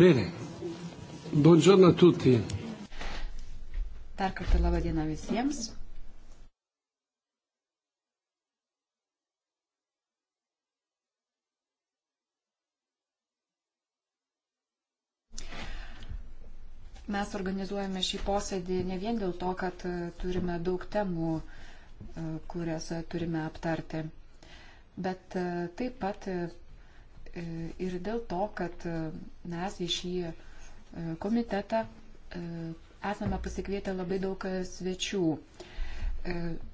Bene, buongiorno a tutti. Dar kartą labą dieną visiems. Mes organizuojame šį posėdį ne vien dėl to, kad e, turime daug temų, e, kurias e, turime aptarti, bet taip pat E, ir dėl to, kad e, mes į šį e, komitetą esame pasikvietę labai daug svečių.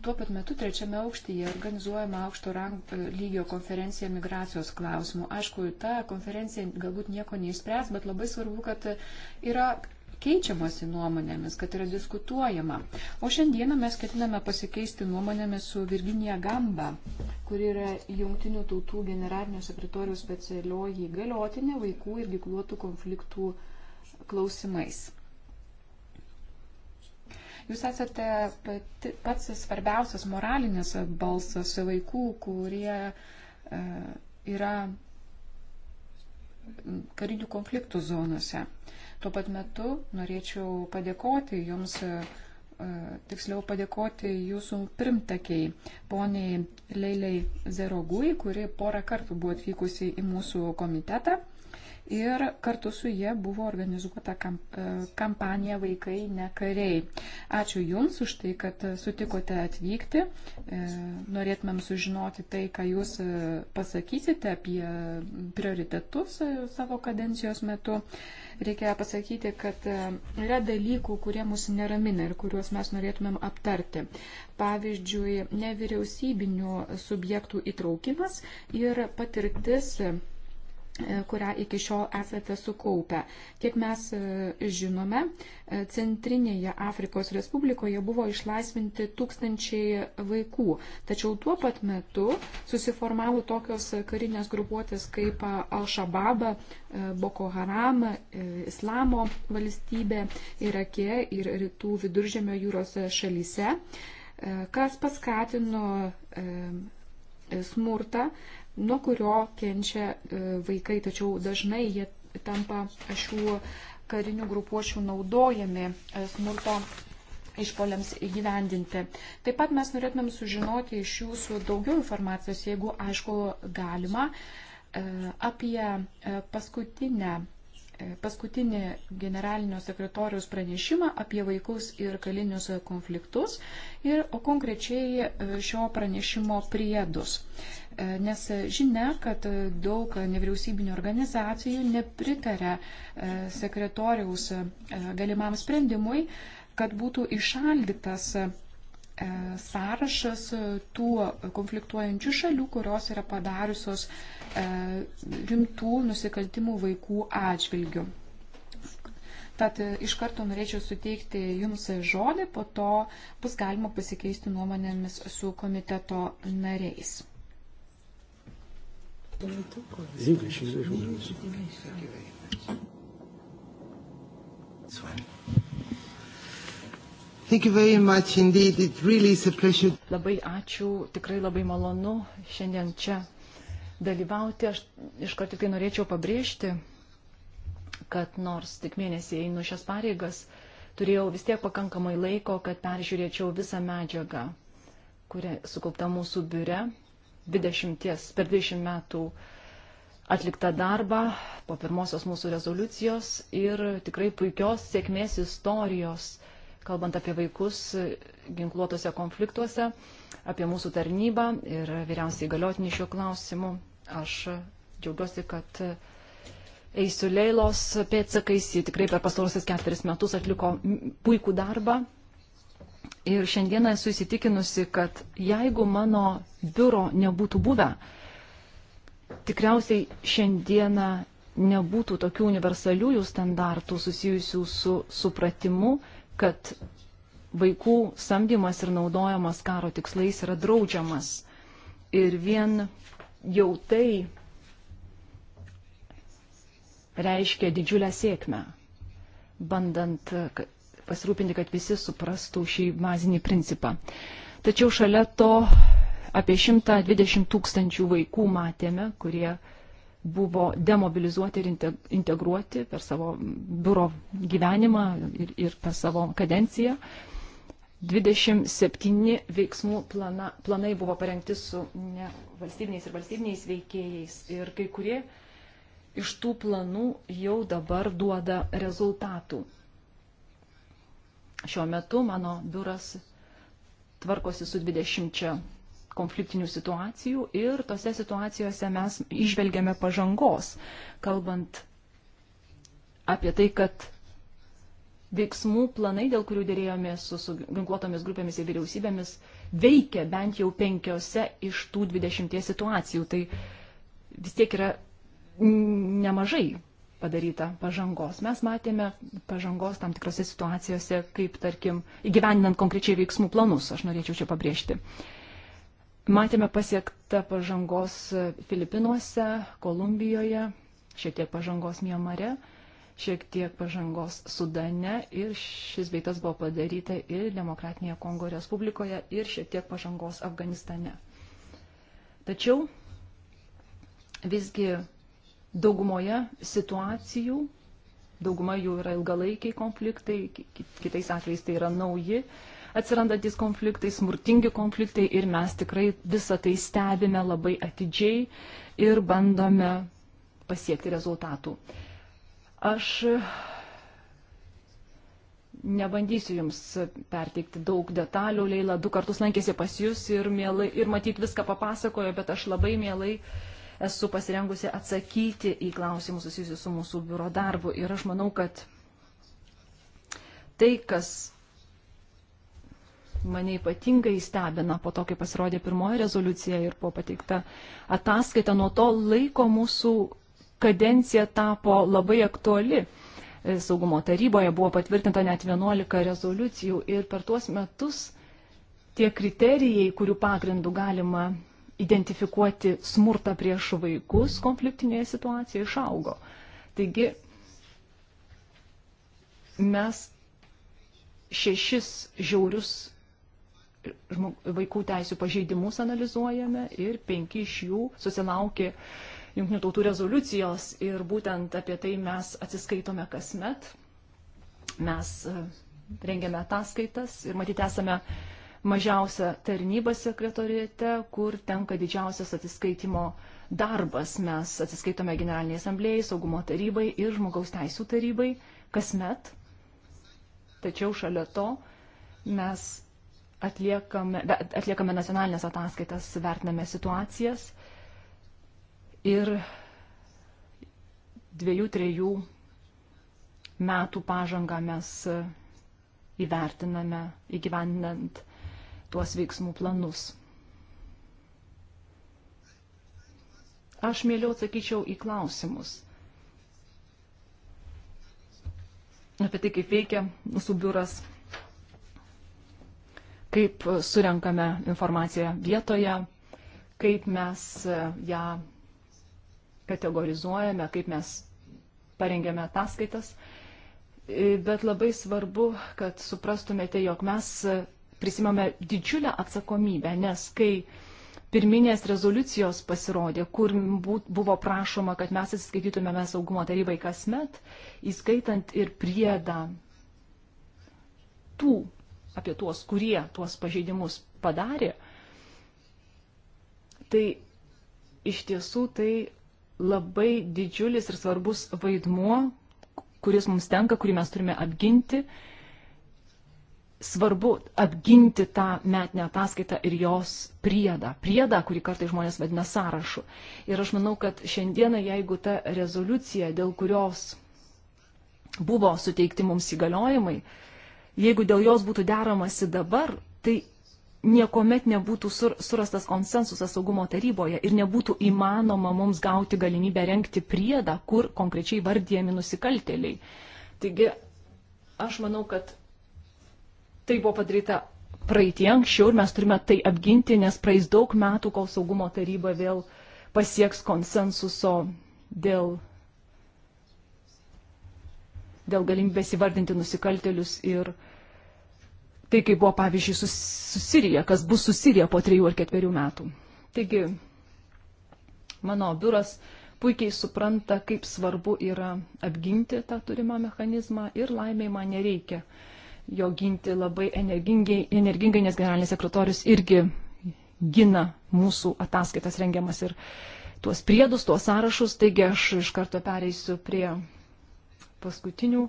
Tuo pat metu trečiame aukštyje organizuojama aukšto rank, lygio konferencija migracijos klausimų. Aišku, ta konferencija galbūt nieko neišspręs, bet labai svarbu, kad yra keičiamasi nuomonėmis, kad yra diskutuojama. O šiandieną mes ketiname pasikeisti nuomonėmis su Virginija Gamba, kuri yra Jungtinių tautų generalinio sekretorijos specialioji galiotinė vaikų ir gikluotų konfliktų klausimais. Jūs esate pati, pats svarbiausias moralinis balsas vaikų, kurie e, yra karinių konfliktų zonose. E, Tuo pat metu norėčiau padėkoti Jums, e, tiksliau padėkoti Jūsų primtakiai, poniai Leiliai Zerogui, kuri porą kartų buvo atvykusi į mūsų komitetą ir kartu su jie buvo organizuota e, kampanija Vaikai ne kariai. Ačiū Jums už tai, kad sutikote atvykti. E, norėtumėm sužinoti tai, ką Jūs e, pasakysite apie prioritetus savo kadencijos metu. Reikia pasakyti, kad yra dalykų, kurie mus neramina ir kuriuos mes norėtumėm aptarti. Pavyzdžiui, nevyriausybinių subjektų įtraukimas ir patirtis E, kurią iki šiol esate sukaupę. Kiek mes e, žinome, e, Centrinėje Afrikos Respublikoje buvo išlaisvinti tūkstančiai vaikų, tačiau tuo pat metu susiformavo tokios karinės grupuotės kaip Al-Shabaab, Boko Haram, Islamo valstybė, Irake ir rytų viduržėmio jūros šalyse, kas paskatino smurtą nuo kurio kenčia e, vaikai, tačiau dažnai jie tampa šių karinių grupuočių naudojami e, smurto išpoliams įgyvendinti. Taip pat mes norėtumėm sužinoti iš jūsų daugiau informacijos, jeigu aišku galima, e, apie paskutinę paskutinį generalinio sekretoriaus pranešimą apie vaikus ir kalinius konfliktus ir konkrečiai šio pranešimo priedus nes žinia, kad daug nevyriausybinių organizacijų nepritarė e, sekretoriaus e, galimam sprendimui, kad būtų išaldytas e, sąrašas tų konfliktuojančių šalių, kurios yra padariusios rimtų nusikaltimų vaikų atžvilgių. Tad iš karto norėčiau suteikti Jums žodį, po to bus galima pasikeisti nuomonėmis su komiteto nariais. English is visual. This one. Thank you very much indeed. It really is a pleasure. Labai ačiū, tikrai labai malonu šiandien čia dalyvauti. Aš iškart tik tai norėčiau pabrėžti, kad nors tik mėnesį einu šias pareigas, turėjau vis tiek pakankamai laiko, kad peržiūrėčiau visą medžiagą, kuri sukaupta mūsų biure 20, per 20 metų atliktą darbą po pirmosios mūsų rezoliucijos ir tikrai puikios sėkmės istorijos, kalbant apie vaikus ginkluotose konfliktuose, apie mūsų tarnybą ir vyriausiai galiotinį šiuo klausimu. Aš džiaugiuosi, kad Eisiu Leilos pėdsakais, ji tikrai per pastarosius ketveris metus atliko puikų darbą Ir šiandieną esu įsitikinusi, kad jeigu mano biuro nebūtų buvę, tikriausiai šiandieną nebūtų tokių universaliųjų standartų susijusių su supratimu, kad vaikų samdymas ir naudojamas karo tikslais yra draudžiamas. Ir vien jau tai reiškia didžiulę sėkmę, bandant pasirūpinti, kad visi suprastų šį bazinį principą. Tačiau šalia to apie 120 tūkstančių vaikų matėme, kurie buvo demobilizuoti ir integruoti per savo biuro gyvenimą ir, ir per savo kadenciją. 27 veiksmų plana, planai buvo parengti su valstybiniais ir valstybiniais veikėjais ir kai kurie iš tų planų jau dabar duoda rezultatų. Šiuo metu mano biuras tvarkosi su 20 konfliktinių situacijų ir tose situacijose mes išvelgiame pažangos, kalbant apie tai, kad veiksmų planai, dėl kurių dėrėjomės su, su ginkluotomis grupėmis ir vyriausybėmis, veikia bent jau penkiose iš tų dvidešimties situacijų. Tai vis tiek yra nemažai padaryta pažangos. Mes matėme pažangos tam tikrose situacijose, kaip, tarkim, įgyvendinant konkrečiai veiksmų planus, aš norėčiau čia pabrėžti. Matėme pasiektą pažangos Filipinuose, Kolumbijoje, šiek tiek pažangos Miamare, šiek tiek pažangos Sudane ir šis beitas buvo padaryta ir Demokratinėje Kongo Respublikoje ir šiek tiek pažangos Afganistane. Tačiau visgi Daugumoje situacijų, dauguma jų yra ilgalaikiai konfliktai, kitais atvejais tai yra nauji atsirandantis konfliktai, smurtingi konfliktai ir mes tikrai visą tai stebime labai atidžiai ir bandome pasiekti rezultatų. Aš nebandysiu Jums perteikti daug detalių. Leila du kartus lankėsi pas Jūs ir, mielai, ir matyt viską papasakojo, bet aš labai mielai uh, esu pasirengusi atsakyti į klausimus susijusius su mūsų biuro darbu. Ir aš manau, kad tai, kas mane ypatingai stebina po to, kai pasirodė pirmoji rezoliucija ir po pateikta ataskaita, nuo to laiko mūsų kadencija tapo labai aktuali. Saugumo taryboje buvo patvirtinta net 11 rezoliucijų ir per tuos metus tie kriterijai, kurių pagrindų galima identifikuoti smurtą prieš vaikus konfliktinėje situacijoje išaugo. Taigi mes šešis žiaurius vaikų teisų pažeidimus analizuojame ir penki iš jų susilaukė Junktinių tautų rezoliucijos ir būtent apie tai mes atsiskaitome kasmet. Mes e, rengiame ataskaitas ir matyti esame uh, mažiausia tarnyba sekretoriete, kur tenka didžiausias atsiskaitimo darbas. Mes atsiskaitome Generaliniai asamblėjai, saugumo tarybai ir žmogaus teisų tarybai kasmet. Tačiau šalia to mes atliekame, atliekame nacionalinės ataskaitas, vertiname situacijas ir dviejų, trejų metų pažangą mes įvertiname įgyvendinant tuos veiksmų planus. Aš mėliau atsakyčiau į klausimus apie tai, kaip veikia mūsų biuras, kaip surenkame informaciją vietoje, kaip mes ją kategorizuojame, kaip mes parengėme ataskaitas. Bet labai svarbu, kad suprastumėte, jog mes prisimame didžiulę atsakomybę, nes kai pirminės rezoliucijos pasirodė, kur buvo prašoma, kad mes atsiskaitytumėme saugumo tarybai kasmet, įskaitant ir priedą tų, apie tuos, kurie tuos pažeidimus padarė, tai iš tiesų tai labai didžiulis ir svarbus vaidmuo, kuris mums tenka, kurį mes turime apginti svarbu apginti tą metinę ataskaitą ir jos priedą. Priedą, kurį kartai žmonės vadina sąrašu. Ir aš manau, kad šiandieną, jeigu ta rezoliucija, dėl kurios buvo suteikti mums įgaliojimai, jeigu dėl jos būtų deramasi dabar, tai niekuomet nebūtų sur, surastas konsensusas saugumo taryboje ir nebūtų įmanoma mums gauti galimybę renkti priedą, kur konkrečiai vardyjami nusikaltėliai. Taigi aš manau, kad tai buvo padaryta praeitie anksčiau ir mes turime tai apginti, nes praeis daug metų, kol saugumo taryba vėl pasieks konsensuso dėl, dėl galimybės įvardinti nusikaltelius ir tai, kaip buvo pavyzdžiui su, su Sirija, kas bus su Sirija po trejų ar ketverių metų. Taigi, mano biuras puikiai supranta, kaip svarbu yra apginti tą turimą mechanizmą ir laimėjimą nereikia jo ginti labai energingai, energingai nes generalinis sekretorius irgi gina mūsų ataskaitas rengiamas ir tuos priedus, tuos sąrašus. Taigi aš iš karto pereisiu prie paskutinių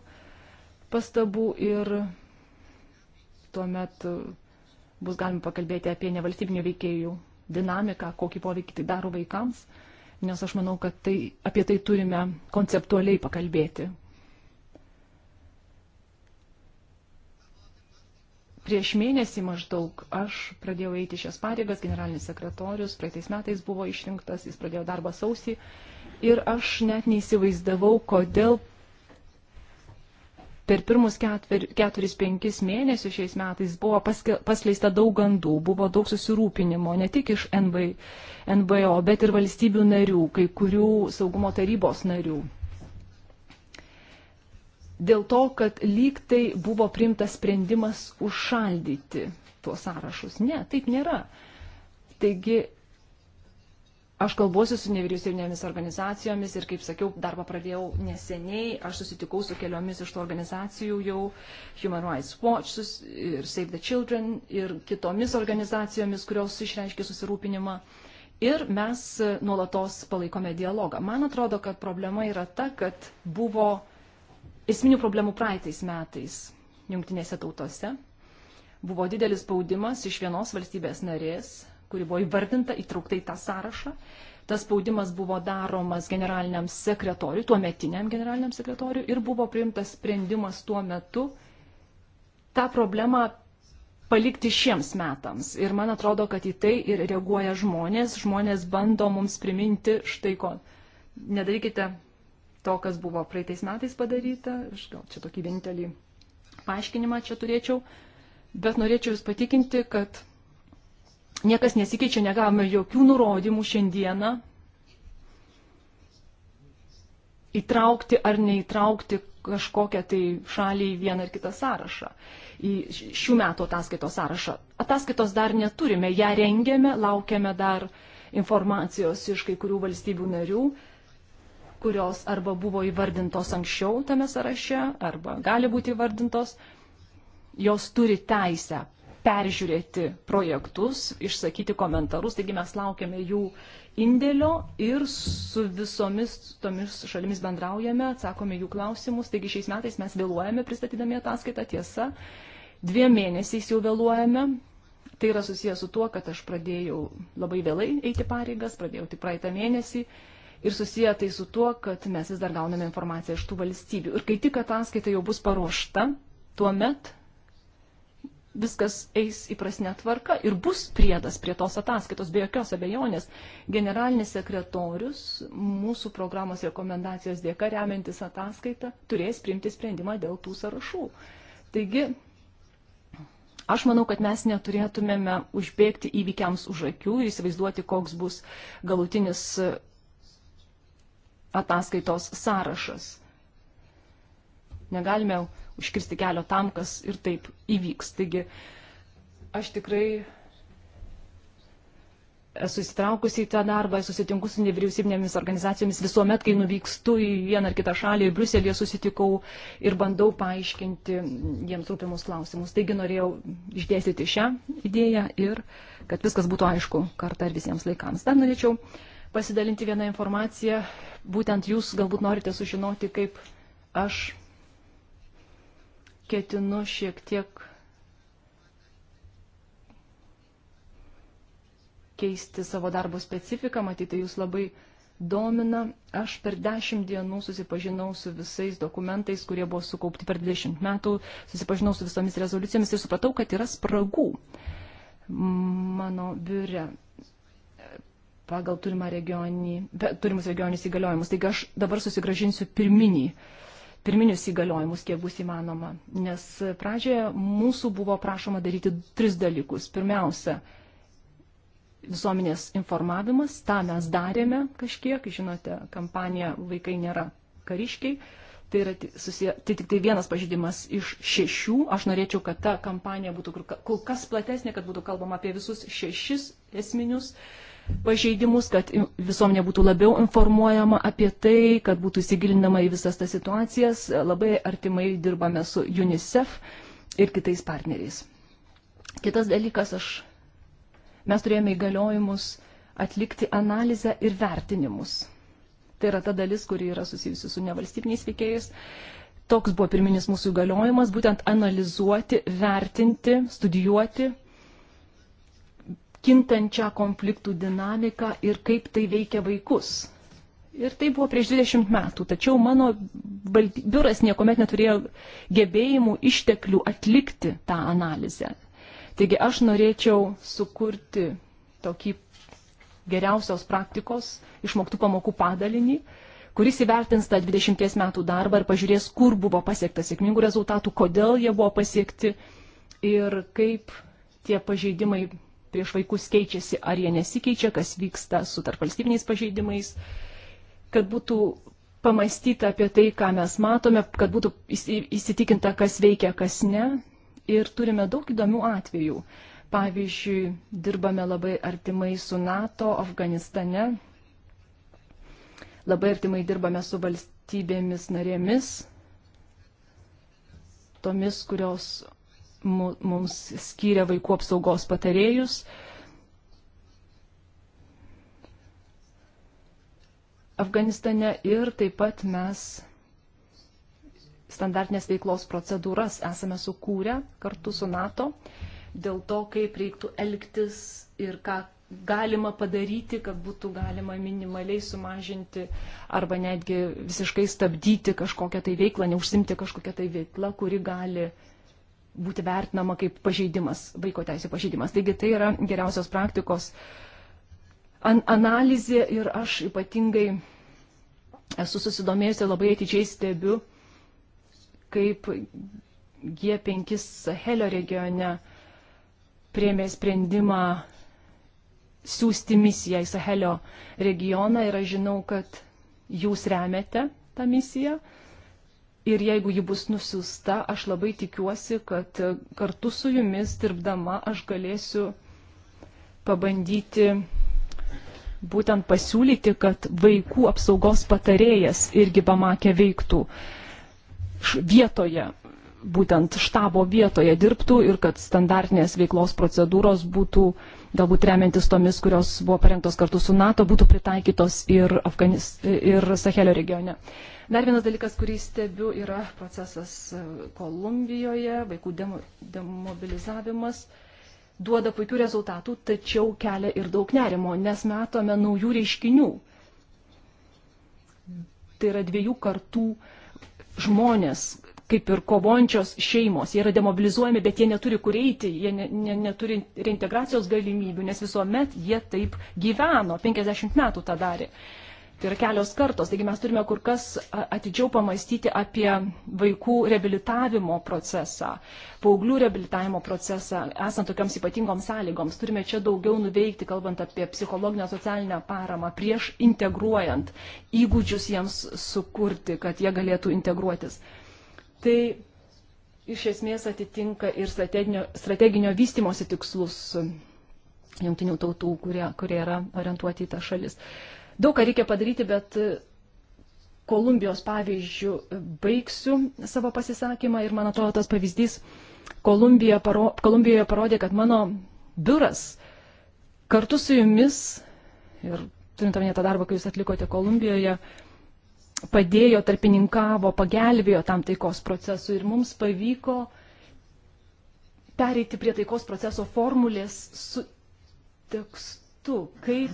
pastabų ir tuomet bus galima pakalbėti apie nevalstybinių veikėjų dinamiką, kokį poveikį tai daro vaikams, nes aš manau, kad tai, apie tai turime konceptualiai pakalbėti, Prieš mėnesį maždaug aš pradėjau eiti šias pareigas, generalinis sekretorius praeitais metais buvo išrinktas, jis pradėjo darbą sausį ir aš net neįsivaizdavau, kodėl per pirmus keturis, penkis mėnesius šiais metais buvo pasleista daug gandų, buvo daug susirūpinimo, ne tik iš NB, NBO, bet ir valstybių narių, kai kurių saugumo tarybos narių dėl to, kad lyg tai buvo priimtas sprendimas užšaldyti tuos sąrašus. Ne, taip nėra. Taigi Aš kalbuosiu su nevyriausybinėmis organizacijomis ir, kaip sakiau, darbą pradėjau neseniai. Aš susitikau su keliomis iš tų organizacijų jau, Human Rights Watch ir Save the Children ir kitomis organizacijomis, kurios išreiškė susirūpinimą. Ir mes nuolatos palaikome dialogą. Man atrodo, kad problema yra ta, kad buvo esminių problemų praeitais metais jungtinėse tautose. Buvo didelis spaudimas iš vienos valstybės narės, kuri buvo įvardinta, įtraukta į tą sąrašą. Tas spaudimas buvo daromas generaliniam sekretoriui, tuo metiniam generaliniam sekretoriui ir buvo priimtas sprendimas tuo metu tą problemą palikti šiems metams. Ir man atrodo, kad į tai ir reaguoja žmonės. Žmonės bando mums priminti štai ko. Nedarykite to, kas buvo praeitais metais padaryta. Aš gal čia tokį vienintelį paaiškinimą čia turėčiau, bet norėčiau Jūs patikinti, kad niekas nesikeičia, negavome jokių nurodymų šiandieną įtraukti ar neįtraukti kažkokią tai šalį į vieną ar kitą sąrašą, į šių metų ataskaitos sąrašą. Ataskaitos dar neturime, ją rengėme, laukiame dar informacijos iš kai kurių valstybių narių. Uh, kurios arba buvo įvardintos anksčiau tame sąraše, arba gali būti įvardintos, jos turi teisę peržiūrėti projektus, išsakyti komentarus, taigi mes laukiame jų indėlio ir su visomis tomis šalimis bendraujame, atsakome jų klausimus, taigi šiais metais mes vėluojame pristatydami ataskaitą, tiesa, dviem mėnesiais jau vėluojame, tai yra susijęs su tuo, kad aš pradėjau labai vėlai eiti pareigas, pradėjau tik praeitą mėnesį ir susiję tai su tuo, kad mes vis dar gauname informaciją iš tų valstybių. Ir kai tik ataskaita jau bus paruošta, tuomet viskas eis įprasne tvarka ir bus priedas prie tos ataskaitos, be jokios abejonės. Generalinis sekretorius mūsų programos rekomendacijos dėka remiantis ataskaitą turės priimti sprendimą dėl tų sąrašų. Taigi, Aš manau, kad mes neturėtumėme užbėgti įvykiams už akių ir įsivaizduoti, koks bus galutinis ataskaitos sąrašas. Negalime užkirsti kelio tam, kas ir taip įvyks. Taigi aš tikrai esu įsitraukusi į tą darbą, susitinku su nevyriausybinėmis organizacijomis visuomet, kai nuvykstu į vieną ar kitą šalį, į Bruselį susitikau ir bandau paaiškinti jiems rūpimus klausimus. Taigi norėjau išdėstyti šią idėją ir kad viskas būtų aišku kartą ir visiems laikams. Dar norėčiau uh, pasidalinti vieną informaciją. Būtent jūs galbūt norite sužinoti, kaip aš ketinu šiek tiek keisti savo darbo specifiką, matyti tai jūs labai domina. Aš per dešimt dienų susipažinau su visais dokumentais, kurie buvo sukaupti per dvidešimt metų, susipažinau su visomis rezoliucijomis ir supratau, kad yra spragų mano biure pagal regionį, turimus regioninius įgaliojimus. Taigi aš dabar susigražinsiu pirminį, pirminius įgaliojimus, kiek bus įmanoma. Nes pradžioje mūsų buvo prašoma daryti tris dalykus. Pirmiausia, visuomenės informavimas, tą mes darėme kažkiek, žinote, kampanija Vaikai nėra kariškiai. Tai yra susiję, tai tik tai vienas pažydimas iš šešių. Aš norėčiau, kad ta kampanija būtų kur kas platesnė, kad būtų kalbama apie visus šešis esminius uh, pažeidimus, kad visuomenė būtų labiau informuojama apie tai, kad būtų įsigilinama į visas tas situacijas. Labai artimai dirbame su UNICEF ir kitais partneriais. Kitas dalykas, aš, mes turėjome įgaliojimus atlikti analizę ir vertinimus. Tai yra ta dalis, kuri yra susijusi su nevalstybiniais veikėjais. Toks buvo pirminis mūsų įgaliojimas - būtent analizuoti, vertinti, studijuoti kintančią konfliktų dinamiką ir kaip tai veikia vaikus. Ir tai buvo prieš 20 metų, tačiau mano biuras niekuomet neturėjo gebėjimų išteklių atlikti tą analizę. Taigi aš norėčiau sukurti tokį geriausios praktikos išmoktų pamokų padalinį, kuris įvertins tą 20 metų darbą ir pažiūrės, kur buvo pasiektas sėkmingų rezultatų, kodėl jie buvo pasiekti ir kaip tie pažeidimai prieš vaikus keičiasi, ar jie nesikeičia, kas vyksta su tarpvalstybiniais pažeidimais, kad būtų pamastyta apie tai, ką mes matome, kad būtų įsitikinta, kas veikia, kas ne. Ir turime daug įdomių atvejų. Pavyzdžiui, dirbame labai artimai su NATO Afganistane, labai artimai dirbame su valstybėmis narėmis, tomis, kurios mums skyrė vaikų apsaugos patarėjus. Afganistane ir taip pat mes standartinės veiklos procedūras esame sukūrę kartu su NATO dėl to, kaip reiktų elgtis ir ką galima padaryti, kad būtų galima minimaliai sumažinti arba netgi visiškai stabdyti kažkokią tai veiklą, neužsimti kažkokią tai veiklą, kuri gali uh, būti vertinama kaip pažeidimas, vaiko teisų pažeidimas. Taigi tai yra geriausios praktikos an analizė ir aš ypatingai esu susidomėjusi labai atidžiai stebiu, kaip G5 Sahelio regione priemė sprendimą siūsti misiją į Sahelio regioną ir aš žinau, kad jūs remiate tą misiją. Ir jeigu ji bus nusiusta, aš labai tikiuosi, kad kartu su jumis dirbdama aš galėsiu pabandyti būtent pasiūlyti, kad vaikų apsaugos patarėjas irgi pamakė veiktų vietoje būtent štabo vietoje dirbtų ir kad standartinės veiklos procedūros būtų galbūt remiantis tomis, kurios buvo parengtos kartu su NATO, būtų pritaikytos ir, Afganis, ir Sahelio regione. Dar vienas dalykas, kurį stebiu, yra procesas e, Kolumbijoje, vaikų demo, demobilizavimas duoda puikių rezultatų, tačiau kelia ir daug nerimo, nes matome naujų reiškinių. Tai yra dviejų kartų žmonės, kaip ir kovojančios šeimos. Jie yra demobilizuojami, bet jie neturi kur eiti, jie ne, ne, neturi reintegracijos galimybių, nes visuomet jie taip gyveno, 50 metų tą darė. Tai yra kelios kartos, taigi mes turime kur kas atidžiau pamastyti apie vaikų reabilitavimo procesą, paauglių reabilitavimo procesą, esant tokiams ypatingoms sąlygoms. Turime čia daugiau nuveikti, kalbant apie psichologinę socialinę paramą, prieš integruojant įgūdžius jiems sukurti, kad jie galėtų integruotis. Uh, tai iš esmės atitinka ir strateginio, strateginio vystimosi tikslus jungtinių tautų, kurie, kurie yra orientuoti į tą šalis. Daug ką reikia padaryti, bet Kolumbijos pavyzdžių baigsiu savo pasisakymą ir man atrodo tas pavyzdys Kolumbijoje paro, Kolumbijoje parodė, kad mano biuras kartu su jumis ir turint omenyje tą darbą, kai jūs atlikote Kolumbijoje, uh, padėjo, tarpininkavo, pagelbėjo tam taikos procesui ir mums pavyko pereiti prie taikos proceso formulės su tekstu, kaip,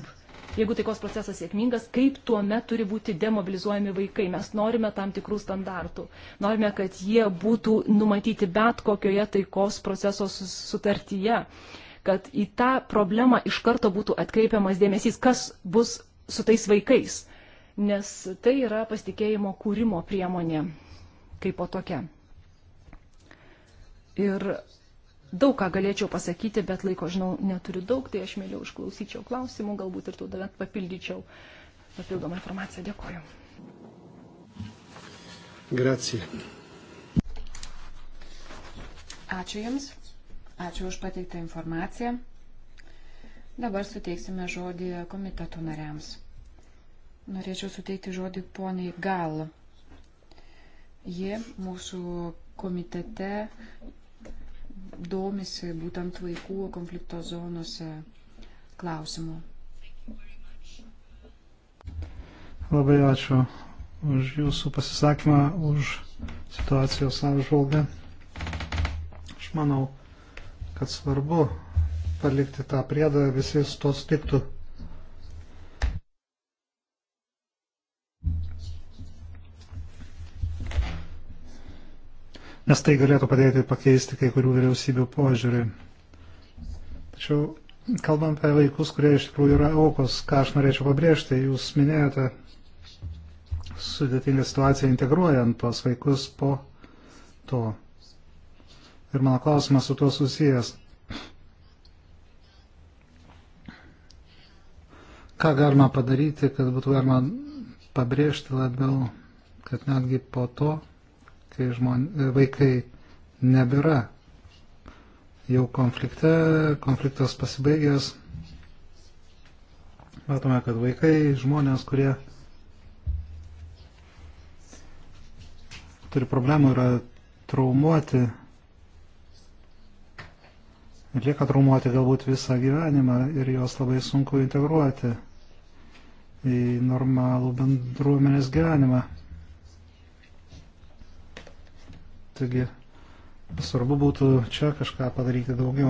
jeigu taikos procesas sėkmingas, kaip tuo metu turi būti demobilizuojami vaikai. Mes norime tam tikrų standartų. Norime, kad jie būtų numatyti bet kokioje taikos proceso sutartyje, kad į tą problemą iš karto būtų atkreipiamas dėmesys, kas bus su tais vaikais nes tai yra pasitikėjimo kūrimo priemonė kaip po tokia. Ir daug ką galėčiau pasakyti, bet laiko, žinau, neturiu daug, tai aš mėliau išklausyčiau klausimų, galbūt ir tada papildyčiau papildomą informaciją. Dėkuoju. Gracija. Ačiū Jums. Ačiū už pateiktą informaciją. Dabar suteiksime žodį komiteto nariams. Norėčiau suteikti žodį poniai Gal. Ji mūsų komitete domisi būtent vaikų konflikto zonose klausimu. Labai ačiū už jūsų pasisakymą, už situacijos apžvalgą. Aš manau, kad svarbu palikti tą priedą, visi su to sutiktų. nes tai galėtų padėti pakeisti kai kurių vyriausybių požiūrį. Tačiau, kalbant apie vaikus, kurie iš tikrųjų yra aukos, ką aš norėčiau pabrėžti, jūs minėjote sudėtingą situaciją integruojant tuos vaikus po to. Ir mano klausimas su tuo susijęs. Ką galima padaryti, kad būtų galima pabrėžti labiau, kad netgi po to kai žmon, vaikai nebėra jau konflikte, konfliktas pasibaigęs. Matome, kad vaikai, žmonės, kurie turi problemų, yra traumuoti ir lieka traumuoti galbūt visą gyvenimą ir jos labai sunku integruoti į normalų bendruomenės gyvenimą. Taigi svarbu būtų čia kažką padaryti daugiau.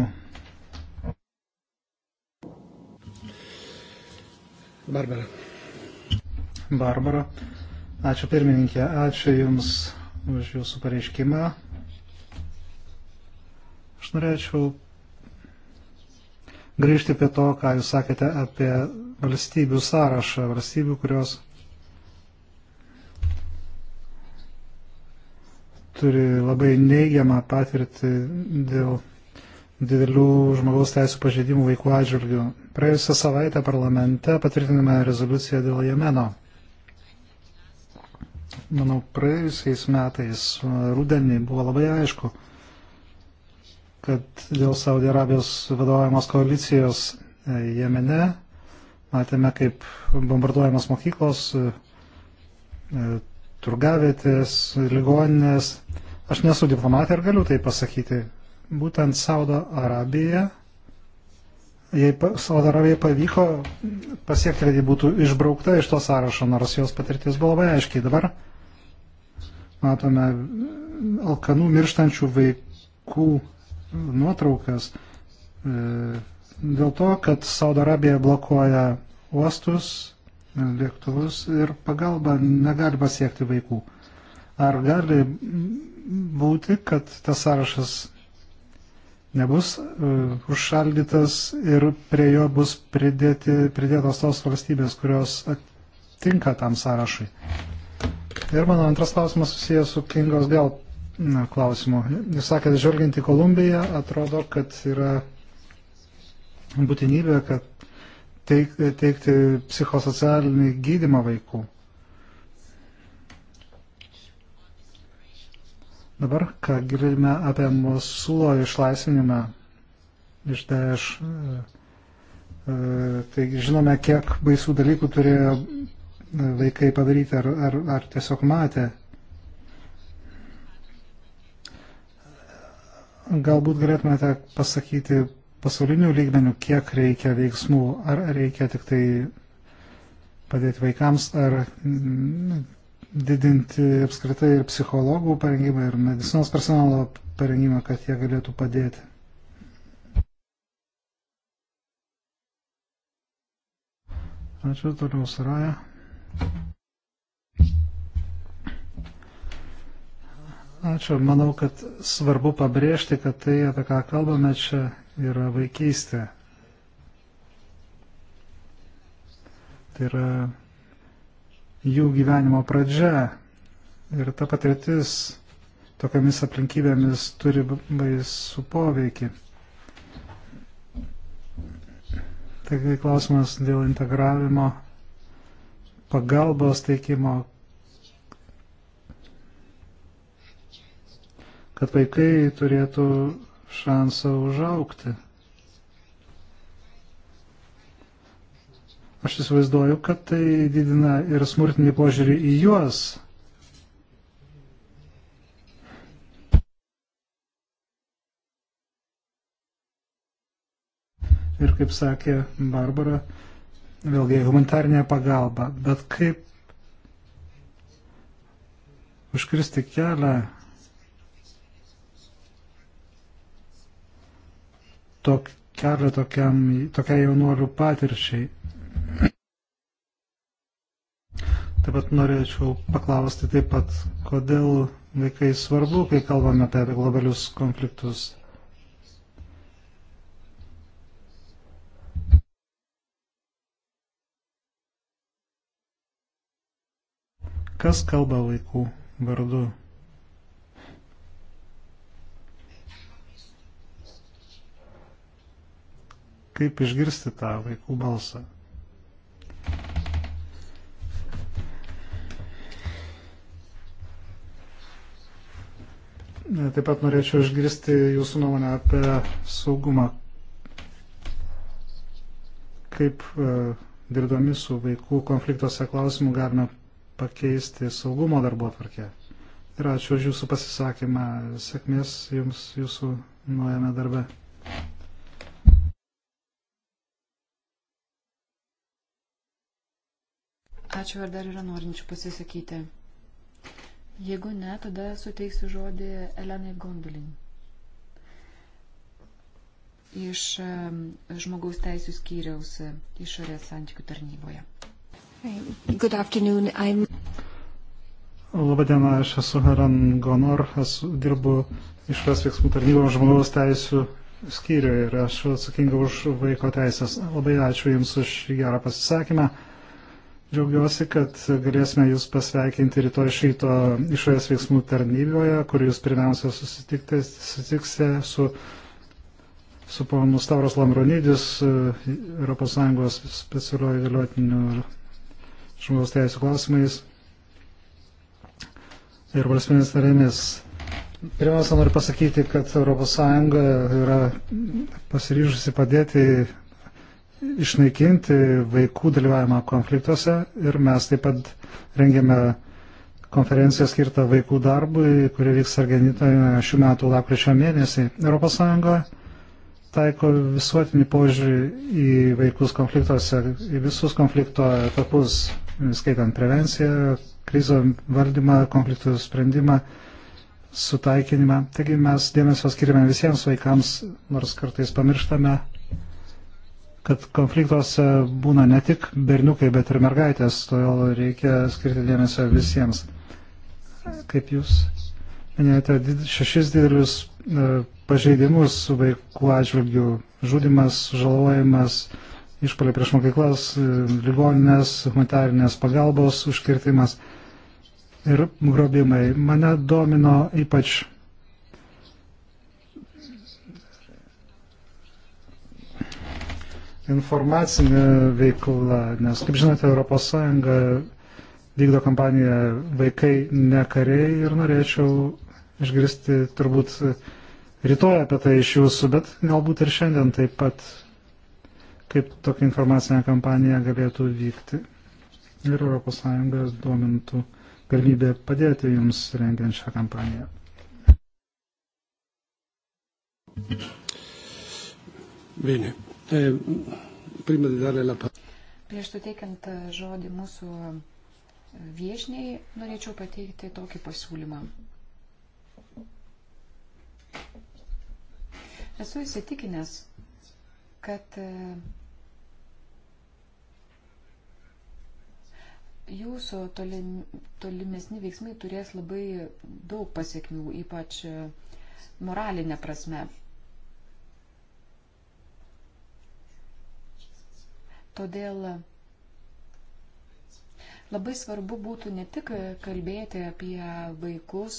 Barbara. Barbara. Ačiū pirmininkė, ačiū Jums už Jūsų pareiškimą. Aš norėčiau grįžti prie to, ką Jūs sakėte apie valstybių sąrašą, valstybių, kurios turi labai neigiamą patirtį dėl didelių žmogaus teisų pažeidimų vaikų atžvilgių. Praėjusią savaitę parlamente patvirtiname rezoliuciją dėl Jemeno. Manau, praėjusiais metais rudenį buvo labai aišku, kad dėl Saudė Arabijos vadovaujamos koalicijos e, Jemene matėme, kaip bombarduojamos mokyklos, e, turgavėtės, ligoninės. Aš nesu diplomatė ir galiu tai pasakyti. Būtent Saudo Arabija, jei Saudo Arabija pavyko pasiekti, kad ji būtų išbraukta iš to sąrašo, nors jos patirtis buvo labai aiškiai. Dabar matome alkanų mirštančių vaikų nuotraukas e, dėl to, kad Saudo Arabija blokuoja uostus lėktuvus ir pagalba negali pasiekti vaikų. Ar gali būti, kad tas sąrašas nebus uh, užšaldytas ir prie jo bus pridėti, pridėtos tos valstybės, kurios tinka tam sąrašui? Ir mano antras klausimas susijęs su Kingos gal na, klausimu. Jūs sakėte, žvelgiant į Kolumbiją, atrodo, kad yra būtinybė, kad teik, teikti psichosocialinį gydimą vaikų. Dabar, ką girdime apie Mosulo išlaisvinimą iš Daesh, tai žinome, kiek baisių dalykų turėjo e, vaikai padaryti ar, ar, ar tiesiog matė. Galbūt galėtumėte pasakyti pasaulinių lygmenių, kiek reikia veiksmų, ar reikia tik tai padėti vaikams, ar mm, didinti apskritai ir psichologų parengimą, ir medicinos personalo parengimą, kad jie galėtų padėti. Ačiū, toliau Saraja. Ačiū, manau, kad svarbu pabrėžti, kad tai, apie ką kalbame, čia yra vaikystė. Tai yra jų gyvenimo pradžia. Ir ta patirtis tokiamis aplinkybėmis turi baisų poveikį. Taigi klausimas dėl integravimo, pagalbos teikimo, kad vaikai turėtų šansą užaukti. Aš įsivaizduoju, kad tai didina ir smurtinį požiūrį į juos. Ir kaip sakė Barbara, vėlgi humanitarnė pagalba. Bet kaip užkristi kelią tok, kelio tokiam, tokiai jaunuolių patirčiai. Taip pat norėčiau paklausti taip pat, kodėl vaikai svarbu, kai kalbame apie globalius konfliktus. Kas kalba vaikų vardu? kaip išgirsti tą vaikų balsą. Taip pat norėčiau išgirsti jūsų nuomonę apie saugumą. Kaip e, dirbdami su vaikų konfliktuose klausimų galime pakeisti saugumo darbo atvarkę. Ir ačiū už jūsų pasisakymą. Sėkmės jums jūsų nuojame darbe. Ačiū, ar dar yra norinčių pasisakyti. Jeigu ne, tada suteiksiu žodį Elenai Gondolin. Iš žmogaus teisų skyriaus išorės santykių tarnyboje. Good afternoon. I'm... Labadiena, aš esu Heran Gonor, esu, dirbu išorės veiksmų tarnybos žmogaus teisų skyriuje ir aš atsakinga už vaiko teisės. Labai ačiū Jums už gerą pasisakymą. Uh, Džiaugiuosi, kad galėsime Jūs pasveikinti rytoj iš ryto išorės veiksmų tarnyboje, kur Jūs pirmiausia susitiksite su, su ponu Stavros Lamronydis, ES specialiuoju galiotiniu žmogaus teisų klausimais ir valstybės narėmis. Pirmiausia, noriu pasakyti, kad ES yra pasiryžusi padėti išnaikinti vaikų dalyvavimą konfliktuose ir mes taip pat rengėme konferenciją skirtą vaikų darbui, kuri vyks Argentinoje šių metų lapkričio mėnesį. ES taiko visuotinį požiūrį į vaikus konfliktuose, į visus konflikto etapus, skaitant prevenciją, krizo valdymą, konfliktų sprendimą, sutaikinimą. Taigi mes dėmesio skiriame visiems vaikams, nors kartais pamirštame kad konfliktuose būna ne tik berniukai, bet ir mergaitės, todėl reikia skirti dėmesio visiems. Kaip jūs minėjote, šešis didelius e, pažeidimus vaikų atžvilgių - žudimas, žalojimas, išpaliai prieš mokyklas, e, ligoninės, humanitarinės pagalbos užkirtimas ir grobimai. Mane domino ypač informacinė veikla, nes, kaip žinote, ES vykdo kampaniją Vaikai ne kariai ir norėčiau išgirsti turbūt rytoj apie tai iš jūsų, bet galbūt ir šiandien taip pat, kaip tokia informacinė kampanija galėtų vykti. Ir ES duomintų galimybė padėti jums rengiant šią kampaniją. Bene. Eh, prima di dare la parola. Prieš suteikiant e, žodį mūsų e, viešniai, norėčiau pateikti tokį pasiūlymą. Esu įsitikinęs, kad e, jūsų tolimesni veiksmai turės labai daug pasiekmių, ypač moralinė prasme. Todėl labai svarbu būtų ne tik kalbėti apie vaikus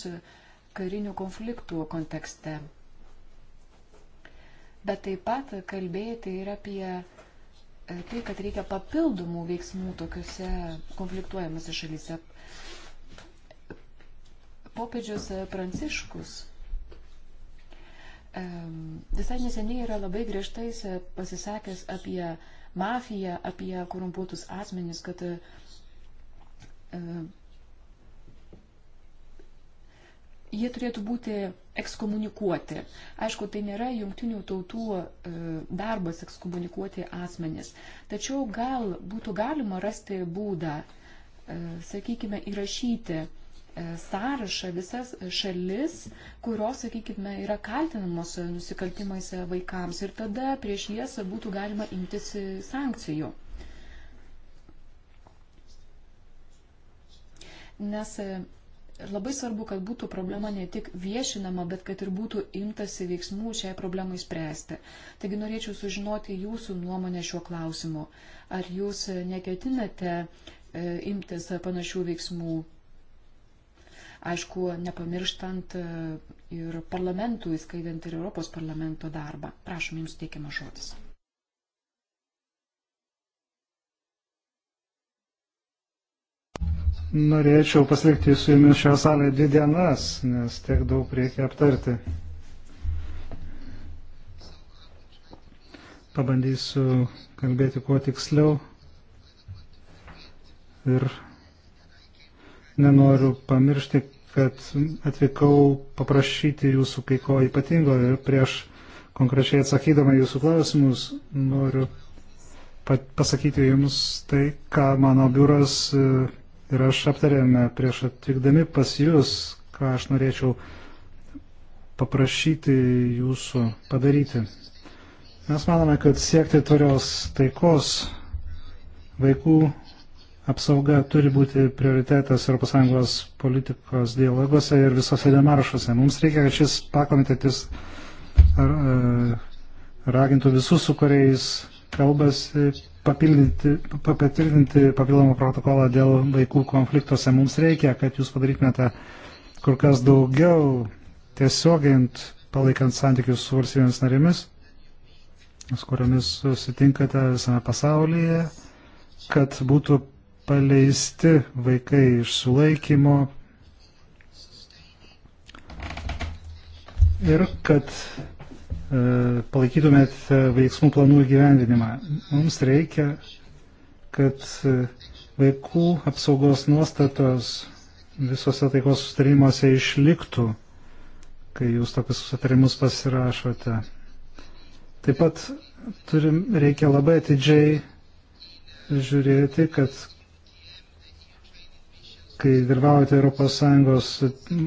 karinių konfliktų kontekste, bet taip pat kalbėti ir apie e, tai, kad reikia papildomų veiksmų tokiuose konfliktuojamose šalyse. Popiežius Pranciškus e, visai neseniai yra labai griežtais pasisakęs apie mafiją, apie korumpuotus asmenis, kad e, jie turėtų būti ekskomunikuoti. Aišku, tai nėra jungtinių tautų e, darbas ekskomunikuoti asmenis. Tačiau gal būtų galima rasti būdą, e, sakykime, įrašyti sąrašą visas šalis, kurios, sakykime, yra kaltinamos nusikaltimais vaikams ir tada prieš jas būtų galima imtis sankcijų. Nes e, labai svarbu, kad būtų problema ne tik viešinama, bet kad ir būtų imtasi veiksmų šiai problemai spręsti. Taigi norėčiau sužinoti jūsų nuomonę šiuo klausimu. Ar jūs neketinate e, imtis panašių veiksmų aišku, nepamirštant e, ir parlamentų, įskaidant ir Europos parlamento darbą. Prašom, jums teikiamas žodis. Norėčiau pasilikti su jumis šią salę dvi dienas, nes tiek daug reikia aptarti. Pabandysiu kalbėti kuo tiksliau ir nenoriu pamiršti, kad atvykau paprašyti jūsų kai ko ypatingo ir prieš konkrečiai atsakydama jūsų klausimus noriu pasakyti jums tai, ką mano biuras e, ir aš aptarėme prieš atvykdami pas jūs, ką aš norėčiau paprašyti jūsų padaryti. Mes manome, kad siekti tvarios taikos vaikų apsauga turi būti prioritetas ES politikos dialogose ir visose demaršuose. Mums reikia, kad šis pakomitetis e, ragintų visus, su kuriais kalbasi, papildinti, papildinti papildomą protokolą dėl vaikų konfliktuose. Mums reikia, kad jūs padarytumėte kur kas daugiau tiesiogint palaikant santykius su valstybėmis narėmis, su kuriomis susitinkate visame pasaulyje, kad būtų paleisti vaikai iš sulaikymo ir kad e, palaikytumėt veiksmų planų įgyvendinimą. Mums reikia, kad e, vaikų apsaugos nuostatos visose taikos sustarimuose išliktų, kai jūs tokius sustarimus pasirašote. Taip pat turim, reikia labai atidžiai žiūrėti, kad kai dalyvaujate ES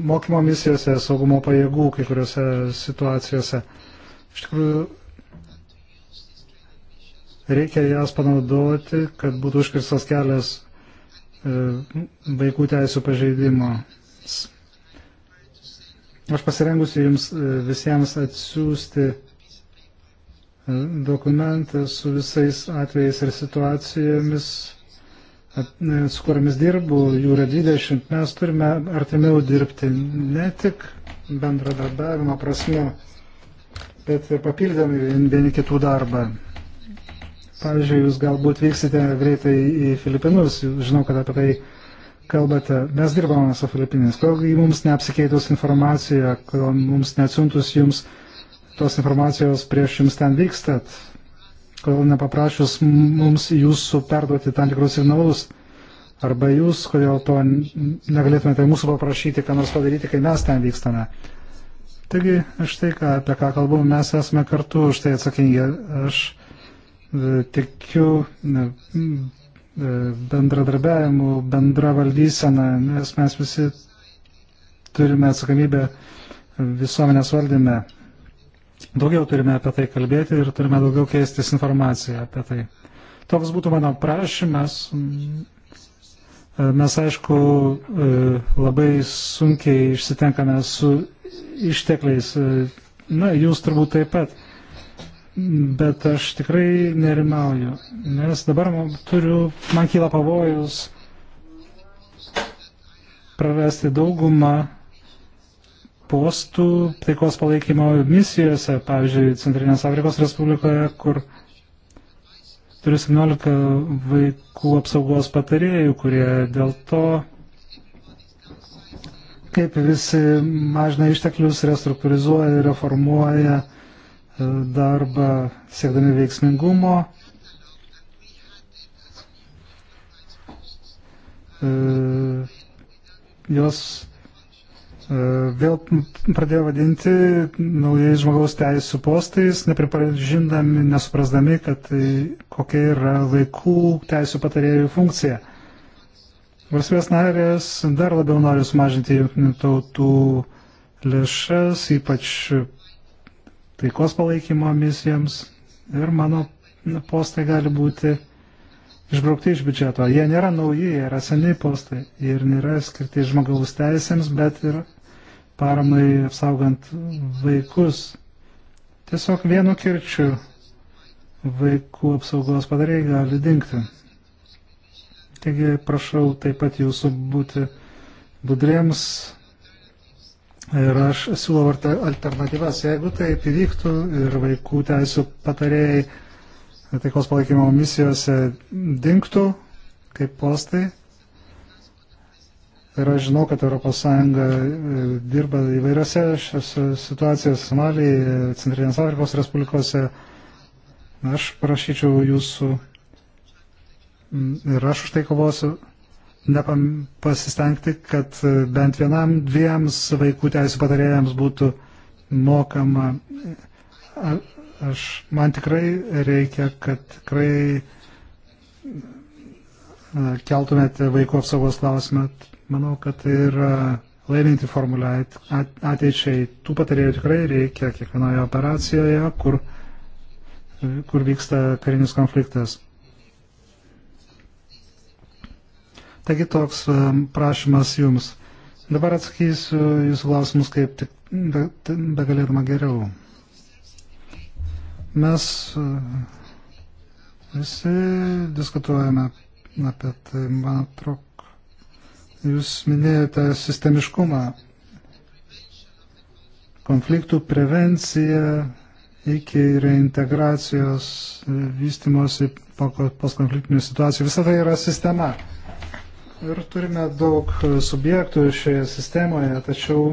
mokymo misijose, saugumo pajėgų kai kuriuose situacijose. Iš tikrųjų, reikia jas panaudoti, kad būtų užkirstas kelias e, vaikų teisų pažeidimams. Aš pasirengusiu jums e, visiems atsiųsti e, dokumentą su visais atvejais ir situacijomis su kuriamis dirbu, jų yra 20, mes turime artimiau dirbti ne tik bendradarbiavimo prasme, bet ir papildami vieni kitų darbą. Pavyzdžiui, jūs galbūt vyksite greitai į Filipinus, žinau, kad apie tai kalbate. Mes dirbame su Filipinais. Kodėl mums neapsikeitus informacija, kodėl mums neatsiuntus jums tos informacijos prieš jums ten vykstat? kodėl nepaprašus mums jūsų perduoti tam tikrus signalus. Arba jūs, kodėl to negalėtumėte mūsų paprašyti, ką nors padaryti, kai mes ten vykstame. Taigi, štai ką, apie ką kalbu, mes esame kartu už tai atsakingi. Aš e, tikiu e, e, bendradarbiavimu, bendra valdysena, nes mes visi turime atsakomybę visuomenės valdyme. Daugiau turime apie tai kalbėti ir turime daugiau keistis informaciją apie tai. Toks būtų mano prašymas. Mes, aišku, labai sunkiai išsitenkame su ištekliais. Na, jūs turbūt taip pat. Bet aš tikrai nerimauju, nes dabar man, turiu, man kyla pavojus prarasti daugumą postų taikos palaikymo misijose, pavyzdžiui, Centrinės Afrikos Respublikoje, kur turiu 17 vaikų apsaugos patarėjų, kurie dėl to, kaip visi mažina išteklius, restruktūrizuoja ir reformuoja e, darbą siekdami veiksmingumo. E, jos E, vėl pradėjo vadinti naujais žmogaus teisų postais, nepripažindami, nesuprasdami, kad tai kokia yra vaikų teisų patarėjų funkcija. Valstybės narės dar labiau nori sumažinti jungtinių tautų lėšas, ypač taikos palaikymo misijoms. Ir mano postai gali būti išbraukti iš biudžeto. Jie nėra nauji, jie yra seniai postai ir nėra skirti žmogaus teisėms, bet ir paramai apsaugant vaikus. Tiesiog vienu kirčiu vaikų apsaugos padarėjai gali dinkti. Taigi prašau taip pat jūsų būti budriems ir aš siūlau alternatyvas. Jeigu taip įvyktų ir vaikų teisų patarėjai taikos palaikymo misijose dinktų kaip postai, Ir aš žinau, kad ES e, dirba įvairiose e, situacijose, Somalijai, Centrinės Afrikos Respublikose. Aš prašyčiau jūsų ir aš už tai kovosiu nepasistengti, kad e, bent vienam dviems vaikų teisų patarėjams būtų mokama. Aš, man tikrai reikia, kad tikrai keltumėte vaikų apsaugos klausimą Manau, kad tai yra laiminti formulę ateičiai. Tų patarėjų tikrai reikia kiekvienoje operacijoje, kur, kur vyksta karinis konfliktas. Taigi toks e, prašymas jums. Dabar atsakysiu jūsų klausimus kaip tik begalėdama geriau. Mes e, visi diskutuojame apie tai, man atrodo, Jūs minėjote sistemiškumą, konfliktų prevenciją iki reintegracijos, vystimosi postkonfliktinių situacijų. Visą tai yra sistema. Ir turime daug subjektų šioje sistemoje, tačiau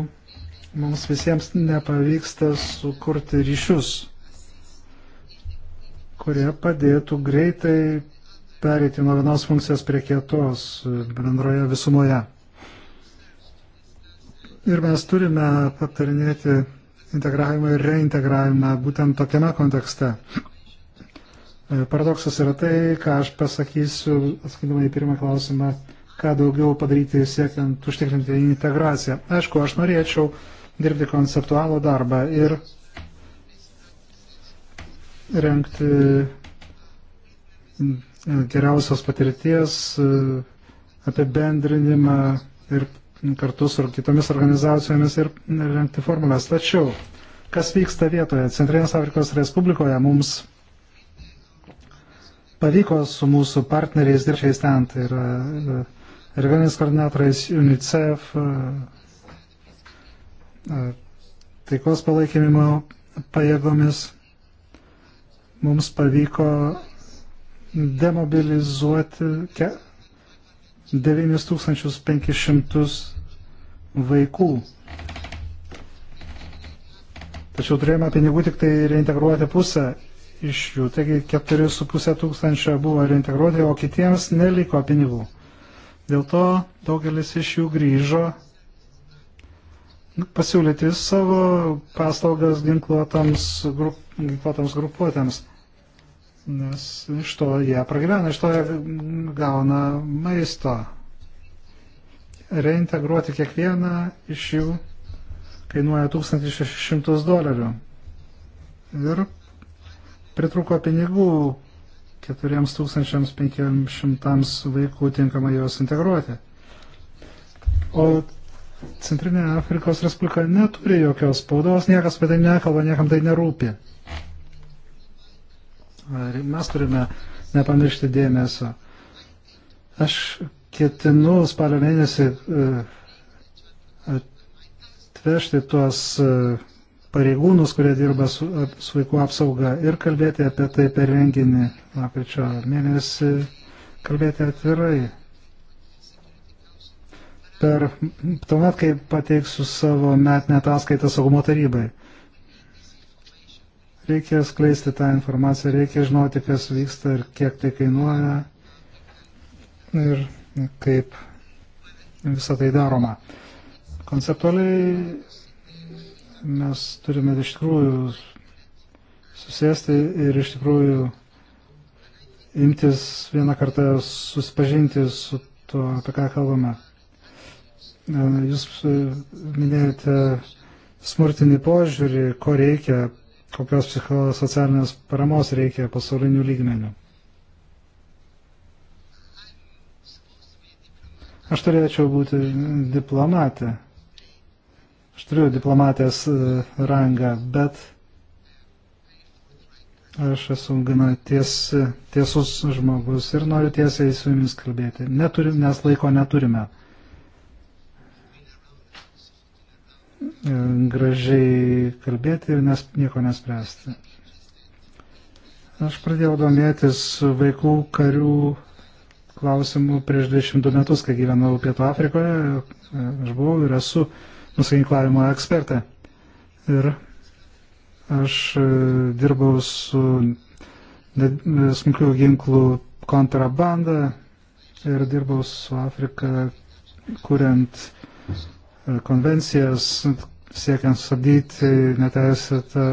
mums visiems nepavyksta sukurti ryšius, kurie padėtų greitai pereiti nuo vienos funkcijos prie kietos bendroje visumoje. Ir mes turime aptarinėti integravimą ir reintegravimą būtent tokiame kontekste. E, paradoksas yra tai, ką aš pasakysiu, atsakydama į pirmą klausimą, ką daugiau padaryti siekiant užtikrinti integraciją. Aišku, aš norėčiau dirbti konceptualų darbą ir renkti geriausios patirties e, apibendrinimą ir kartu su kitomis organizacijomis ir rengti formulės. Tačiau, kas vyksta vietoje? Centrinės Afrikos Respublikoje mums pavyko su mūsų partneriais dirbčiais ten, tai yra e, regioninis koordinatoriais UNICEF, e, taikos palaikymimo pajėgomis. Mums pavyko demobilizuoti 9500 vaikų. Tačiau turėjome pinigų tik tai reintegruoti pusę iš jų. Taigi 4,5 tūkstančio buvo reintegruoti, o kitiems neliko pinigų. Dėl to daugelis iš jų grįžo pasiūlyti savo paslaugas ginkluotams, grup, ginkluotams grupuotėms nes iš to jie pragyvena, iš to jie gauna maisto. Reintegruoti kiekvieną iš jų kainuoja 1600 dolerių. Ir pritruko pinigų 4500 vaikų tinkamai juos integruoti. O Centrinė Afrikos Respublika neturi jokios spaudos, niekas apie tai nekalba, niekam tai nerūpi. Mes turime nepamiršti dėmesio. Aš ketinu spalio mėnesį e, atvežti tuos e, pareigūnus, kurie dirba su, su vaikų apsauga ir kalbėti apie tai per renginį lapkričio mėnesį, kalbėti atvirai. Per tuomet, kai pateiksiu savo metinę ataskaitą saugumo tarybai. Reikia skleisti tą informaciją, reikia žinoti, kas vyksta ir kiek tai kainuoja ir kaip visą tai daroma. Konceptualiai mes turime iš tikrųjų susėsti ir iš tikrųjų imtis vieną kartą susipažinti su tuo, apie ką kalbame. Jūs minėjote smurtinį požiūrį, ko reikia kokios psichosocialinės paramos reikia pasaulinių lygmenių. Aš turėčiau būti diplomatė. Aš turiu diplomatės e, rangą, bet aš esu gana ties, tiesus žmogus ir noriu tiesiai su jumis kalbėti. Neturi, nes laiko neturime. gražiai kalbėti ir nes, nieko nespręsti. Aš pradėjau domėtis vaikų karių klausimų prieš 22 metus, kai gyvenau Pietų Afrikoje. Aš buvau ir esu nusiginklavimo ekspertė. Ir aš e, dirbau su smulkių ginklų kontrabanda ir dirbau su Afrika, kuriant konvencijas, siekiant stabdyti neteisėtą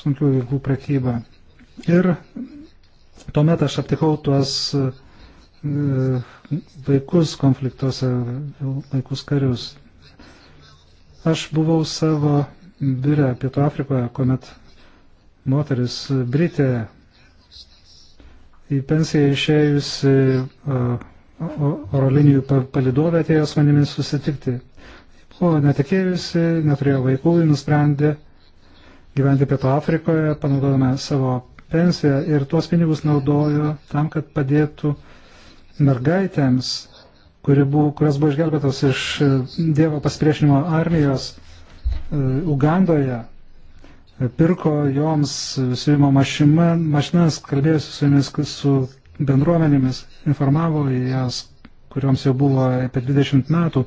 smulkių ginklų prekybą. Ir tuomet aš aptikau tuos e, vaikus konfliktuose, vaikus karius. Aš buvau savo biure Pietų Afrikoje, kuomet moteris Britė į pensiją išėjusi uh, oro linijų palidovė atėjo su manimi susitikti. Buvo netikėjusi, neturėjo vaikų ir nusprendė gyventi Pietų Afrikoje, panaudojame savo pensiją ir tuos pinigus naudojo tam, kad padėtų mergaitėms, kuri buvo, kurios buvo išgelbėtos iš e, Dievo pasipriešinimo armijos e, Ugandoje. Pirko joms siūlymo mašinas, kalbėjusi su jomis su bendruomenėmis, informavo jas, kurioms jau buvo apie 20 metų,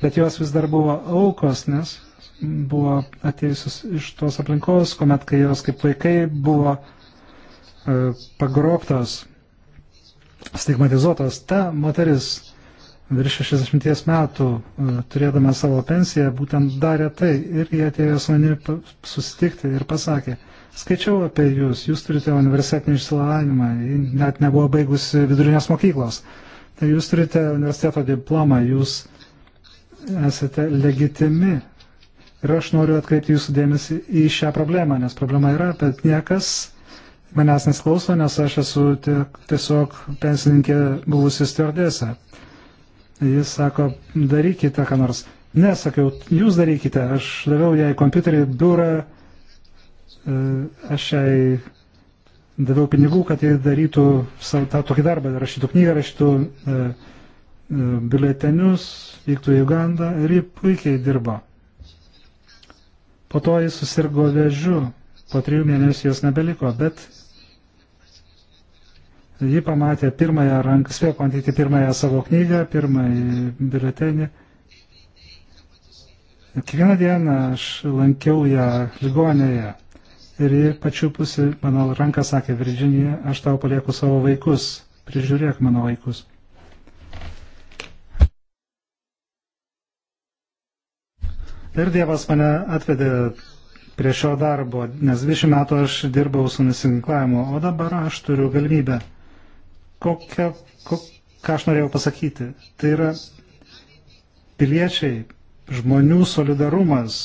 bet jos vis dar buvo aukos, nes buvo atėjusios iš tos aplinkos, kuomet kai jos kaip vaikai buvo e, pagroptos, stigmatizuotos. Ta moteris virš 60 metų, e, turėdama savo pensiją, būtent darė tai ir jie atėjo su manimi susitikti ir pasakė, skaičiau apie jūs, jūs turite universitetinį išsilavinimą, net nebuvo baigusi vidurinės mokyklos, tai jūs turite universiteto diplomą, jūs esate legitimi. Ir aš noriu atkreipti jūsų dėmesį į šią problemą, nes problema yra, bet niekas manęs nesklauso, nes aš esu tiesiog pensininkė buvusi stiordėse. Jis sako, darykite ką nors. Nesakiau, jūs darykite. Aš daviau jai kompiuterį, biurą, e, aš jai daviau pinigų, kad jie darytų savo tą tokį darbą, rašytų knygą, rašytų e, e, biuletenius, vyktų į Ugandą ir ji puikiai dirbo. Po to jis susirgo vėžiu, po trijų mėnesių jos nebeliko, bet Ji pamatė pirmąją ranką, spėjo pamatyti pirmąją savo knygą, pirmąjį biuletenį. Kiekvieną dieną aš lankiau ją ligonėje ir ji pačiupusi mano ranką sakė, Virginija, aš tau palieku savo vaikus, prižiūrėk mano vaikus. Ir Dievas mane atvedė prie šio darbo, nes 20 metų aš dirbau su nusiginklavimu, o dabar aš turiu galimybę kokia, ko, ką aš norėjau pasakyti. Tai yra piliečiai, žmonių solidarumas,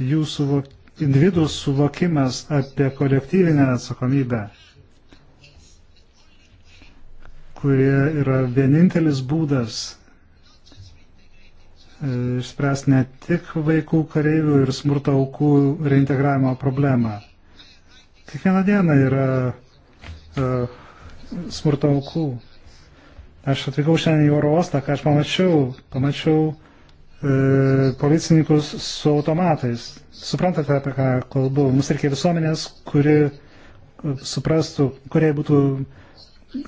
jų suvok, individų suvokimas apie kolektyvinę atsakomybę, kurie yra vienintelis būdas e, išspręs ne tik vaikų kareivių ir smurto aukų reintegravimo problemą. Kiekvieną dieną yra uh, smurto aukų. Aš atvykau šiandien į oro uostą, ką aš pamačiau, pamačiau e, policininkus su automatais. Suprantate, apie ką kalbu. Mums reikia visuomenės, kuri e, suprastų, kuriai būtų,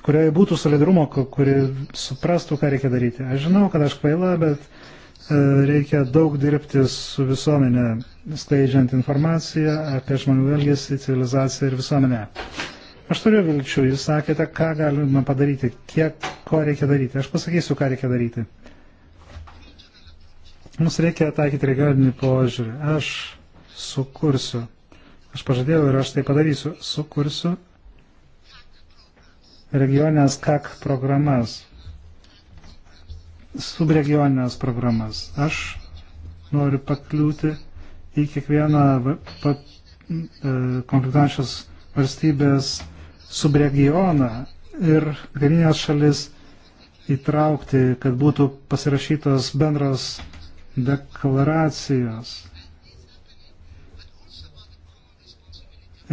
kuriai būtų solidarumo, kuri suprastų, ką reikia daryti. Aš žinau, kad aš kvaila, bet e, reikia daug dirbti su visuomenė, skleidžiant informaciją apie žmonių elgesį, civilizaciją ir visuomenę. Aš turiu vilčių, jūs sakėte, ką galima padaryti, kiek, ko reikia daryti. Aš pasakysiu, ką reikia daryti. Mums reikia taikyti regioninį požiūrį. Aš sukursiu. Aš pažadėjau ir aš tai padarysiu. Sukursiu regioninės KAK programas. Subregioninės programas. Aš noriu pakliūti į kiekvieną pa, e, konkretančios valstybės subregioną ir karinės šalis įtraukti, kad būtų pasirašytos bendros deklaracijos.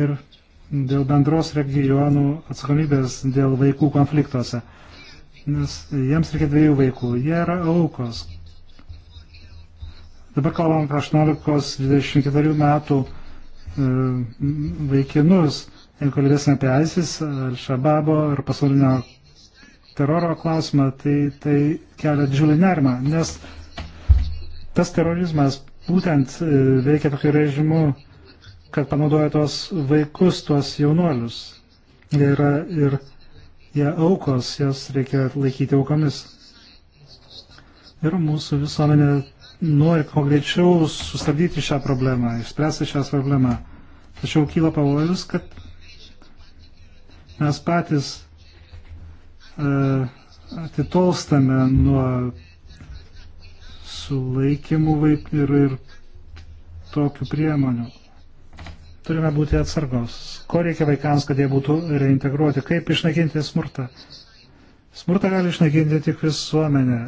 Ir dėl bendros regionų atsakomybės dėl vaikų konfliktuose. Nes jiems reikia dviejų vaikų. Jie yra aukos. Dabar kalbam apie 18-24 metų e, vaikinus, Jeigu kalbėsime apie ISIS, Al-Shababo ir pasaulinio teroro klausimą, tai tai kelia didžiulį nerimą, nes tas terorizmas būtent e, veikia tokiu režimu, kad panaudoja tuos vaikus, tuos jaunuolius. Jie yra ir jie aukos, jas reikia laikyti aukomis. Ir mūsų visuomenė nori kuo greičiau sustabdyti šią problemą, išspręsti šią problemą. Tačiau kyla pavojus, kad Mes patys e, atitolstame nuo sulaikymų vaikų ir, ir tokių priemonių. Turime būti atsargos. Ko reikia vaikams, kad jie būtų reintegruoti? Kaip išnaikinti smurtą? Smurtą gali išnaikinti tik visuomenė.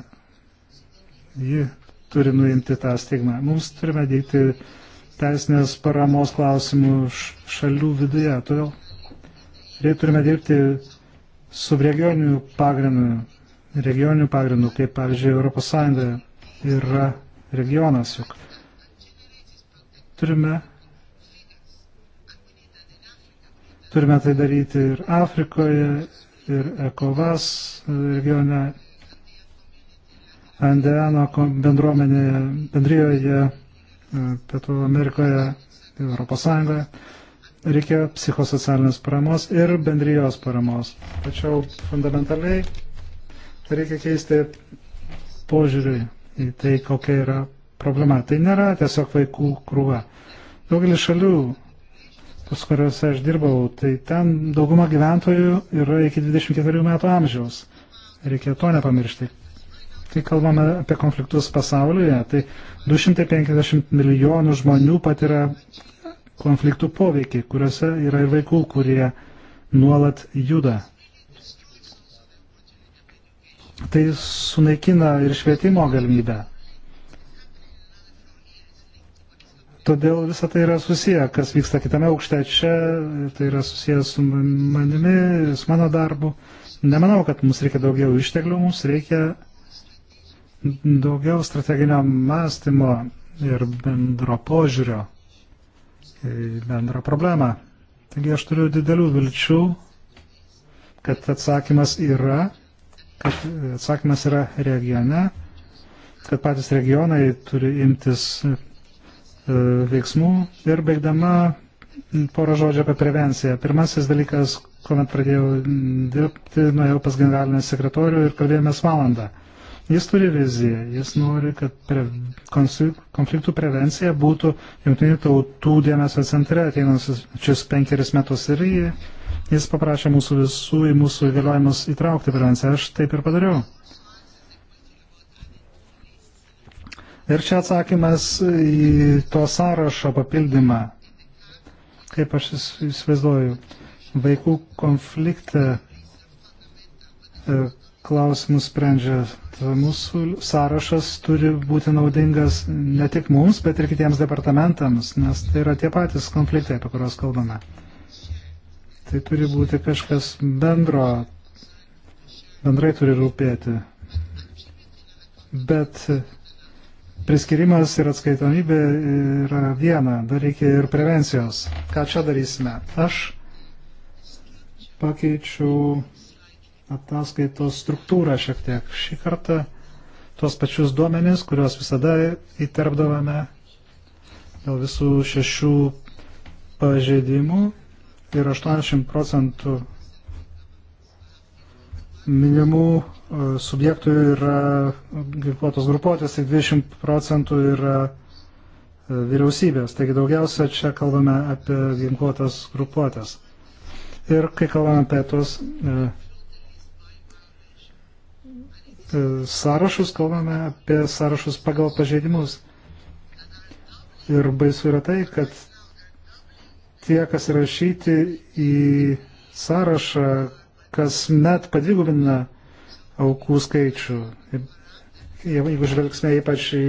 Ji turi nuimti tą stigmą. Mums turime dėkti teisinės paramos klausimų šalių viduje. Todėl Ir turime dirbti su regioniniu pagrindu, regioniniu pagrindu, kaip pavyzdžiui Europos Sąjunga yra regionas juk. Turime, turime tai daryti ir Afrikoje, ir Ekovas regione, Andeano bendruomenėje, bendrijoje, Pietų Amerikoje, Europos Sąjungoje reikia psichosocialinės paramos ir bendrijos paramos. Tačiau fundamentaliai tai reikia keisti požiūrį į tai, kokia yra problema. Tai nėra tiesiog vaikų krūva. Daugelis šalių, tos kuriuose aš dirbau, tai ten dauguma gyventojų yra iki 24 metų amžiaus. Reikia to nepamiršti. Kai kalbame apie konfliktus pasaulyje, tai 250 milijonų žmonių patiria konfliktų poveikį, kuriuose yra ir vaikų, kurie nuolat juda. Tai sunaikina ir švietimo galimybę. Todėl visą tai yra susiję, kas vyksta kitame aukšte čia, tai yra susiję su manimi, su mano darbu. Nemanau, kad mums reikia daugiau išteklių, mums reikia daugiau strateginio mąstymo ir bendro požiūrio bendrą problemą. Taigi aš turiu didelių vilčių, kad atsakymas yra, kad atsakymas yra regione, kad patys regionai turi imtis e, veiksmų. Ir baigdama porą žodžių apie prevenciją. Pirmasis dalykas, kuomet pradėjau dirbti, nuėjau pas generalinę sekretorių ir kalbėjomės valandą. Jis turi viziją, jis nori, kad pre, konfliktų prevencija būtų jungtinių tautų dėmesio centre ateinančius penkeris metus ir jį, jis paprašė mūsų visų į mūsų įgaliojimus įtraukti prevenciją. Aš taip ir padariau. Ir čia atsakymas į to sąrašo papildymą. Kaip aš įsivaizduoju, vaikų konfliktą e, klausimus sprendžia mūsų sąrašas turi būti naudingas ne tik mums, bet ir kitiems departamentams, nes tai yra tie patys konfliktai, apie kuriuos kalbame. Tai turi būti kažkas bendro, bendrai turi rūpėti. Bet priskirimas ir atskaitomybė yra viena, dar reikia ir prevencijos. Ką čia darysime? Aš pakeičiau ataskaitos struktūrą šiek tiek. Šį kartą tuos pačius duomenis, kuriuos visada įterpdavome dėl visų šešių pažeidimų ir 80 procentų minimų e, subjektų yra ginkluotos grupuotės, tai 20 procentų yra e, vyriausybės. Taigi daugiausia čia kalbame apie ginkluotas grupuotės. Ir kai kalbame apie tuos e, E, sąrašus, kalbame apie sąrašus pagal pažeidimus. Ir baisu yra tai, kad tie, kas rašyti į sąrašą, kas met padvigubina aukų skaičių. Jeigu žvelgsime ypač į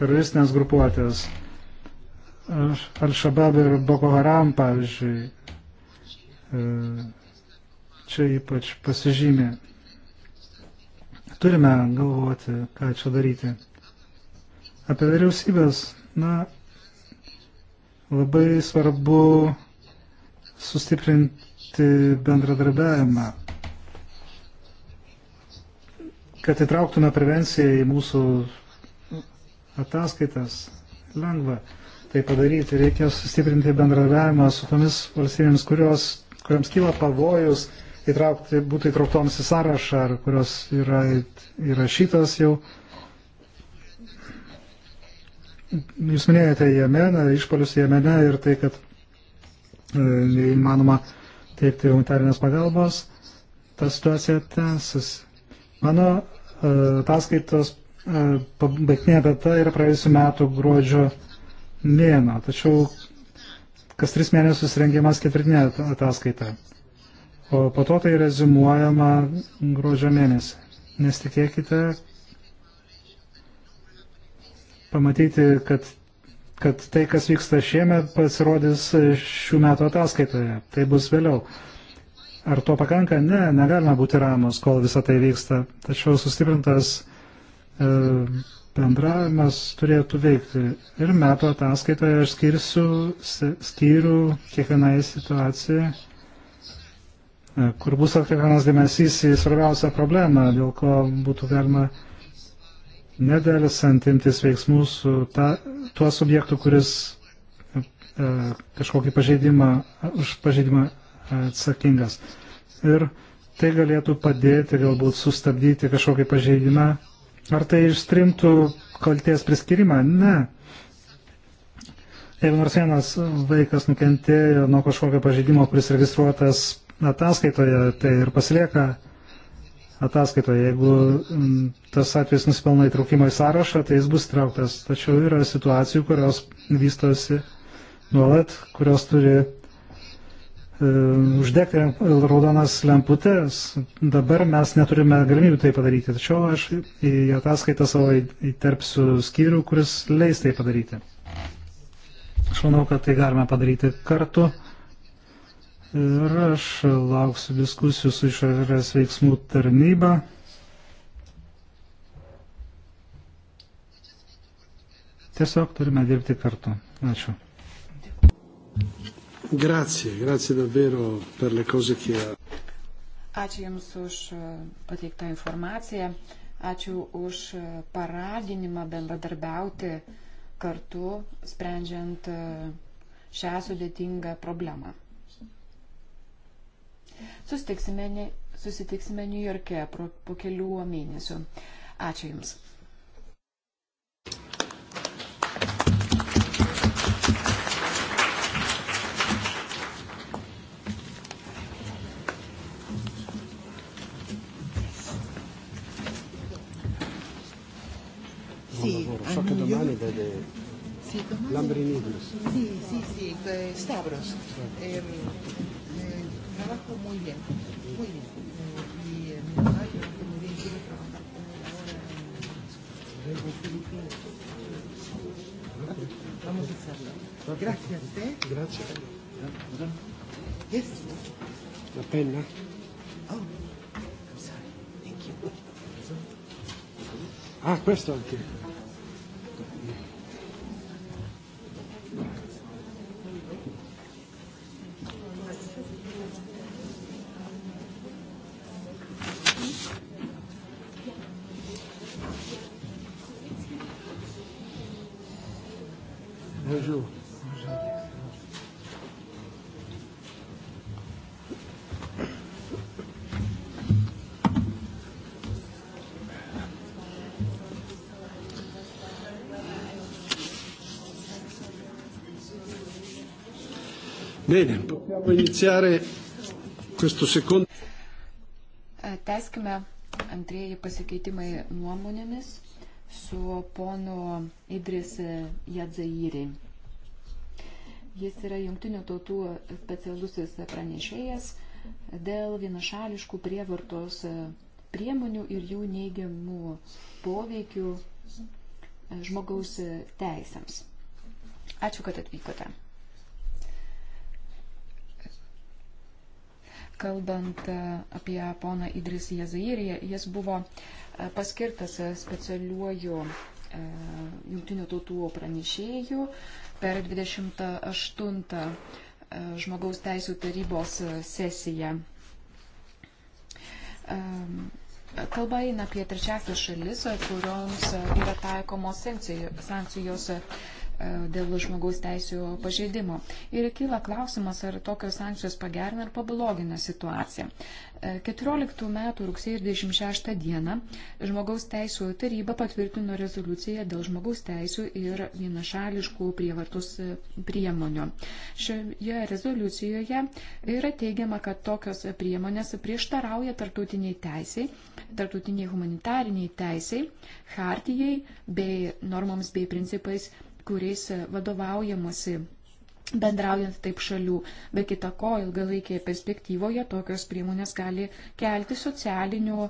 teroristinės grupuotės, Al-Shabaab ir Boko Haram, pavyzdžiui, e, čia ypač pasižymė. Turime galvoti, ką čia daryti. Apie vyriausybės, na, labai svarbu sustiprinti bendradarbiavimą, kad įtrauktume prevenciją į mūsų ataskaitas. Lengva tai padaryti, reikia sustiprinti bendradarbiavimą su tomis valstybėmis, kurios, kuriams kyla pavojus įtraukti, būtų įtrauktoms į sąrašą, ar kurios yra įrašytos jau. Jūs minėjote Jemeną, išpolius Jemene ir tai, kad e, neįmanoma teikti humanitarinės pagalbos, ta situacija tęsis. Mano e, ataskaitos e, baigtinė data yra praėjusiu metu gruodžio mėno, tačiau kas tris mėnesius rengiamas ketvirtinė ataskaita o po to tai rezumuojama gruodžio mėnesį. Nesitikėkite pamatyti, kad, kad tai, kas vyksta šiemet, pasirodys šių metų ataskaitoje. Tai bus vėliau. Ar to pakanka? Ne, negalime būti ramus, kol visa tai vyksta. Tačiau sustiprintas e, bendravimas turėtų veikti. Ir metų ataskaitoje aš skirsiu skyrių kiekvienai situacijai E, kur bus atkreipiamas dėmesys į svarbiausią problemą, dėl ko būtų galima nedėlisant imtis veiksmų su ta, tuo subjektu, kuris e, e, kažkokį pažeidimą, už pažeidimą atsakingas. Ir tai galėtų padėti galbūt sustabdyti kažkokį pažeidimą. Ar tai išstrimtų kalties priskirimą? Ne. Jeigu nors vienas vaikas nukentėjo nuo kažkokio pažeidimo, kuris registruotas ataskaitoje, tai ir pasilieka ataskaitoje. Jeigu mm, tas atvejs nusipelna įtraukimo į sąrašą, tai jis bus trauktas. Tačiau yra situacijų, kurios vystosi nuolat, kurios turi e, uždegti raudonas lemputės. Dabar mes neturime galimybių tai padaryti. Tačiau aš į ataskaitą savo įterpsiu skyrių, kuris leis tai padaryti. Aš manau, kad tai galime padaryti kartu Ir aš lauksiu diskusijų su išorės veiksmų tarnyba. Tiesiog turime dirbti kartu. Ačiū. Grazie, grazie davvero per le cose che ha. Ačiū Jums už e, pateiktą informaciją. Ačiū už e, paraginimą bendradarbiauti kartu, sprendžiant e, šią sudėtingą problemą. Susitiksime, ne, susitiksime New York'e po, po kelių mėnesių. Ačiū Jums. so che domani io... vede sì, domani... Lambrinidis. Sì, sì, sì, eh, Stavros. Sì. Ehm, trabajo muy bien, muy bien. Eh, y en mi lugar yo creo que muy bien quiero trabajar con él ahora en, en Filipinas. Vamos a hacerlo. Gracias, ¿eh? Gracias. Yes. La pena. Oh, I'm sorry. Thank you. Ah, questo anche. Bene, possiamo iniziare questo secondo. Teskime antrieji pasikeitimai nuomonėmis su ponu Idris Jadzairi. Jis yra jungtinių tautų specialusis pranešėjas dėl vienašališkų prievartos priemonių ir jų neigiamų poveikių žmogaus teisėms. Ačiū, kad atvykote. kalbant e, apie poną Idris Jezairį, jis buvo e, paskirtas e, specialiuoju jungtinių tautų pranešėjų per 28 žmogaus teisų tarybos sesiją. Kalba eina apie trečiasias šalis, kurioms yra taikomos sankcijos. sankcijos E, dėl žmogaus teisų pažeidimo. Ir kyla klausimas, ar tokios sankcijos pagerina ar pablogina situaciją. 14 e, metų rugsėjo 26 dieną žmogaus teisų taryba patvirtino rezoliuciją dėl žmogaus teisų ir vienašališkų prievartus e, priemonių. Šioje rezoliucijoje yra teigiama, kad tokios priemonės prieštarauja tartutiniai teisiai, tartutiniai humanitariniai teisiai, hartijai bei normoms bei principais kuriais vadovaujamasi bendraujant taip šalių. Be kita ko, ilgalaikėje perspektyvoje tokios priemonės gali kelti socialinių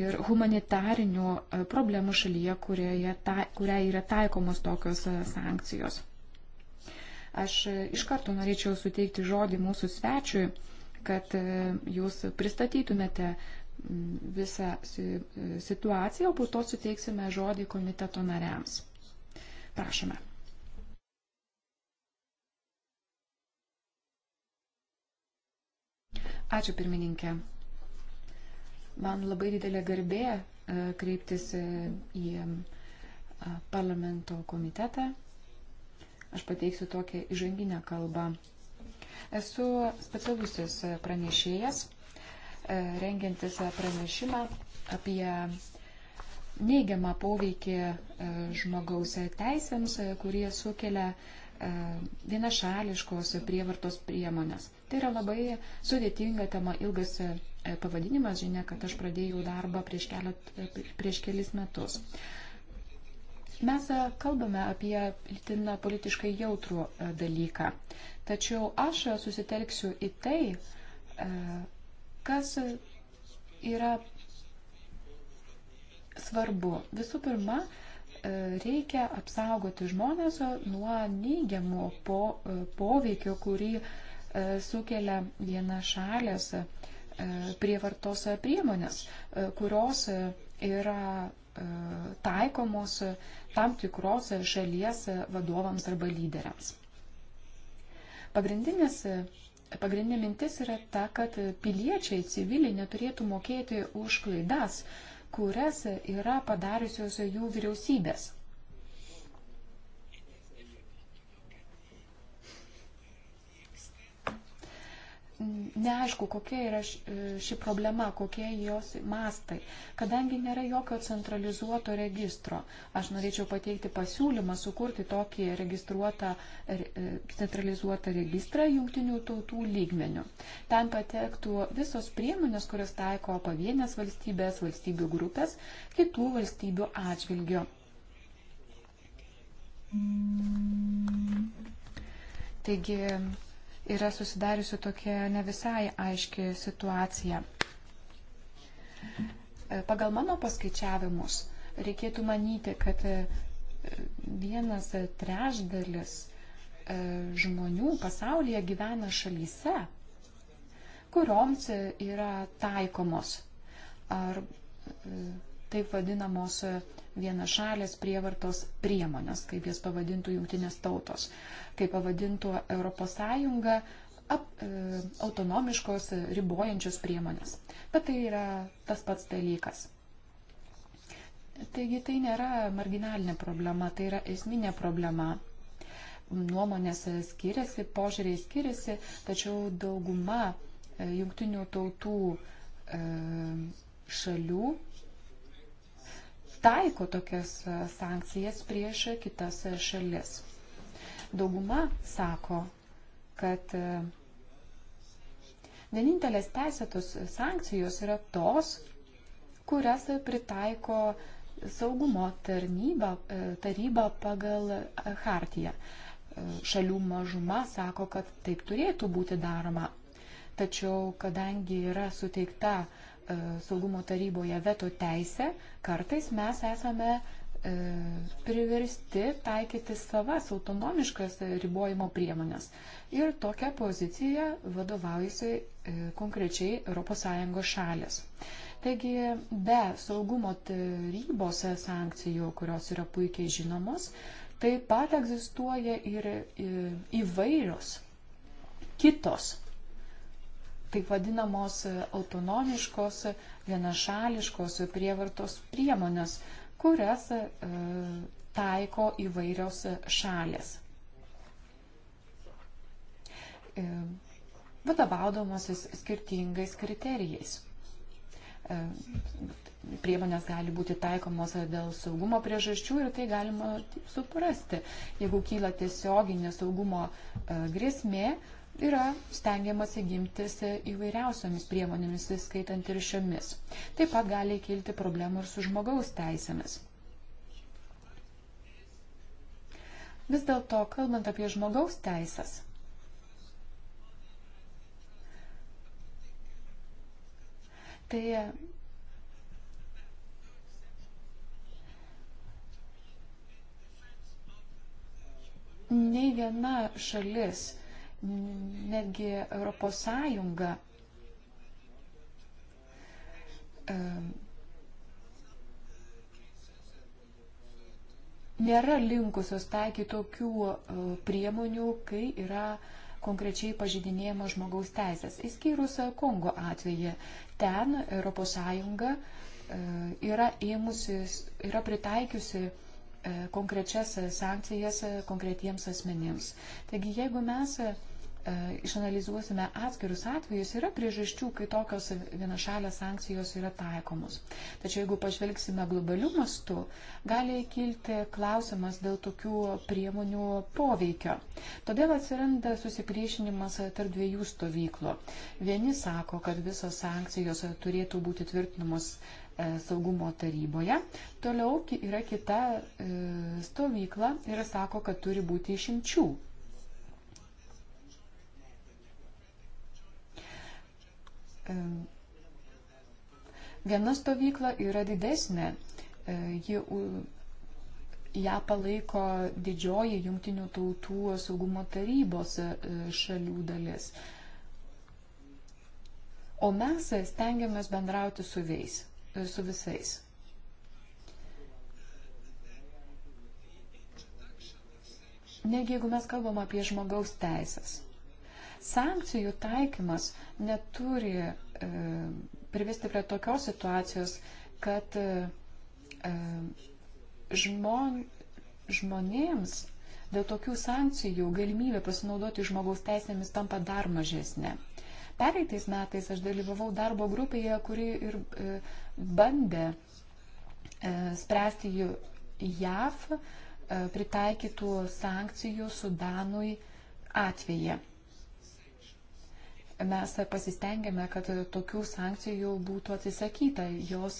ir humanitarinių e, problemų šalyje, kurioje ta, kuria yra taikomos tokios e, sankcijos. Aš e, iš karto norėčiau suteikti žodį mūsų svečiui, kad jūs pristatytumėte visą situaciją, o po to suteiksime žodį komiteto nariams. Prašome. Ačiū pirmininkė. Man labai didelė garbė e, kreiptis e, į e, parlamento komitetą. Aš pateiksiu tokią įžanginę kalbą. Esu specialusis pranešėjas, rengiantis pranešimą apie neigiamą poveikį žmogaus teisėms, kurie sukelia E, vienašališkos prievartos priemonės. Tai yra labai sudėtinga tema, ilgas e, pavadinimas, žinia, kad aš pradėjau darbą prieš, keliat, e, prieš kelis metus. Mes kalbame apie itin politiškai jautrų dalyką, tačiau aš susitelksiu į tai, kas yra svarbu. Visų pirma, E, reikia apsaugoti žmonės nuo neigiamų po, e, poveikio, kurį e, sukelia viena šalės prievartos priemonės, kurios yra taikomos tam tikros šalies vadovams arba lyderiams. Pagrindinės Pagrindinė mintis yra ta, kad piliečiai civiliai neturėtų mokėti už klaidas, uh, kurias yra padariusios jų vyriausybės. neaišku, kokia yra e, ši problema, kokie jos mastai. Kadangi nėra jokio centralizuoto registro, aš norėčiau pateikti pasiūlymą sukurti tokį registruotą, e, centralizuotą registrą jungtinių tautų lygmenių. Ten patektų visos priemonės, kurias taiko pavienės valstybės, valstybių grupės, kitų valstybių atžvilgių. Taigi yra susidariusi tokia ne visai aiški situacija. E, pagal mano paskaičiavimus reikėtų manyti, kad e, vienas trešdalis e, žmonių pasaulyje gyvena šalyse, kurioms yra taikomos ar taip vadinamos vienašalės prievartos priemonės, kaip jas pavadintų jungtinės tautos, kaip pavadintų ES ap, e, autonomiškos ribojančios priemonės. Bet tai yra tas pats dalykas. Taigi tai nėra marginalinė problema, tai yra esminė problema. Nuomonės skiriasi, požiūriai skiriasi, tačiau dauguma e, jungtinių tautų e, šalių taiko tokias e, sankcijas prieš kitas e, šalis. Dauguma sako, kad e, vienintelės teisėtos sankcijos yra tos, kurias pritaiko saugumo tarnyba, taryba pagal hartiją. Šalių mažuma sako, kad taip turėtų būti daroma. Tačiau, kadangi yra suteikta uh, E, saugumo taryboje veto teisę, kartais mes esame e, priversti taikyti savas autonomiškas ribojimo priemonės. Ir tokią poziciją vadovaujasi e, konkrečiai ES šalis. Taigi be saugumo tarybos sankcijų, kurios yra puikiai žinomos, taip pat egzistuoja ir įvairios kitos taip vadinamos autonomiškos, vienašališkos prievartos priemonės, kurias e, taiko įvairios šalės. E, Vadovaudomasis skirtingais kriterijais. E, priemonės gali būti taikomos dėl saugumo priežasčių ir tai galima suprasti. Jeigu kyla tiesioginė saugumo grėsmė, yra stengiamasi gimtis įvairiausiomis priemonėmis, skaitant ir šiomis. Taip pat gali kilti problemų ir su žmogaus teisėmis. Vis dėlto, kalbant apie žmogaus teisės, tai nei viena šalis netgi Europos Sąjunga e, nėra linkusios taikyti tokių e, priemonių, kai yra konkrečiai pažydinėjama žmogaus teisės, įskyrus e, Kongo atveju. Ten ES yra ėmusis, yra pritaikiusi konkrečias sankcijas konkretiems asmenims. Taigi, jeigu mes E, išanalizuosime atskirius atvejus, yra priežasčių, kai tokios vienašalės sankcijos yra taikomus. Tačiau jeigu pažvelgsime globalių mastų, gali kilti klausimas dėl tokių priemonių poveikio. Todėl atsiranda susipriešinimas tarp dviejų stovyklų. Vieni sako, kad visos sankcijos turėtų būti tvirtinamos e, saugumo taryboje. Toliau yra kita e, stovykla ir sako, kad turi būti išimčių Viena stovykla yra didesnė. E, ji ją palaiko didžioji Junktinių tautų saugumo tarybos e, šalių dalis. O mes stengiamės bendrauti su, veis, e, su visais. Negi jeigu mes kalbam apie žmogaus teisės, Sankcijų taikymas neturi e, privesti prie tokios situacijos, kad e, e, žmon, žmonėms dėl tokių sankcijų galimybė pasinaudoti žmogaus teisėmis tampa dar mažesnė. Pereitais metais aš dalyvavau darbo grupėje, kuri ir e, bandė e, spręsti JAV e, pritaikytų sankcijų Sudanui atveju mes pasistengėme, kad tokių sankcijų būtų atsisakyta. Jos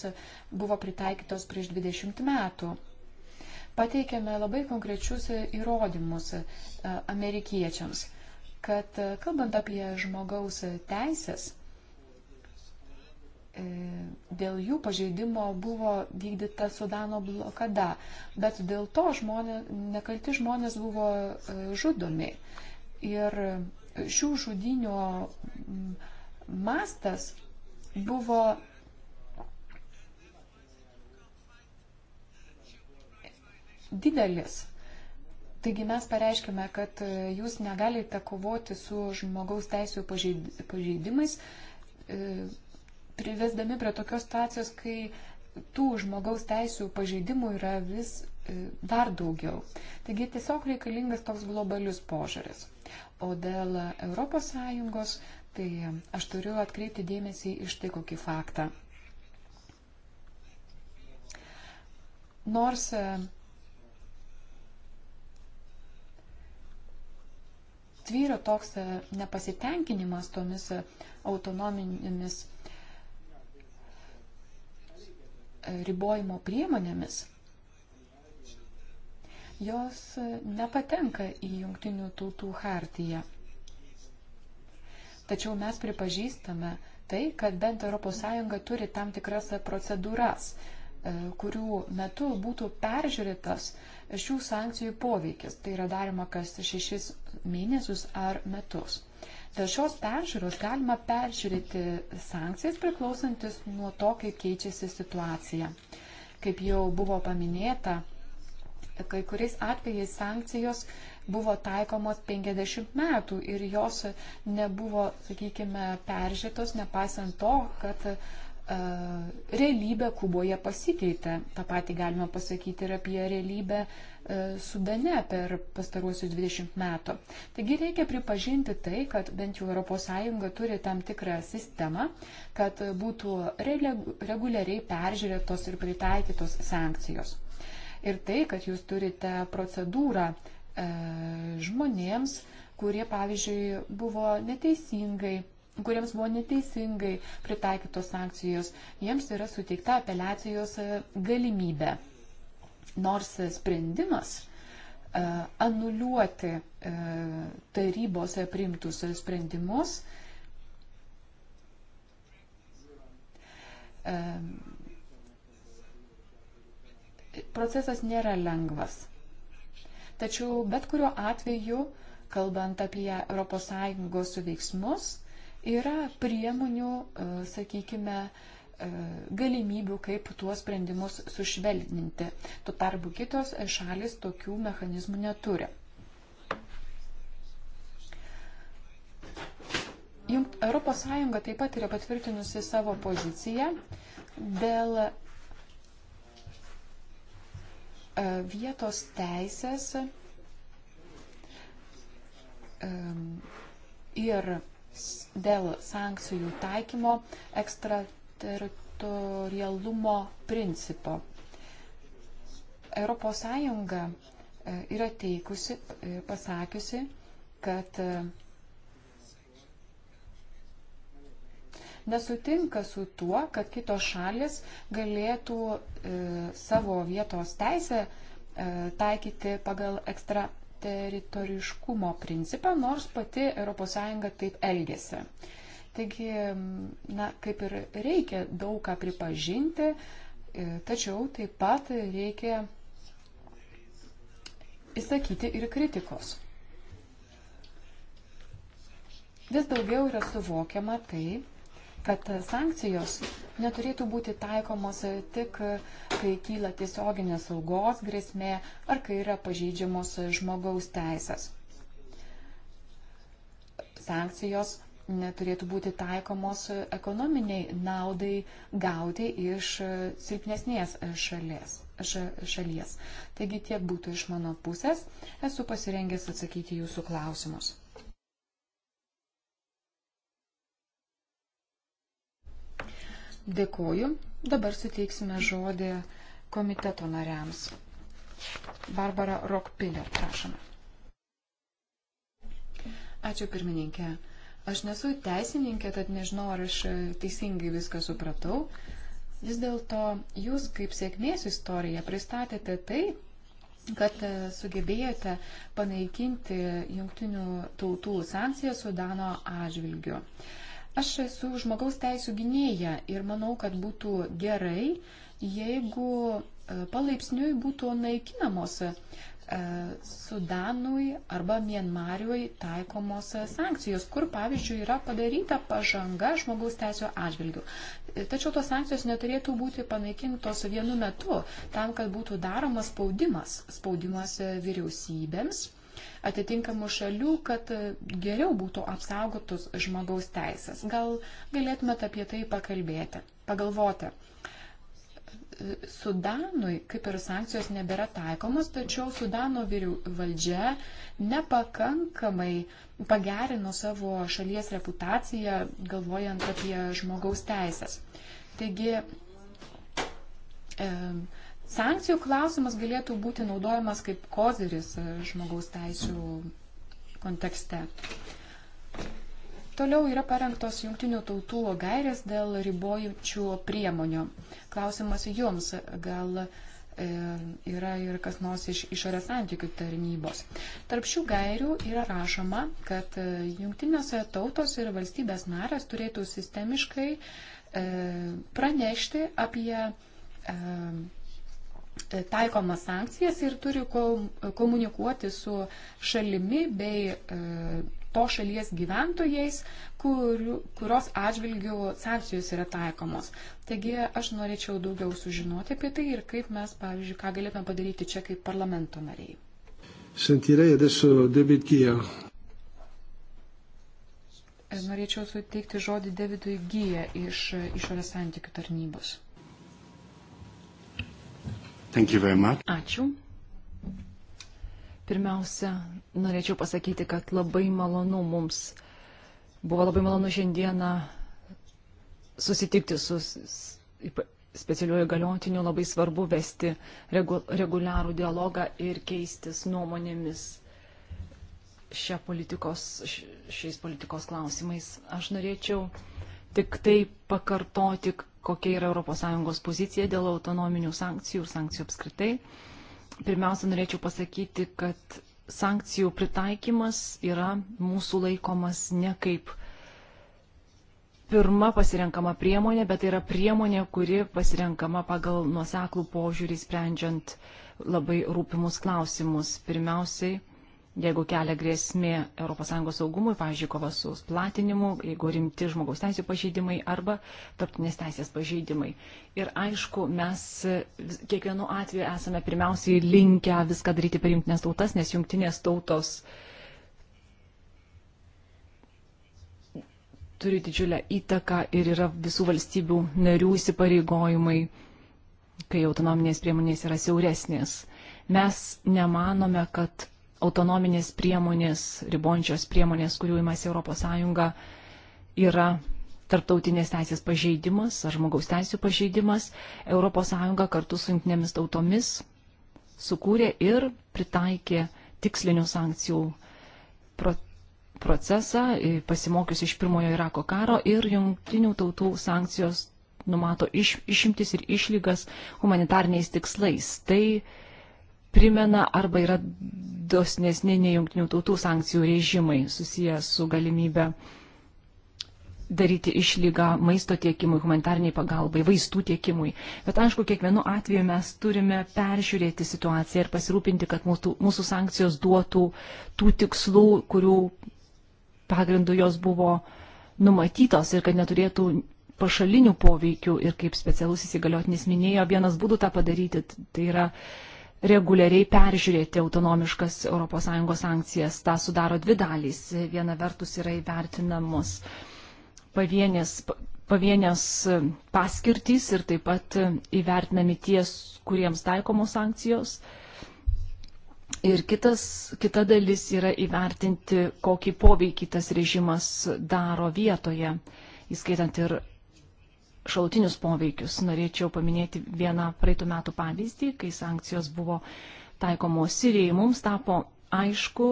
buvo pritaikytos prieš 20 metų. Pateikėme labai konkrečius įrodymus e, amerikiečiams, kad e, kalbant apie žmogaus teisės, e, dėl jų pažeidimo buvo vykdyta Sudano blokada, bet dėl to žmonė, nekalti žmonės buvo žudomi. Ir šių žudinių mastas buvo didelis. Taigi mes pareiškime, kad e, jūs negalite kovoti su žmogaus teisų pažeidimais, e, privesdami prie tokios situacijos, kai tų žmogaus teisų pažeidimų yra vis e, dar daugiau. Taigi tiesiog reikalingas toks globalius požiūris. O dėl ES, tai aš turiu atkreipti dėmesį iš tai kokį faktą. Nors e, tvyro toks e, nepasitenkinimas tomis e, autonominėmis ribojimo priemonėmis, jos nepatenka į jungtinių tautų hartiją. Tačiau mes pripažįstame tai, kad bent ES turi tam tikras procedūras, e, kurių metu būtų peržiūrėtas šių sankcijų poveikis. Tai yra daroma kas šešis mėnesius ar metus. Dėl šios peržiūros galima peržiūrėti sankcijas priklausantis nuo to, kaip keičiasi situacija. Kaip jau buvo paminėta, kai kuriais atvejais sankcijos buvo taikomos 50 metų ir jos nebuvo, sakykime, peržiūrėtos, nepaisant to, kad e, realybė Kuboje pasikeitė. Ta pati galima pasakyti ir apie realybę e, Sudane per pastaruosius 20 metų. Taigi reikia pripažinti tai, kad bent jau ES turi tam tikrą sistemą, kad būtų reguliariai peržiūrėtos ir pritaikytos sankcijos ir tai, kad jūs turite procedūrą e, žmonėms, kurie, pavyzdžiui, buvo neteisingai kuriems buvo neteisingai pritaikytos sankcijos, jiems yra suteikta apeliacijos e, galimybė. Nors sprendimas e, anuliuoti tarybos priimtus sprendimus Procesas nėra lengvas. Tačiau bet kuriuo atveju, kalbant apie ES veiksmus, yra priemonių, e, sakykime, e, galimybių, kaip tuos sprendimus sušvelninti. Tuo tarpu kitos šalis tokių mechanizmų neturi. Europos Sąjunga taip pat yra patvirtinusi savo poziciją dėl E, vietos teisės e, ir dėl sankcijų taikymo ekstrateritorialumo principo. ES e, yra teikusi ir pasakiusi, kad nesutinka su tuo, kad kitos šalis galėtų e, savo vietos teisę e, taikyti pagal ekstrateritoriškumo principą, nors pati ES taip elgėsi. Taigi, na, kaip ir reikia daug ką pripažinti, e, tačiau taip pat reikia įsakyti ir kritikos vis daugiau yra suvokiama tai, kad sankcijos neturėtų būti taikomos tik, kai kyla tiesioginė saugos grėsmė ar kai yra pažydžiamos žmogaus teisės. Sankcijos neturėtų būti taikomos ekonominiai naudai gauti iš silpnesnės šalies. šalies. Taigi tiek būtų iš mano pusės. Esu pasirengęs atsakyti jūsų klausimus. Dėkuoju. Dabar suteiksime žodį komiteto nariams. Barbara Rokpiller, prašome. Ačiū pirmininkė. Aš nesu teisininkė, tad nežinau, ar aš teisingai viską supratau. Vis dėlto jūs kaip sėkmės istoriją pristatėte tai, kad e, sugebėjote panaikinti jungtinių tautų sankcijas Sudano atžvilgiu. Uh, Aš esu žmogaus teisų gynėja ir manau, kad būtų gerai, jeigu e, palaipsniui būtų naikinamos e, Sudanui arba Mienmariui taikomos e, sankcijos, kur, pavyzdžiui, yra padaryta pažanga žmogaus teisų atžvilgių. Tačiau tos sankcijos neturėtų būti panaikintos vienu metu, tam, kad būtų daromas spaudimas, spaudimas vyriausybėms atitinkamų šalių, kad geriau būtų apsaugotus žmogaus teisės. Gal galėtumėt apie tai pakalbėti, pagalvoti. Sudanui, kaip ir sankcijos, nebėra taikomos, tačiau Sudano valdžia nepakankamai pagerino savo šalies reputaciją, galvojant apie žmogaus teisės. Taigi, e, Sankcijų klausimas galėtų būti naudojamas kaip koziris e, žmogaus teisų kontekste. Toliau yra parengtos jungtinių tautų gairės dėl ribojančių priemonių. Klausimas jums, gal e, yra ir kas nors iš išorės santykių tarnybos. Tarp šių gairių yra rašoma, kad e, jungtinėse tautos ir valstybės narės turėtų sistemiškai e, pranešti apie e, taikomas sankcijas ir turi komunikuoti su šalimi bei e, to šalies gyventojais, kur, kurios atžvilgių sankcijos yra taikomos. Taigi aš norėčiau daugiau sužinoti apie tai ir kaip mes, pavyzdžiui, ką galėtume padaryti čia kaip parlamento nariai. Sentirei adesso David Gija. Norėčiau suteikti žodį Davidui Gija iš e, išorės santykių tarnybos. Ačiū. Pirmiausia, norėčiau pasakyti, kad labai malonu mums, buvo labai malonu šiandieną susitikti su specialiuoju galiotiniu, labai svarbu vesti regu, reguliarų dialogą ir keistis nuomonėmis šia politikos, šiais politikos klausimais. Aš norėčiau tik tai pakartoti, kokia yra ES pozicija dėl autonominių sankcijų ir sankcijų apskritai. Pirmiausia, norėčiau pasakyti, kad sankcijų pritaikymas yra mūsų laikomas ne kaip pirma pasirenkama priemonė, bet tai yra priemonė, kuri pasirenkama pagal nuoseklų požiūrį sprendžiant labai rūpimus klausimus. Pirmiausiai, jeigu kelia grėsmė ES saugumui, pavyzdžiui, kova su platinimu, jeigu rimti žmogaus teisų pažeidimai arba tarptinės teisės pažeidimai. Ir aišku, mes kiekvienu atveju esame pirmiausiai linkę viską daryti per jungtinės tautas, nes jungtinės tautos turi didžiulę įtaką ir yra visų valstybių narių įsipareigojimai, kai autonominės priemonės yra siauresnės. Mes nemanome, kad autonominės priemonės, ribončios priemonės, kurių imasi ES, yra tarptautinės teisės pažeidimas ar žmogaus teisų pažeidimas. ES kartu su jungtinėmis tautomis sukūrė ir pritaikė tikslinių sankcijų pro procesą, pasimokius iš pirmojo Irako karo ir jungtinių tautų sankcijos numato iš, išimtis ir išlygas humanitarniais tikslais. Tai primena arba yra dosnesni nei jungtinių tautų sankcijų režimai susiję su galimybė daryti išlygą maisto tiekimui, humanitarniai pagalbai, vaistų tiekimui. Bet aišku, kiekvienu atveju mes turime peržiūrėti situaciją ir pasirūpinti, kad mūsų, mūsų sankcijos duotų tų tikslų, kurių pagrindu jos buvo numatytos ir kad neturėtų pašalinių poveikių ir kaip specialus įsigaliotinis minėjo, vienas būdų tą padaryti, tai yra uh, reguliariai peržiūrėti autonomiškas ES sankcijas. Ta sudaro dvi dalys. Viena vertus yra įvertinamos pavienės, pavienės paskirtys ir taip pat įvertinami ties, kuriems taikomos sankcijos. Ir kitas, kita dalis yra įvertinti, kokį poveikį tas režimas daro vietoje, įskaitant ir šalutinius poveikius. Norėčiau paminėti vieną praeitų metų pavyzdį, kai sankcijos buvo taikomos Sirijai. Mums tapo aišku,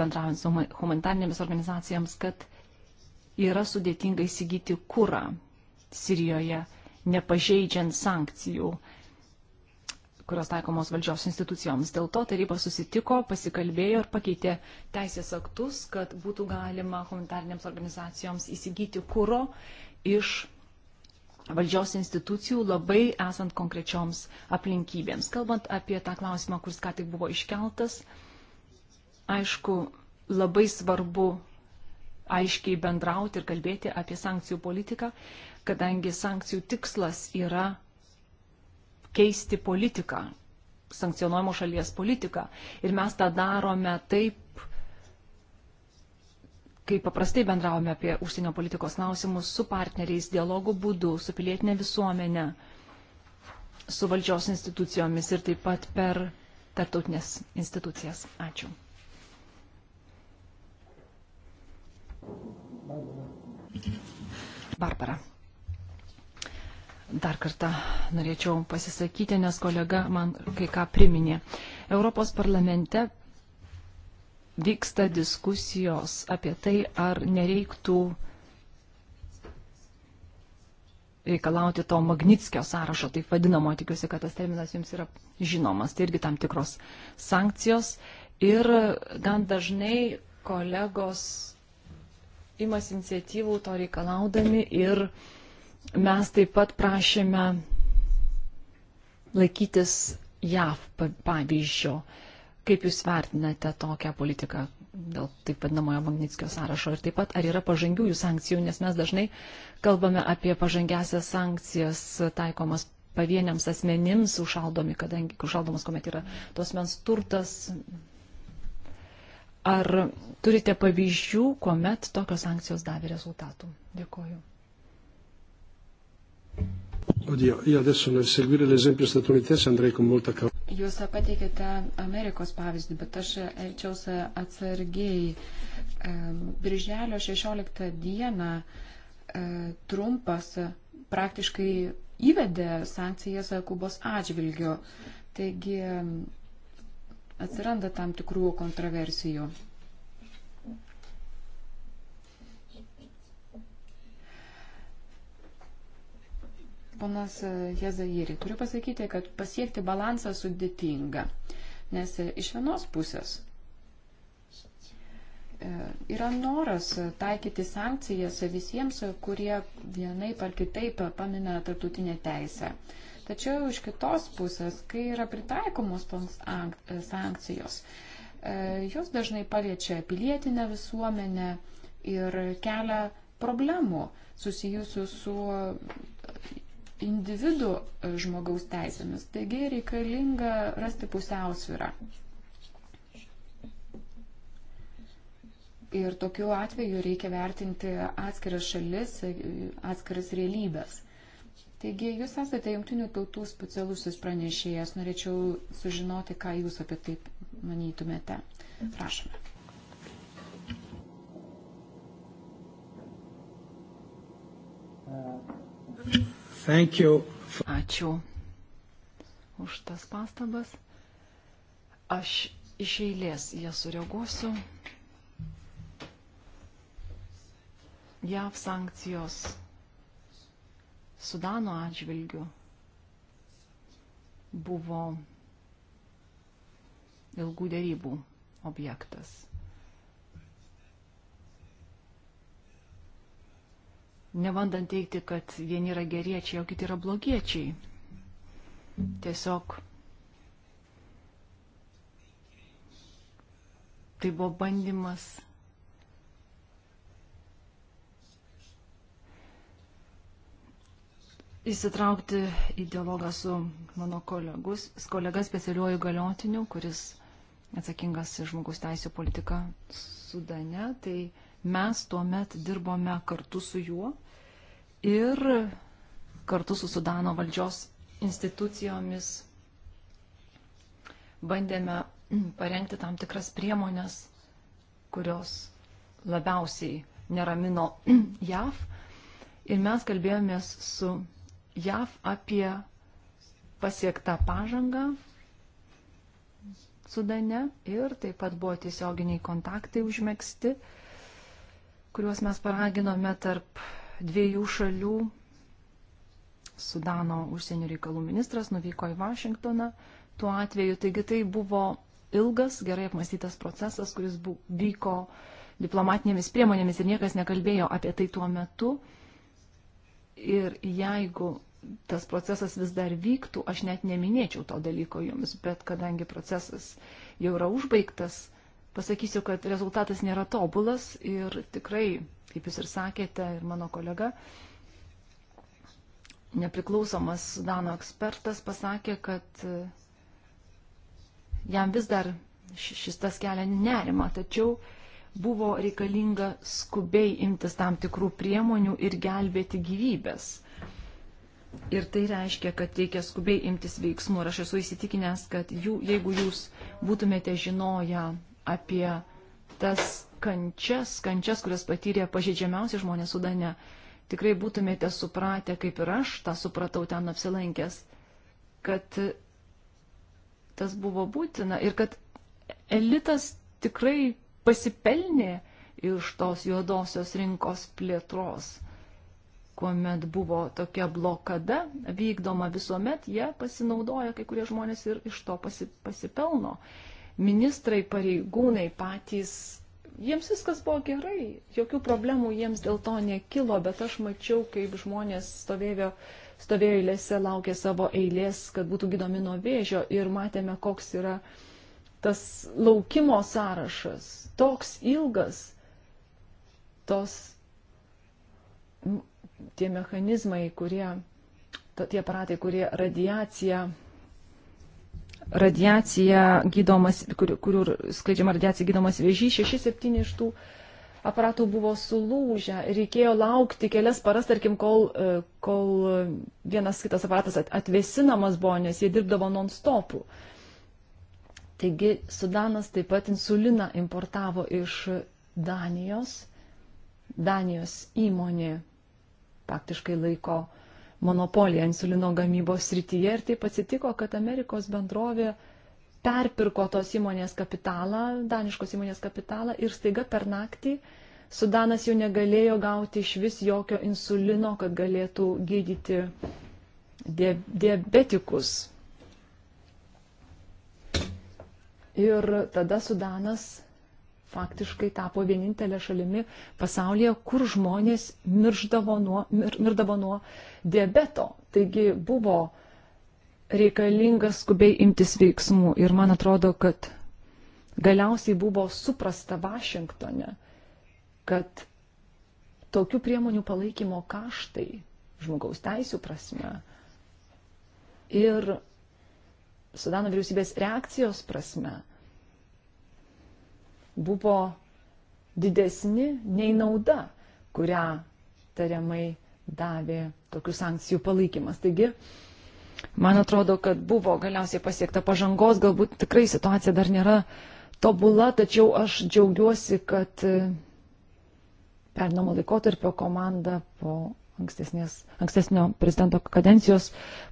bendraujant su humanitarnėmis organizacijams, kad yra sudėtinga įsigyti kūrą Sirijoje, nepažeidžiant sankcijų kurios taikomos valdžios institucijoms. Dėl to taryba susitiko, pasikalbėjo ir pakeitė teisės aktus, kad būtų galima humanitarnėms organizacijoms įsigyti kūro iš valdžios institucijų labai esant konkrečioms aplinkybėms. Kalbant apie tą klausimą, kuris ką tik buvo iškeltas, aišku, labai svarbu aiškiai bendrauti ir kalbėti apie sankcijų politiką, kadangi sankcijų tikslas yra keisti politiką, sankcionuojamo šalies politiką. Ir mes tą darome taip, kaip paprastai bendravome apie užsienio politikos klausimus su partneriais, dialogų būdu, su pilietinė visuomenė, su valdžios institucijomis ir taip pat per tarptautinės institucijas. Ačiū. Barbara. Dar kartą norėčiau pasisakyti, nes kolega man kai ką priminė. Europos parlamente vyksta diskusijos apie tai, ar nereiktų reikalauti to Magnitskio sąrašo, taip vadinamo, tikiuosi, kad tas terminas jums yra žinomas, tai irgi tam tikros sankcijos. Ir gan dažnai kolegos imas iniciatyvų to reikalaudami ir mes taip pat prašėme laikytis JAV pavyzdžio. Pa Kaip Jūs vertinate tokią politiką dėl taip vadinamojo Magnitskio sąrašo ir taip pat ar yra pažangiųjų sankcijų, nes mes dažnai kalbame apie pažangiasias sankcijas taikomas pavieniams asmenims užšaldomi, kadangi užšaldomas, kuomet yra tos mens turtas. Ar turite pavyzdžių, kuomet tokios sankcijos davė rezultatų? Dėkuoju. Oddio, io adesso nel seguire l'esempio statunitense andrei con molta causa. Jūs pateikėte Amerikos pavyzdį, bet aš elgčiausi atsargiai. Birželio 16 dieną e, Trumpas praktiškai įvedė sankcijas Kubos atžvilgiu. Taigi atsiranda tam tikrų kontroversijų. Ponas e, Jezairi, turiu pasakyti, kad pasiekti balansą sudėtinga, nes e, iš vienos pusės e, yra noras taikyti sankcijas visiems, kurie vienaip ar kitaip pamina tarptautinę teisę. Tačiau iš kitos pusės, kai yra pritaikomos toms sankcijos, jos dažnai paliečia pilietinę visuomenę ir kelia problemų susijusių su individų e, žmogaus teisėmis. Taigi reikalinga rasti pusiausvyrą. Ir tokiu atveju reikia vertinti atskiras šalis, e, atskiras realybės. Taigi, jūs esate jungtinių tautų specialusis pranešėjas. Norėčiau sužinoti, ką jūs apie tai manytumėte. Prašome. Uh, Ačiū už tas pastabas. Aš iš eilės jas sureaguosiu. JAV sankcijos Sudano atžvilgių buvo ilgų dėrybų objektas. nebandant teikti, kad vieni yra geriečiai, o kiti yra blogiečiai. Tiesiog tai buvo bandymas įsitraukti į dialogą su mano kolegus, kolega specialiuoju galiotiniu, kuris atsakingas žmogus teisų politiką Sudane, tai mes tuo met dirbome kartu su juo ir kartu su Sudano valdžios institucijomis bandėme parengti tam tikras priemonės, kurios labiausiai neramino JAV. Ir mes kalbėjomės su JAV apie pasiektą pažangą Sudane ir taip pat buvo tiesioginiai kontaktai užmėgsti, kuriuos mes paraginome tarp dviejų šalių Sudano užsienio reikalų ministras nuvyko į Vašingtoną tuo atveju. Taigi tai buvo ilgas, gerai apmastytas procesas, kuris vyko diplomatinėmis priemonėmis ir niekas nekalbėjo apie tai tuo metu. Ir jeigu tas procesas vis dar vyktų, aš net neminėčiau to dalyko jums, bet kadangi procesas jau yra užbaigtas, pasakysiu, kad rezultatas nėra tobulas ir tikrai, kaip jūs ir sakėte, ir mano kolega, nepriklausomas Dano ekspertas pasakė, kad e, jam vis dar šis tas kelia nerima, tačiau buvo reikalinga skubiai imtis tam tikrų priemonių ir gelbėti gyvybės. Ir tai reiškia, kad reikia skubiai imtis veiksmų. Ir aš esu įsitikinęs, kad jų, jeigu jūs būtumėte žinoję apie tas kančias, kančias, kurias patyrė pažeidžiamiausi žmonės Sudane. Tikrai būtumėte supratę, kaip ir aš tą supratau ten apsilankęs, kad tas buvo būtina ir kad elitas tikrai pasipelnė iš tos juodosios rinkos plėtros, kuomet buvo tokia blokada vykdoma visuomet, jie pasinaudoja, kai kurie žmonės ir iš to pasi, pasipelno. Uh, ministrai, pareigūnai patys, jiems viskas buvo gerai, jokių problemų jiems dėl to nekilo, bet aš mačiau, kaip žmonės stovėjo, stovėjo eilėse, laukė savo eilės, kad būtų gydomi nuo vėžio ir matėme, koks yra tas laukimo sąrašas, toks ilgas, tos tie mechanizmai, kurie, tie aparatai, kurie radiaciją radiacija gydomas, kur, kur skleidžiama radiacija gydomas vėžys, 6-7 iš tų aparatų buvo sulūžę, reikėjo laukti kelias paras, tarkim, kol, e, kol vienas kitas aparatas atvesinamas buvo, nes jie dirbdavo non-stopų. Taigi Sudanas taip pat insuliną importavo iš Danijos. Danijos įmonė praktiškai laiko uh, monopoliją insulino gamybos srityje ir taip atsitiko, kad Amerikos bendrovė perpirko tos įmonės kapitalą, daniškos įmonės kapitalą ir staiga per naktį Sudanas jau negalėjo gauti iš vis jokio insulino, kad galėtų gydyti die, diabetikus. Ir tada Sudanas faktiškai tapo vienintelė šalimi pasaulyje, kur žmonės mirždavo nuo, mir, mirdavo nuo diabeto. Taigi buvo reikalingas skubiai imtis veiksmų ir man atrodo, kad galiausiai buvo suprasta Vašingtone, kad tokių priemonių palaikymo kaštai žmogaus teisų prasme ir Sudano vyriausybės reakcijos prasme buvo didesni nei nauda, kurią tariamai davė tokių sankcijų palaikymas. Taigi, man atrodo, kad buvo galiausiai pasiekta pažangos, galbūt tikrai situacija dar nėra tobula, tačiau aš džiaugiuosi, kad e, pernamo laikotarpio komanda po ankstesnio prezidento kadencijos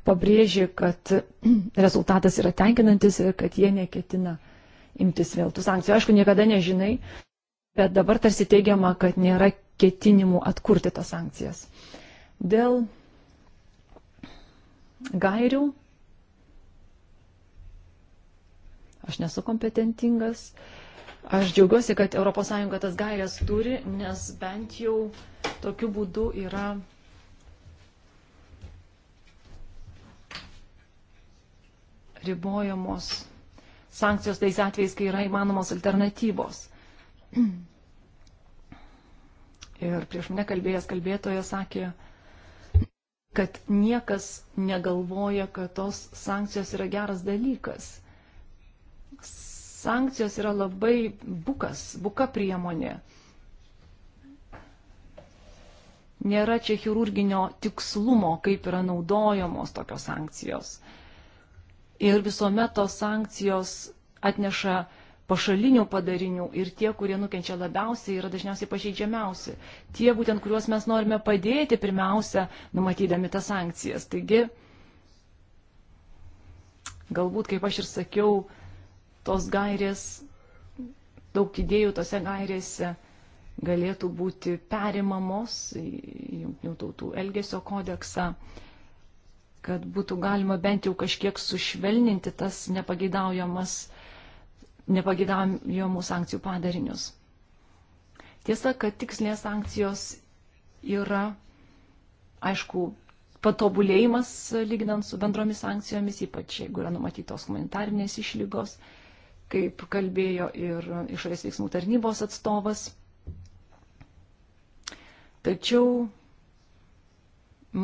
pabrėžė, kad e, rezultatas yra tenkinantis ir kad jie neketina uh, imtis vėl tų sankcijų. Aišku, niekada nežinai, bet dabar tarsi teigiama, kad nėra ketinimų atkurti tas sankcijas. Dėl gairių aš nesu kompetentingas. Aš džiaugiuosi, kad ES tas gairias turi, nes bent jau tokiu būdu yra ribojamos sankcijos tais atvejais, kai yra įmanomos alternatyvos. Ir prieš mane kalbėjęs kalbėtojas sakė, kad niekas negalvoja, kad tos sankcijos yra geras dalykas. Sankcijos yra labai bukas, buka priemonė. Nėra čia chirurginio tikslumo, kaip yra naudojamos tokios sankcijos. Uh, ir visuomet tos sankcijos atneša pašalinių padarinių ir tie, kurie nukenčia labiausiai, yra dažniausiai pažeidžiamiausi. Tie būtent, kuriuos mes norime padėti pirmiausia, numatydami tas sankcijas. Taigi, galbūt, kaip aš ir sakiau, tos gairės, daug idėjų tose gairėse galėtų būti perimamos į Junktinių tautų elgesio kodeksą. Uh, kad būtų galima bent jau kažkiek sušvelninti tas nepageidaujamas, nepageidaujamų sankcijų padarinius. Tiesa, kad tikslinės sankcijos yra, aišku, patobulėjimas lyginant su bendromis sankcijomis, ypač jeigu yra numatytos humanitarnės išlygos, kaip kalbėjo ir išorės veiksmų tarnybos atstovas. Tačiau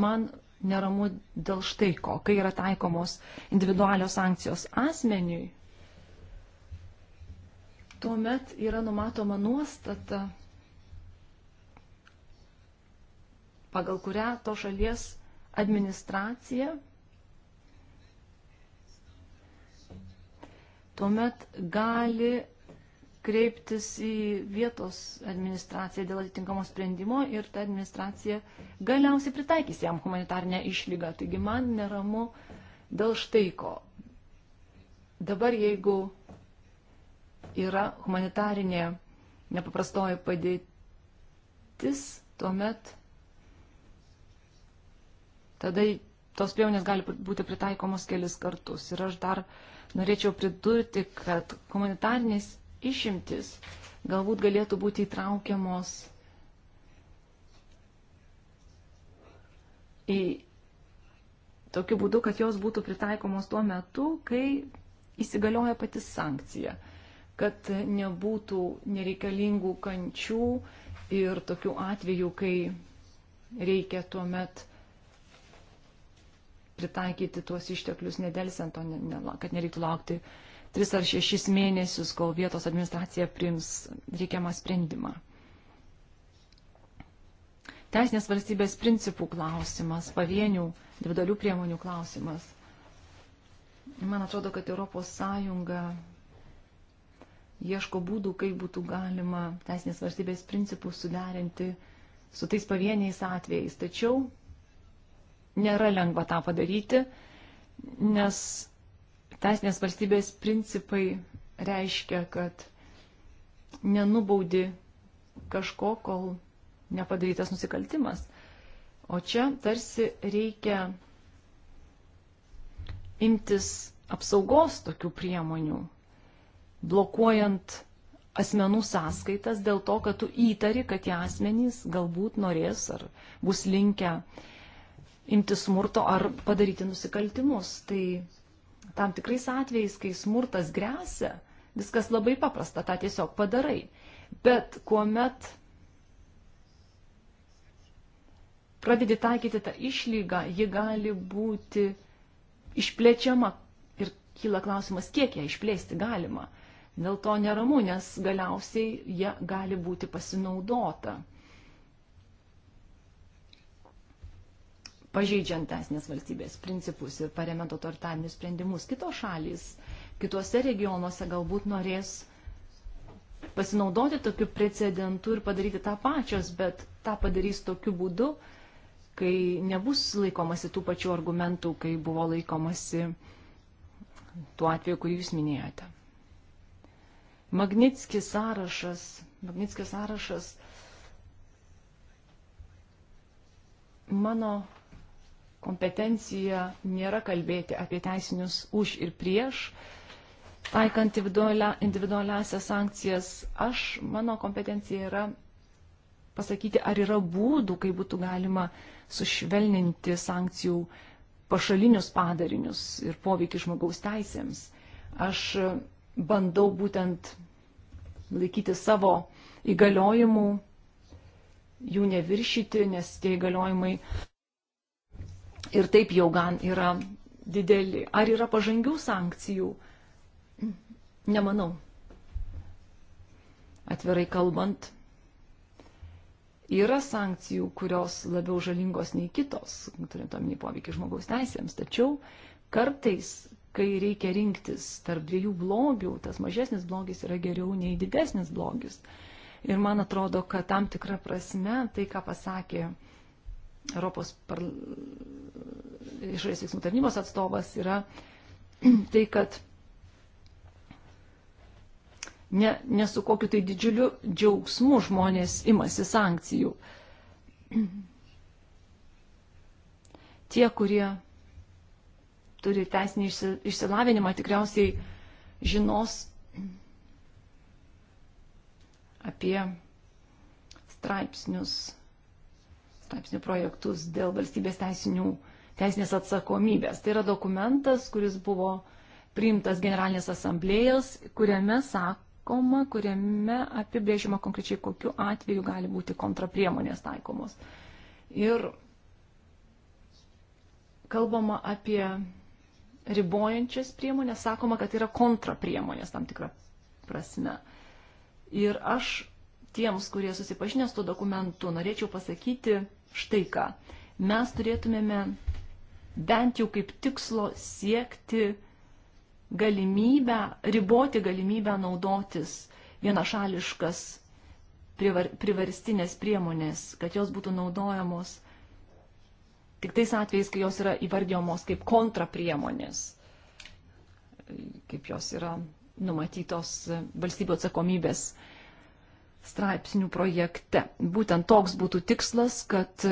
man neramu dėl štai ko, kai yra taikomos individualios sankcijos asmeniui, tuomet yra numatoma nuostata, pagal kurią to šalies administracija tuomet gali kreiptis į vietos administraciją dėl atitinkamo sprendimo ir ta administracija galiausiai pritaikys jam humanitarnę išlygą. Taigi man neramu dėl štai ko. Dabar jeigu yra humanitarinė nepaprastoji padėtis, tuomet tada tos priemonės gali būti pritaikomos kelis kartus. Ir aš dar norėčiau pridurti, kad humanitarnės išimtis galbūt galėtų būti įtraukiamos į tokiu būdu, kad jos būtų pritaikomos tuo metu, kai įsigalioja pati sankcija, kad nebūtų nereikalingų kančių ir tokių atvejų, kai reikia tuo met pritaikyti tuos išteklius nedelsiant, ne, ne, kad nereiktų laukti uh, tris ar šešis mėnesius, kol vietos administracija priims reikiamą sprendimą. Teisinės valstybės principų klausimas, pavienių dvidalių priemonių klausimas. Man atrodo, kad ES ieško būdų, kaip būtų galima teisinės valstybės principus suderinti su tais pavieniais atvejais. Tačiau nėra lengva tą padaryti, nes teisinės valstybės principai reiškia, kad nenubaudi kažko, kol nepadarytas nusikaltimas. O čia tarsi reikia imtis apsaugos tokių priemonių, blokuojant asmenų sąskaitas dėl to, kad tu įtari, kad tie asmenys galbūt norės ar bus linkę imti smurto ar padaryti nusikaltimus. Tai Tam tikrais atvejais, kai smurtas grėsia, viskas labai paprasta, tą tiesiog padarai. Bet kuomet pradedi taikyti tą išlygą, ji gali būti išplečiama ir kyla klausimas, kiek ją išplėsti galima. Dėl to neramu, nes galiausiai jie gali būti pasinaudota. pažeidžiant teisinės valstybės principus ir paremiant autoritarinius sprendimus. Kitos šalys, kitose regionuose galbūt norės pasinaudoti tokiu precedentu ir padaryti tą pačios, bet tą padarys tokiu būdu, kai nebus laikomasi tų pačių argumentų, kai buvo laikomasi tuo atveju, kurį jūs minėjote. Magnitskis sąrašas, Magnitskis sąrašas mano kompetencija nėra kalbėti apie teisinius už ir prieš, taikant individualiasias sankcijas. Aš, mano kompetencija yra pasakyti, ar yra būdų, kaip būtų galima sušvelninti sankcijų pašalinius padarinius ir poveikį žmogaus teisėms. Aš bandau būtent laikyti savo įgaliojimų, jų neviršyti, nes tie įgaliojimai ir taip jau gan yra dideli. Ar yra pažangių sankcijų? Nemanau. Atvirai kalbant, yra sankcijų, kurios labiau žalingos nei kitos, turint omeny poveikį žmogaus teisėms. Tačiau kartais, kai reikia rinktis tarp dviejų blogių, tas mažesnis blogis yra geriau nei didesnis blogis. Ir man atrodo, kad tam tikrą prasme tai, ką pasakė uh, Europos par... išorės veiksmų tarnybos atstovas yra tai, kad ne, ne su kokiu tai didžiuliu džiaugsmu žmonės imasi sankcijų. Tie, kurie turi teisinį išsilavinimą, tikriausiai žinos apie straipsnius straipsnių projektus dėl valstybės teisinių, teisinės atsakomybės. Tai yra dokumentas, kuris buvo priimtas Generalinės asamblėjos, kuriame sakoma, kuriame apibrėžima konkrečiai, kokiu atveju gali būti kontrapriemonės taikomos. Ir kalbama apie ribojančias priemonės, sakoma, kad yra kontrapriemonės tam tikrą prasme. Ir aš tiems, kurie susipažinę su tuo dokumentu, norėčiau pasakyti, štai ką. Mes turėtumėme bent jau kaip tikslo siekti galimybę, riboti galimybę naudotis vienašališkas privar, priverstinės priemonės, kad jos būtų naudojamos tik tais atvejais, kai jos yra įvardyjamos kaip kontrapriemonės, kaip jos yra numatytos valstybių atsakomybės straipsnių projekte. Būtent toks būtų tikslas, kad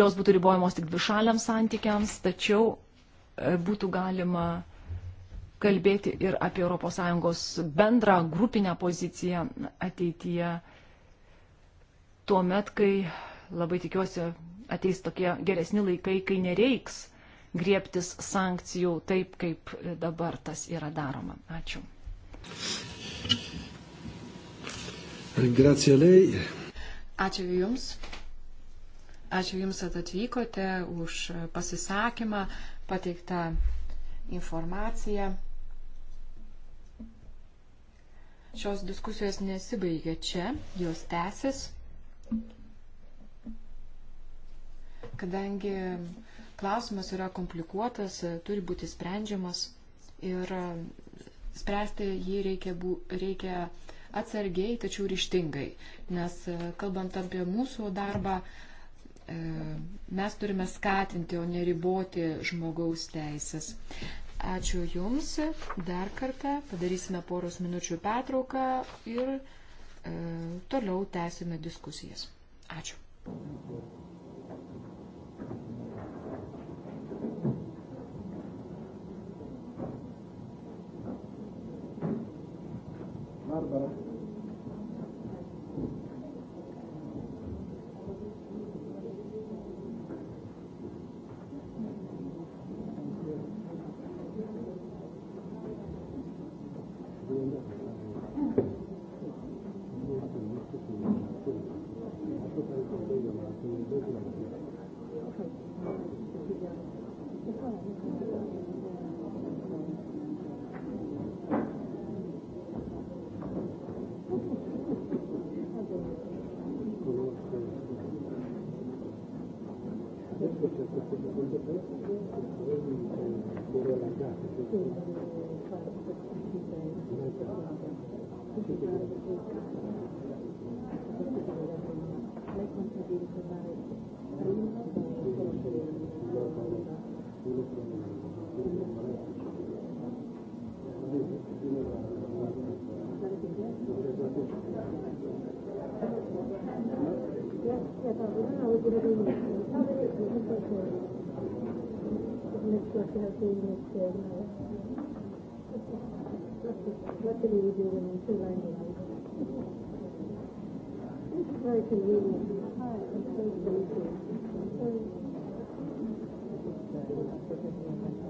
jos būtų ribojamos tik dvišaliams santykiams, tačiau e, būtų galima kalbėti ir apie ES bendrą grupinę poziciją ateityje, tuo met, kai labai tikiuosi ateis tokie geresni laikai, kai nereiks griebtis sankcijų taip, kaip dabar tas yra daroma. Ačiū. Ringrazio lei. Ačiū Jums. Ačiū Jums, kad atvykote už pasisakymą, pateiktą informaciją. Šios diskusijos nesibaigia čia, jos tęsis, kadangi klausimas yra komplikuotas, turi būti sprendžiamas ir spręsti jį reikia, bu, reikia uh, atsargiai, tačiau ryštingai. Nes e, kalbant apie mūsų darbą, e, mes turime skatinti, o neriboti žmogaus teisės. Ačiū Jums dar kartą. Padarysime poros minučių pertrauką ir e, toliau tęsime diskusijas. Ačiū. Barbara. What can we do when we two languages? It's very convenient. It's so easy. It's very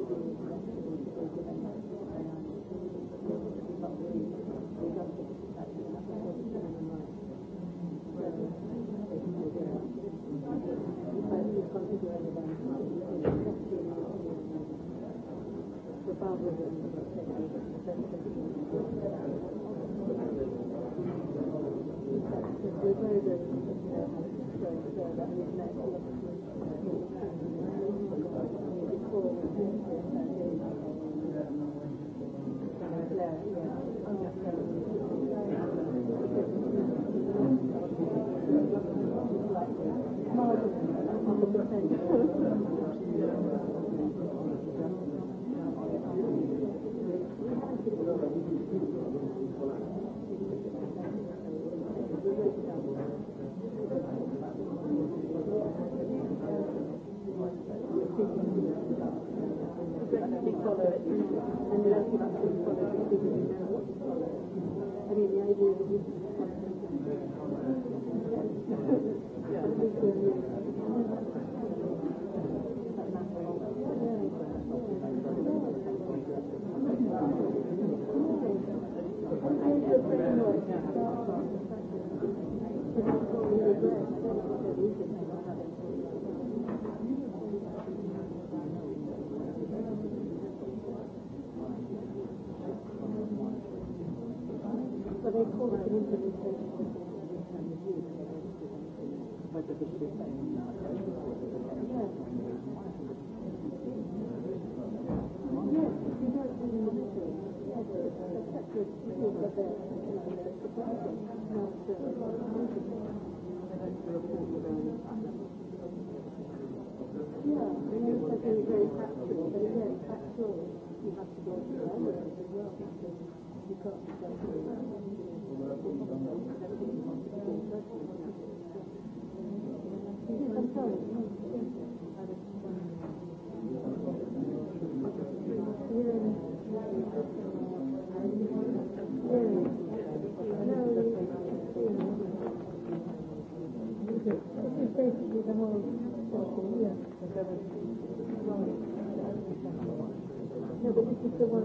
Thank you. sure you have to go to everywhere as well because I'm sorry. Thank you.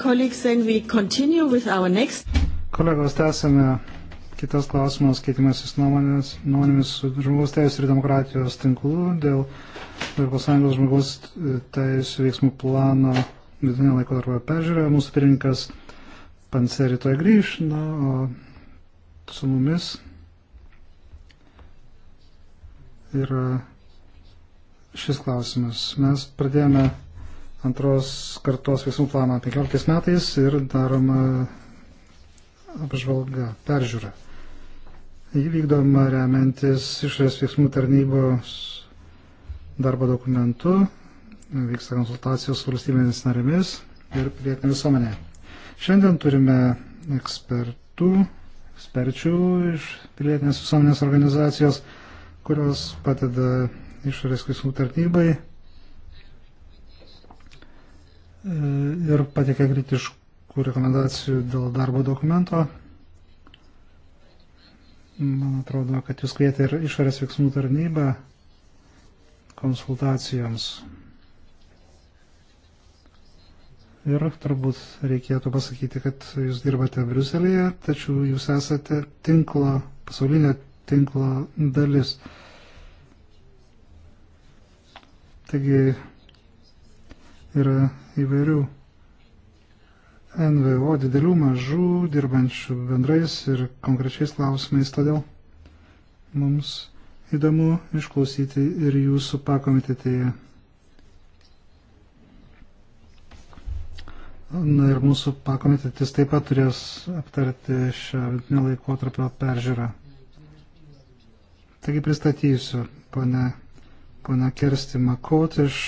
Kolegos, tęsime kitas klausimas, keitimasis nuomonės, nuomonėmis su žmogaus teisų ir demokratijos tinklu dėl ES žmogaus teisų veiksmų plano vidutinio laiko darbo peržiūrė. Mūsų pirinkas Pansė rytoj grįž, na, o su mumis yra šis klausimas. Mes pradėjome antros kartos veiksmų planą 15 metais ir daroma apžvalga, peržiūra. Jį vykdoma remiantis išorės veiksmų tarnybos darbo dokumentu, vyksta konsultacijos su valstybėmis narėmis ir pilietinė visuomenė. Šiandien turime ekspertų, eksperčių iš pilietinės visuomenės organizacijos, kurios padeda išorės veiksmų tarnybai E, ir patikė kritiškų rekomendacijų dėl darbo dokumento. Man atrodo, kad jūs kvietė ir išorės veiksmų tarnybą konsultacijoms. Ir turbūt reikėtų pasakyti, kad jūs dirbate Briuselėje, tačiau jūs esate tinklo, pasaulinio tinklo dalis. Taigi yra įvairių NVO, didelių, mažų, dirbančių bendrais ir konkrečiais klausimais. Todėl mums įdomu išklausyti ir jūsų pakomitetėje. Na ir mūsų pakomitetis taip pat turės aptarti šią vidutinio laikotarpio peržiūrą. Taigi pristatysiu ponę Kersti Makot iš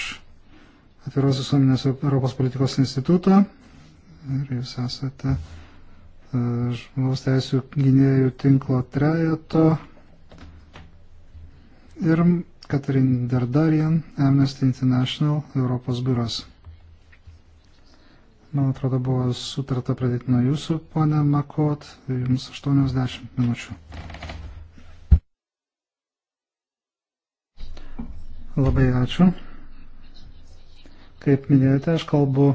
atviros visuomenės Europos politikos instituto ir jūs esate e, žmogaus teisų gynėjų tinklo trejato ir Katrin Dardarian, Amnesty International, Europos biuras. Man atrodo, buvo sutarta pradėti nuo jūsų, ponė Makot, jums 80 minučių. Labai ačiū. Kaip minėjote, aš kalbu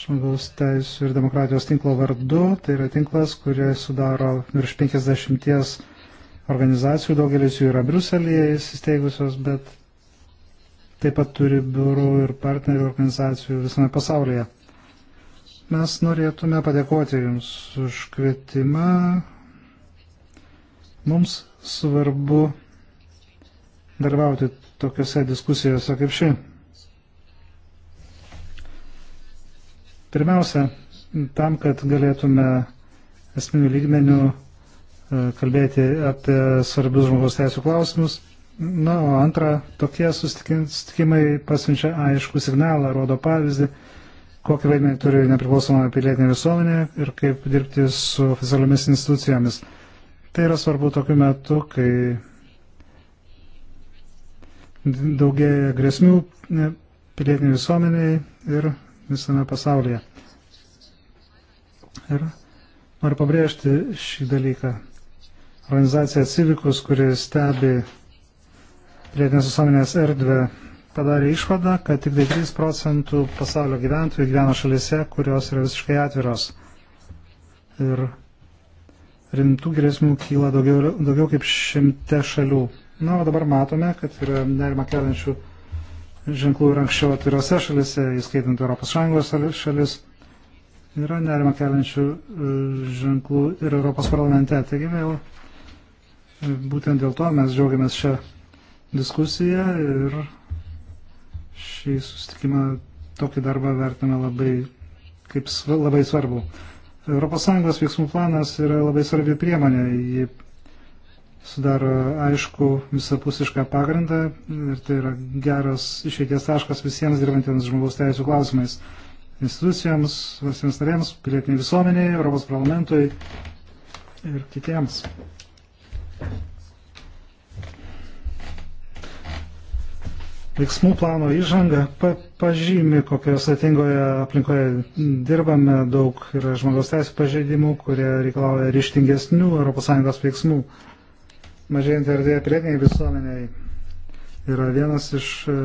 žmogaus teisų ir demokratijos tinklo vardu. Tai yra tinklas, kurį sudaro virš 50 organizacijų, daugelis jų yra Bruselėje įsisteigusios, bet taip pat turi biurų ir partnerių organizacijų visame pasaulyje. Mes norėtume padėkoti Jums už kvietimą. Mums svarbu dalyvauti tokiuose diskusijose kaip ši. Pirmiausia, tam, kad galėtume esminių lygmenių e, kalbėti apie svarbius žmogaus teisų klausimus. Na, o antra, tokie susitikimai pasiunčia aišku signalą, rodo pavyzdį, kokį vaidmenį turi nepriklausoma pilietinė visuomenė ir kaip dirbti su oficialiomis institucijomis. Tai yra svarbu tokiu metu, kai daugėja grėsmių e, pilietiniai visuomeniai ir visame pasaulyje. Ir noriu pabrėžti šį dalyką. Organizacija Civikus, kuri stebi pilietinės visuomenės erdvę, padarė išvadą, kad tik 3 procentų pasaulio gyventojų gyvena šalise, kurios yra visiškai atviros. Ir rimtų grėsmų kyla daugiau, daugiau kaip šimte šalių. Na, o dabar matome, kad yra nerima keliančių ženklų ir anksčiau atvirose šalise, įskaitant ES šalis, yra nerima keliančių e, ženklų ir Europos parlamente. Taigi vėl e, būtent dėl to mes džiaugiamės šią diskusiją ir šį sustikimą tokį darbą vertiname labai kaip labai svarbu. ES veiksmų planas yra labai svarbi priemonė, ji sudaro aišku visapusišką pagrindą ir tai yra geras išeities taškas visiems dirbantiems žmogaus teisų klausimais institucijoms, valstybės narėms, pilietiniai visuomeniai, Europos parlamentui ir kitiems. Veiksmų plano įžanga pa, pažymi, kokioje sudėtingoje aplinkoje dirbame, daug yra žmogaus teisų pažeidimų, kurie reikalauja ryštingesnių ES veiksmų mažėjant erdvėje pilietiniai visuomeniai yra vienas iš e,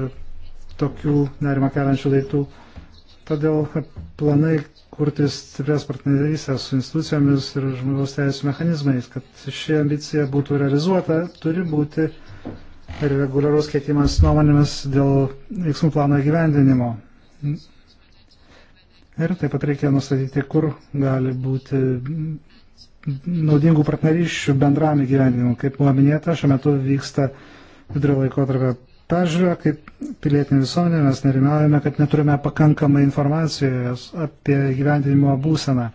tokių nerima keliančių daiktų. Todėl planai kurti stiprias partnerystės su institucijomis ir žmogaus teisų mechanizmais, kad ši ambicija būtų realizuota, turi būti ir reguliarus keitimas nuomonėmis dėl veiksmų plano įgyvendinimo. Ir taip pat reikia nustatyti, kur gali būti naudingų partnerysčių bendram įgyvendinimui. Kaip buvo minėta, šiuo metu vyksta vidurio laikotarpio peržiūra, kaip pilietinė visuomenė mes nerimaujame, kad neturime pakankamai informacijos apie gyvendinimo būseną.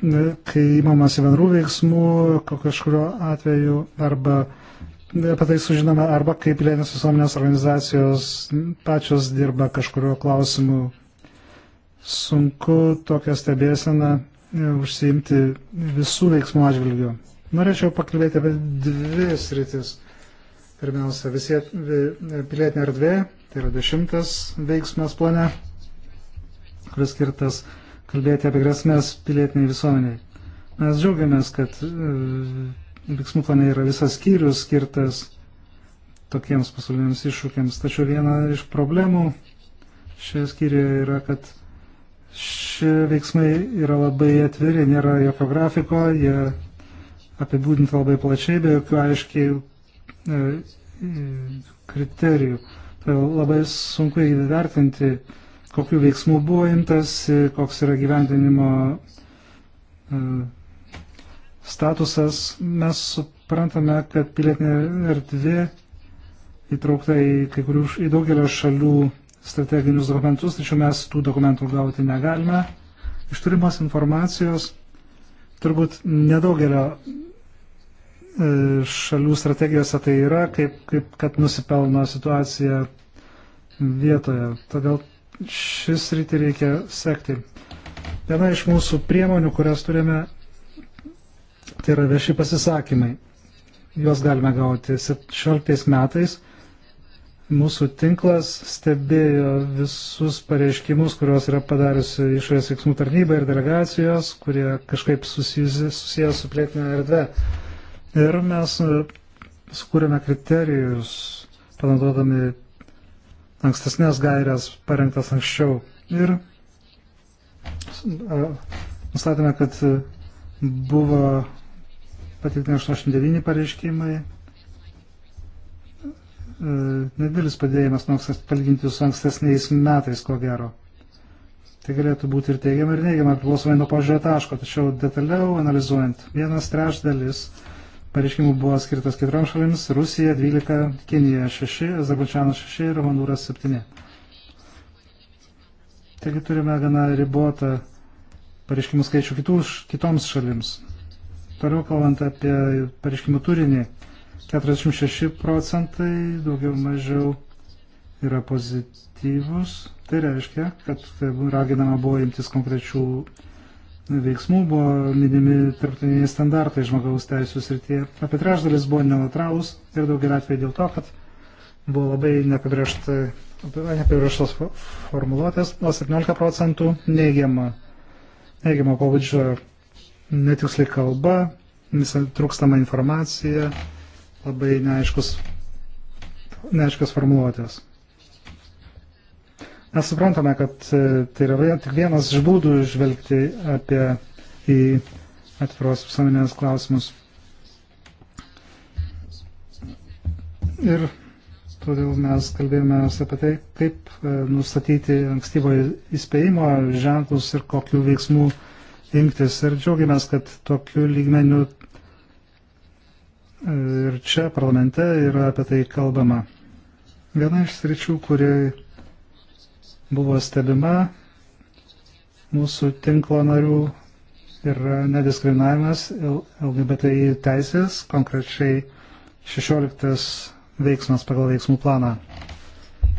Kai įmamas įvenrų veiksmų, kažkurio atveju arba apie tai sužinome, arba kaip pilietinės visuomenės organizacijos pačios dirba kažkurio klausimu sunku tokią stebėseną e, užsiimti visų veiksmų atžvilgių. Norėčiau pakalbėti apie dvi sritis. Pirmiausia, visie, pilietinė erdvė, tai yra dešimtas veiksmas plane, kuris skirtas kalbėti apie grėsmės pilietiniai visuomeniai. Mes džiaugiamės, kad e, veiksmų plane yra visas skyrius skirtas tokiems pasauliniams iššūkiams. Tačiau viena iš problemų šioje skyriuje yra, kad Šie veiksmai yra labai atviri, nėra jokio grafiko, jie apibūdinti labai plačiai, be jokių aiškiai e, kriterijų. Tai labai sunku įvertinti, kokiu veiksmu buvo imtas, koks yra gyvendinimo e, statusas. Mes suprantame, kad pilietinė erdvė įtraukta į, kurių, į daugelio šalių strateginius dokumentus, tačiau mes tų dokumentų gauti negalime. Iš turimos informacijos turbūt nedaugelio e, šalių strategijose tai yra, kaip, kaip kad nusipelno situacija vietoje. Todėl šis rytį reikia sekti. Viena iš mūsų priemonių, kurias turime, tai yra vieši pasisakymai. Juos galime gauti 17 metais Mūsų tinklas stebėjo visus pareiškimus, kuriuos yra padariusi išorės veiksmų tarnyba ir delegacijos, kurie kažkaip susijęs su plėtinė erdvė. Ir mes e, sukūrėme kriterijus, panaudodami ankstesnės gairias parengtas anksčiau. Ir nustatėme, kad e, buvo pateikti 89 pareiškimai nedidelis padėjimas palyginti su ankstesniais metais, ko gero. Tai galėtų būti ir teigiama, ir neigiama, priklausomai nuo požiūrio taško. Tačiau detaliau analizuojant, vienas trešdalis pareiškimų buvo skirtas keturioms šalims - Rusija 12, Kinija 6, Azerbaidžanas 6 ir Honduras 7. Taigi turime gana ribotą pareiškimų skaičių kitus, kitoms šalims. Toliau kalbant apie pareiškimų turinį, 46 procentai daugiau mažiau yra pozityvus. Tai reiškia, kad tai raginama buvo imtis konkrečių veiksmų, buvo minimi tarptautiniai standartai žmogaus teisų srityje. Apie trečdalis buvo neutralus ir daugelį atvejų dėl to, kad buvo labai neapibrieštos formuluotės, o 17 procentų neigiama, neigiama pobūdžio netiksli kalba, trūkstama informacija labai neaiškus, neaiškus formuluotės. Mes suprantame, kad e, tai yra tik vienas iš būdų žvelgti apie į atviros visuomenės klausimus. Ir todėl mes kalbėjome apie tai, kaip e, nustatyti ankstyvo įspėjimo ženklus ir kokių veiksmų imtis. Ir džiaugiamės, kad tokiu lygmeniu Ir čia parlamente yra apie tai kalbama. Viena iš sričių, kuri buvo stebima mūsų tinklo narių, yra nediskriminavimas LGBTI teisės, konkrečiai 16 veiksmas pagal veiksmų planą.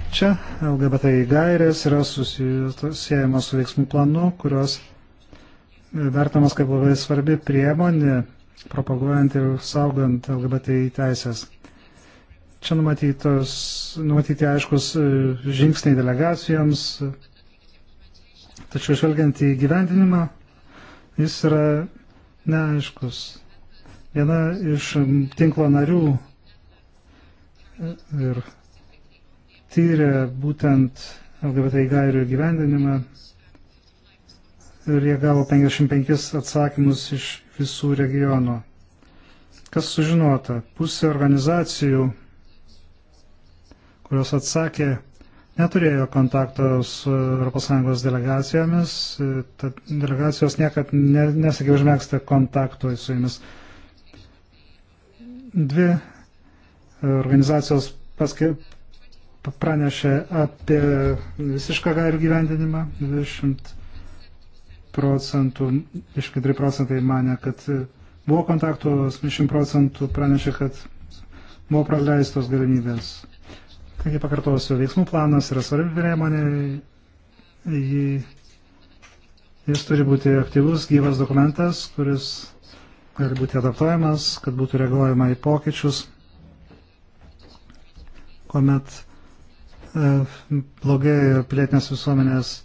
Čia LGBTI gairės yra susijęjama su veiksmų planu, kurios vertamas kaip labai svarbi priemonė propaguojant ir saugant LGBTI teisės. Čia numatytos, numatyti aiškus e, žingsniai delegacijoms, tačiau žvelgiant į gyvendinimą, jis yra neaiškus. Viena iš tinklo narių e, ir tyrė būtent LGBT gairių gyvendinimą ir jie gavo 55 atsakymus iš visų regionų. Kas sužinota? Pusė organizacijų, kurios atsakė, neturėjo kontakto su ES delegacijomis, tad delegacijos niekad ne, nesakė užmėgsta kontakto su jomis. Dvi e, organizacijos paskir, pranešė apie visišką gairių gyvendinimą, 20 procentų, 24 procentai mane, kad e, buvo kontaktų, 80 procentų pranešė, kad buvo praleistos galimybės. Taigi pakartosiu, veiksmų planas yra svarbi priemonė, jis turi būti aktyvus, gyvas dokumentas, kuris gali būti adaptuojamas, kad būtų reaguojama į pokyčius, kuomet e, blogėja pilietinės visuomenės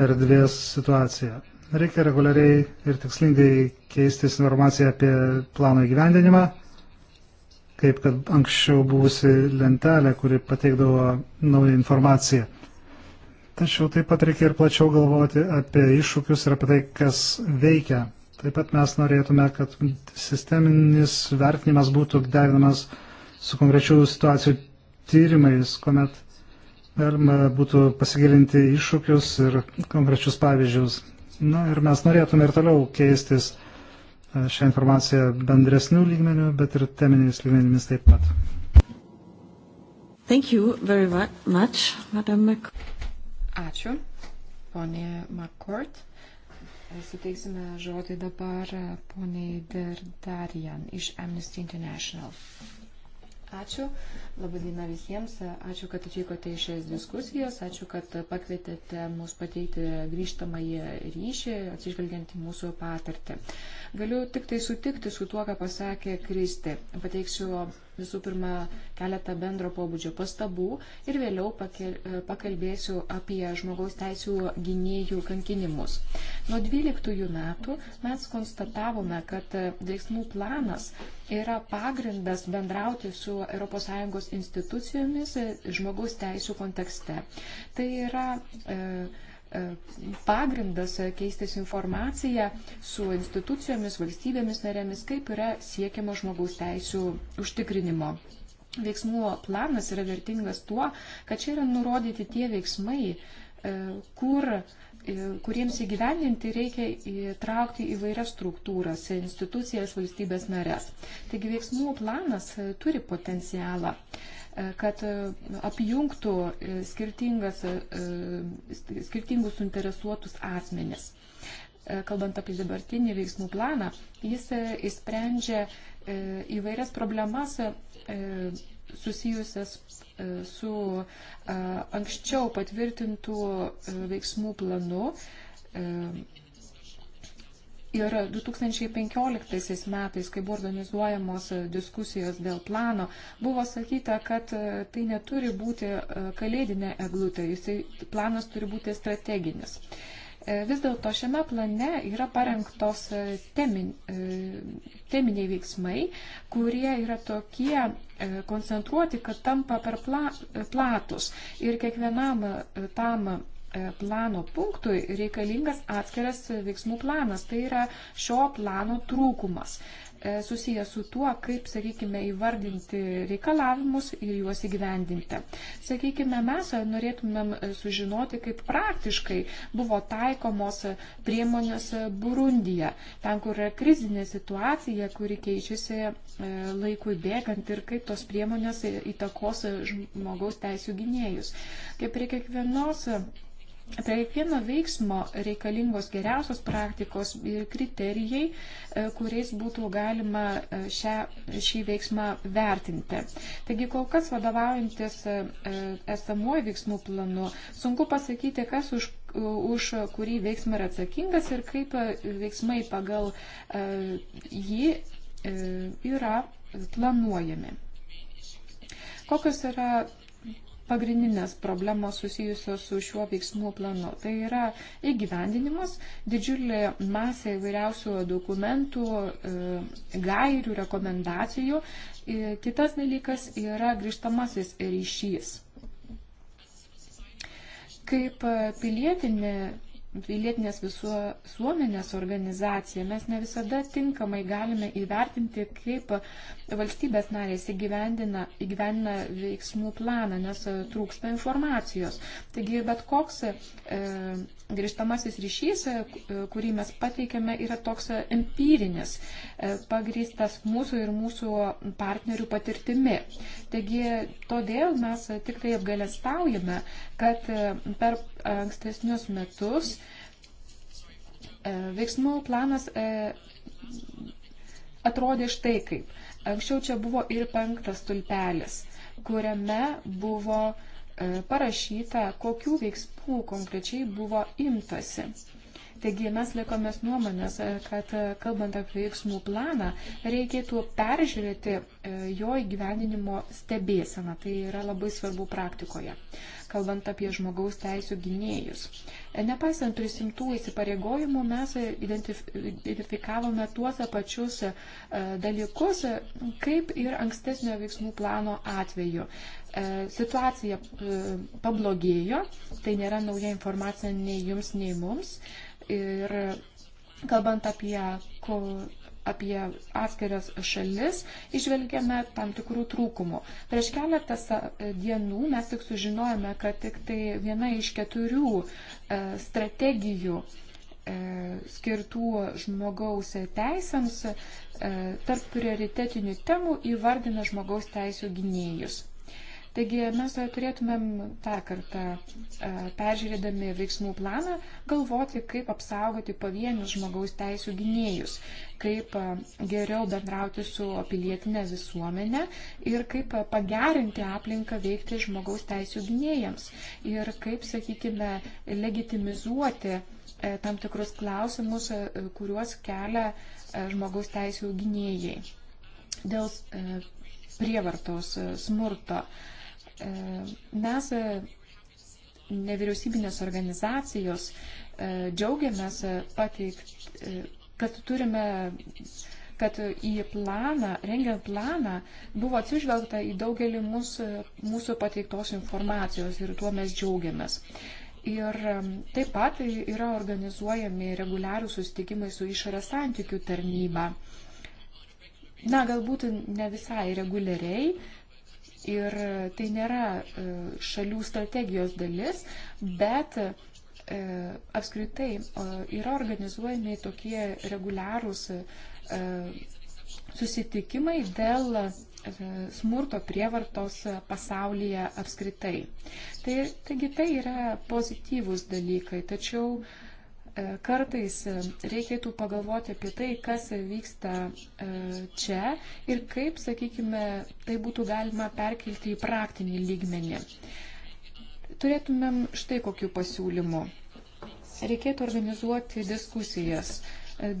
erdvės situacija. Reikia reguliariai ir tikslingai keistis informaciją apie plano įgyvendinimą, kaip kad anksčiau buvusi lentelė, kuri pateikdavo naują informaciją. Tačiau taip pat reikia ir plačiau galvoti apie iššūkius ir apie tai, kas veikia. Taip pat mes norėtume, kad sisteminis vertinimas būtų derinamas su konkrečių situacijų tyrimais, kuomet galima būtų pasigilinti iššūkius ir konkrečius pavyzdžius. Na ir mes norėtume ir toliau keistis e, šią informaciją bendresnių lygmenių, bet ir teminiais lygmenimis taip pat. Thank you very much, Madam Mc... Ačiū, ponė McCourt. Suteiksime žodį dabar e, poniai Dardarian iš Amnesty International. Ačiū. Labai diena visiems. Ačiū, kad atvykote į šias diskusijas. Ačiū, kad pakvietėte mus pateikti grįžtamąjį ryšį, atsižvelgiant į mūsų patirtį. Galiu tik tai sutikti su tuo, ką pasakė Kristi. Pateiksiu visų pirma keletą bendro pobūdžio pastabų ir vėliau pakalbėsiu apie žmogaus teisų gynėjų kankinimus. Nuo 12 metų mes konstatavome, kad veiksmų planas yra pagrindas bendrauti su ES institucijomis žmogaus teisų kontekste. Tai yra e, pagrindas e, keistis informaciją su institucijomis, valstybėmis narėmis, kaip yra siekiama žmogaus teisų užtikrinimo. Veiksmų planas yra vertingas tuo, kad čia yra nurodyti tie veiksmai, e, kur, e, kuriems įgyvendinti reikia įtraukti įvairias struktūras, institucijas, valstybės narės. Taigi veiksmų planas turi potencialą kad e, apjungtų e, e, skirtingus suinteresuotus asmenis. Kalbant apie dabartinį veiksmų planą, jis įsprendžia įvairias problemas susijusias su anksčiau patvirtintų veiksmų planu Ir 2015 metais, kai buvo organizuojamos e, diskusijos dėl plano, buvo sakyta, kad e, tai neturi būti e, kalėdinė eglutė, jisai, planas turi būti strateginis. Vis dėlto šiame plane yra parengtos temin, teminiai veiksmai, kurie yra tokie koncentruoti, kad tampa per pla, platus. Ir kiekvienam tam E, plano punktui reikalingas atskiras veiksmų planas. Tai yra šio plano trūkumas e, susijęs su tuo, kaip, sakykime, įvardinti reikalavimus ir juos įgyvendinti. Sakykime, mes norėtumėm e, sužinoti, kaip praktiškai buvo taikomos priemonės Burundija, ten, kur yra krizinė situacija, kuri keičiasi laikui bėgant ir kaip tos priemonės įtakos žmogaus teisų gynėjus. Kaip ir kiekvienos Prie kiekvieno veiksmo reikalingos geriausios praktikos ir kriterijai, e, kuriais būtų galima e, šią, šį veiksmą vertinti. Taigi kol kas vadovaujantis e, esamuoju veiksmų planu, sunku pasakyti, kas už už kurį veiksmą yra atsakingas ir kaip veiksmai pagal jį yra planuojami. Kokios yra pagrindinės problemos susijusios su šiuo veiksmų planu. Tai yra įgyvendinimas, didžiulė masė įvairiausių dokumentų, e, gairių, rekomendacijų. E, kitas dalykas yra grįžtamasis ryšys. Kaip pilietinė pilietinės visuomenės organizacija, mes ne visada tinkamai galime įvertinti, kaip valstybės narės įgyvendina, įgyvendina veiksmų planą, nes e, trūksta informacijos. Taigi bet koks e, grįžtamasis ryšys, e, e kurį mes pateikėme, yra toks e, empirinis, e, pagrįstas mūsų ir mūsų partnerių patirtimi. Taigi todėl mes tik tai apgalestaujame, kad per ankstesnius metus veiksmų planas atrodė štai kaip. Anksčiau čia buvo ir penktas tulpelis, kuriame buvo e, parašyta, kokių veiksmų konkrečiai buvo imtasi. Taigi mes laikomės nuomonės, kad kalbant apie veiksmų planą, reikėtų peržiūrėti e, jo įgyvendinimo stebėseną. Tai yra labai svarbu praktikoje, kalbant apie žmogaus teisų gynėjus. E, nepaisant prisimtų įsipareigojimų, mes identifikavome tuos pačius e, dalykus, kaip ir ankstesnio veiksmų plano atveju situacija pablogėjo, tai nėra nauja informacija nei jums, nei mums ir kalbant apie, ko, apie atskiras šalis, išvelgėme tam tikrų trūkumų. Prieš keletą dienų mes tik sužinojome, kad tik tai viena iš keturių e, strategijų e, skirtų žmogaus teisėms e, tarp prioritetinių temų įvardina žmogaus teisų gynėjus. Taigi mes turėtumėm tą kartą, e, peržiūrėdami veiksmų planą, galvoti, kaip apsaugoti pavienius žmogaus teisų gynėjus, kaip e, geriau bendrauti su pilietinė visuomenė ir kaip e, pagerinti aplinką veikti žmogaus teisų gynėjams ir kaip, sakykime, legitimizuoti tam tikrus klausimus, kuriuos kelia žmogaus teisų gynėjai dėl prievartos smurto. E, mes e, nevyriausybinės organizacijos e, džiaugiamės pateikt, kad turime kad į planą, rengiant planą, buvo atsižvelgta į daugelį mūsų, mūsų pateiktos informacijos ir tuo mes džiaugiamės. Ir taip pat tai yra organizuojami reguliarių susitikimai su išorės santykių tarnyba. Na, galbūt ne visai reguliariai, Ir tai nėra e, šalių strategijos dalis, bet e, apskritai yra organizuojami tokie reguliarūs e, susitikimai dėl smurto prievartos pasaulyje apskritai. Tai, taigi tai yra pozityvūs dalykai, tačiau uh, E, kartais e, reikėtų pagalvoti apie tai, kas vyksta e, čia ir kaip, sakykime, tai būtų galima perkelti į praktinį lygmenį. Turėtumėm štai kokiu pasiūlymu. Reikėtų organizuoti diskusijas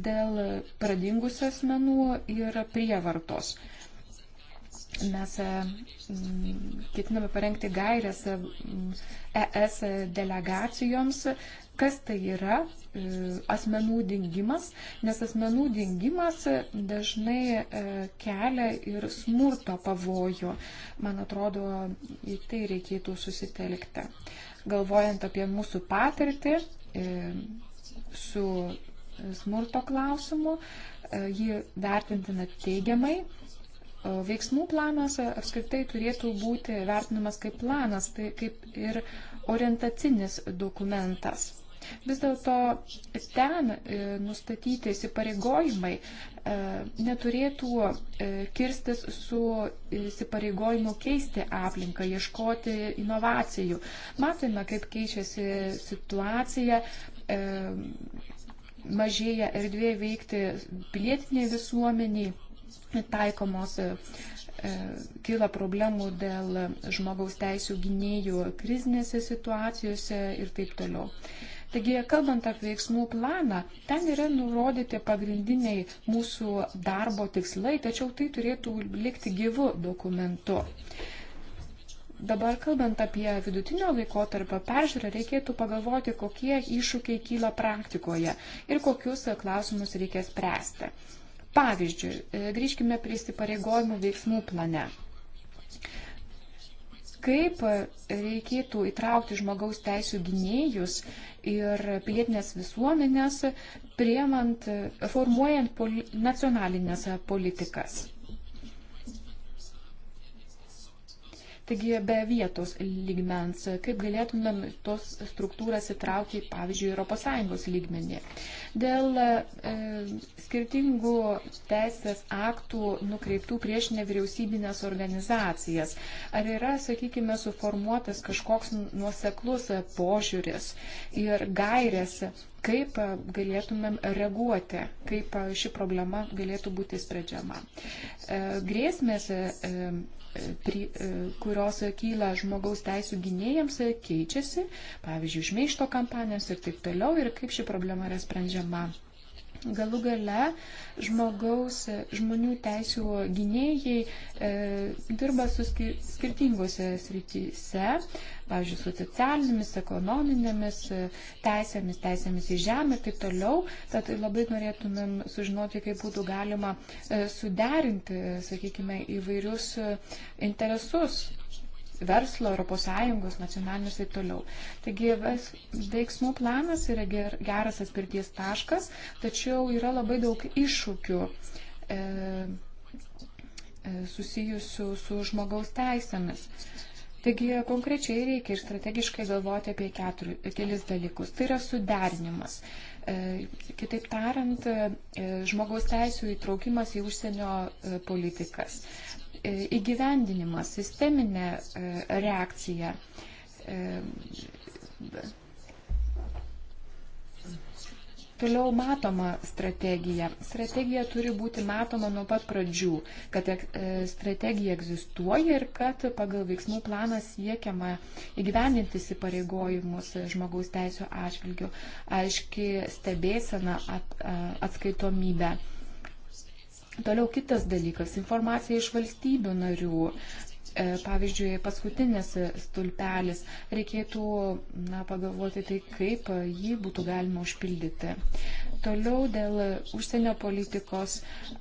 dėl pradingusių asmenų ir prievartos. Mes ketiname parengti gairias ES delegacijoms Kas tai yra e, asmenų dingimas? Nes asmenų dingimas dažnai e, kelia ir smurto pavojų. Man atrodo, į tai reikėtų susitelkti. Galvojant apie mūsų patirtį e, su smurto klausimu, jį vertintina teigiamai, veiksmų planas apskritai turėtų būti vertinamas kaip planas, tai kaip ir orientacinis dokumentas. Vis dėlto ten e, nustatyti įsipareigojimai e, neturėtų e, kirstis su įsipareigojimu keisti aplinką, ieškoti inovacijų. Matome, kaip keičiasi situacija mažėja erdvė veikti pilietiniai visuomeniai, taikomos kyla problemų dėl žmogaus teisų gynėjų krizinėse situacijose ir taip toliau. Taigi, kalbant apie veiksmų planą, ten yra nurodyti pagrindiniai mūsų darbo tikslai, tačiau tai turėtų likti gyvu dokumentu. Dabar kalbant apie vidutinio laiko tarp peržiūrą, reikėtų pagalvoti, kokie iššūkiai kyla praktikoje ir kokius klausimus reikia spręsti. Pavyzdžiui, e, grįžkime prie įsipareigojimų veiksmų plane kaip reikėtų įtraukti žmogaus teisų gynėjus ir pilietinės visuomenės, priemant, formuojant poli, nacionalinės politikas. Taigi be vietos lygmens, kaip galėtumėm tos struktūras įtraukti, pavyzdžiui, ES lygmenį. Dėl e, skirtingų teisės aktų nukreiptų prieš nevyriausybinės organizacijas, ar yra, sakykime, suformuotas kažkoks nuoseklus požiūris ir gairės kaip galėtumėm reaguoti, kaip ši problema galėtų būti sprendžiama. E, grėsmės, e, e, kurios kyla žmogaus teisų gynėjams, keičiasi, pavyzdžiui, šmeišto kampanijos ir taip toliau, ir kaip ši problema yra sprendžiama. Galų gale žmogaus, žmonių teisų gynėjai e, dirba su skir skirtingose srityse, pavyzdžiui, su socialinėmis, ekonominėmis e, teisėmis, teisėmis į žemę ir taip toliau. Tad labai norėtumėm sužinoti, kaip būtų galima e, suderinti, sakykime, įvairius e, interesus verslo, ES, nacionalinius ir toliau. Taigi veiksmų planas yra geras atspirties taškas, tačiau yra labai daug iššūkių e, e, susijusių su žmogaus teisėmis. Taigi konkrečiai reikia ir strategiškai galvoti apie keturi, kelis dalykus. Tai yra suderinimas. E, kitaip tariant, e, žmogaus teisų įtraukimas į užsienio politikas. E, įgyvendinimas, sisteminė e, reakcija. E, toliau matoma strategija. Strategija turi būti matoma nuo pat pradžių, kad strategija egzistuoja ir kad pagal veiksmų planą siekiama įgyvendinti įsipareigojimus žmogaus teisų atžvilgių, aiški stebėsena at, atskaitomybė. At, Toliau kitas dalykas - informacija iš valstybių narių. E, pavyzdžiui, paskutinis stulpelis reikėtų na, pagalvoti tai, kaip jį būtų galima užpildyti. Toliau dėl užsienio politikos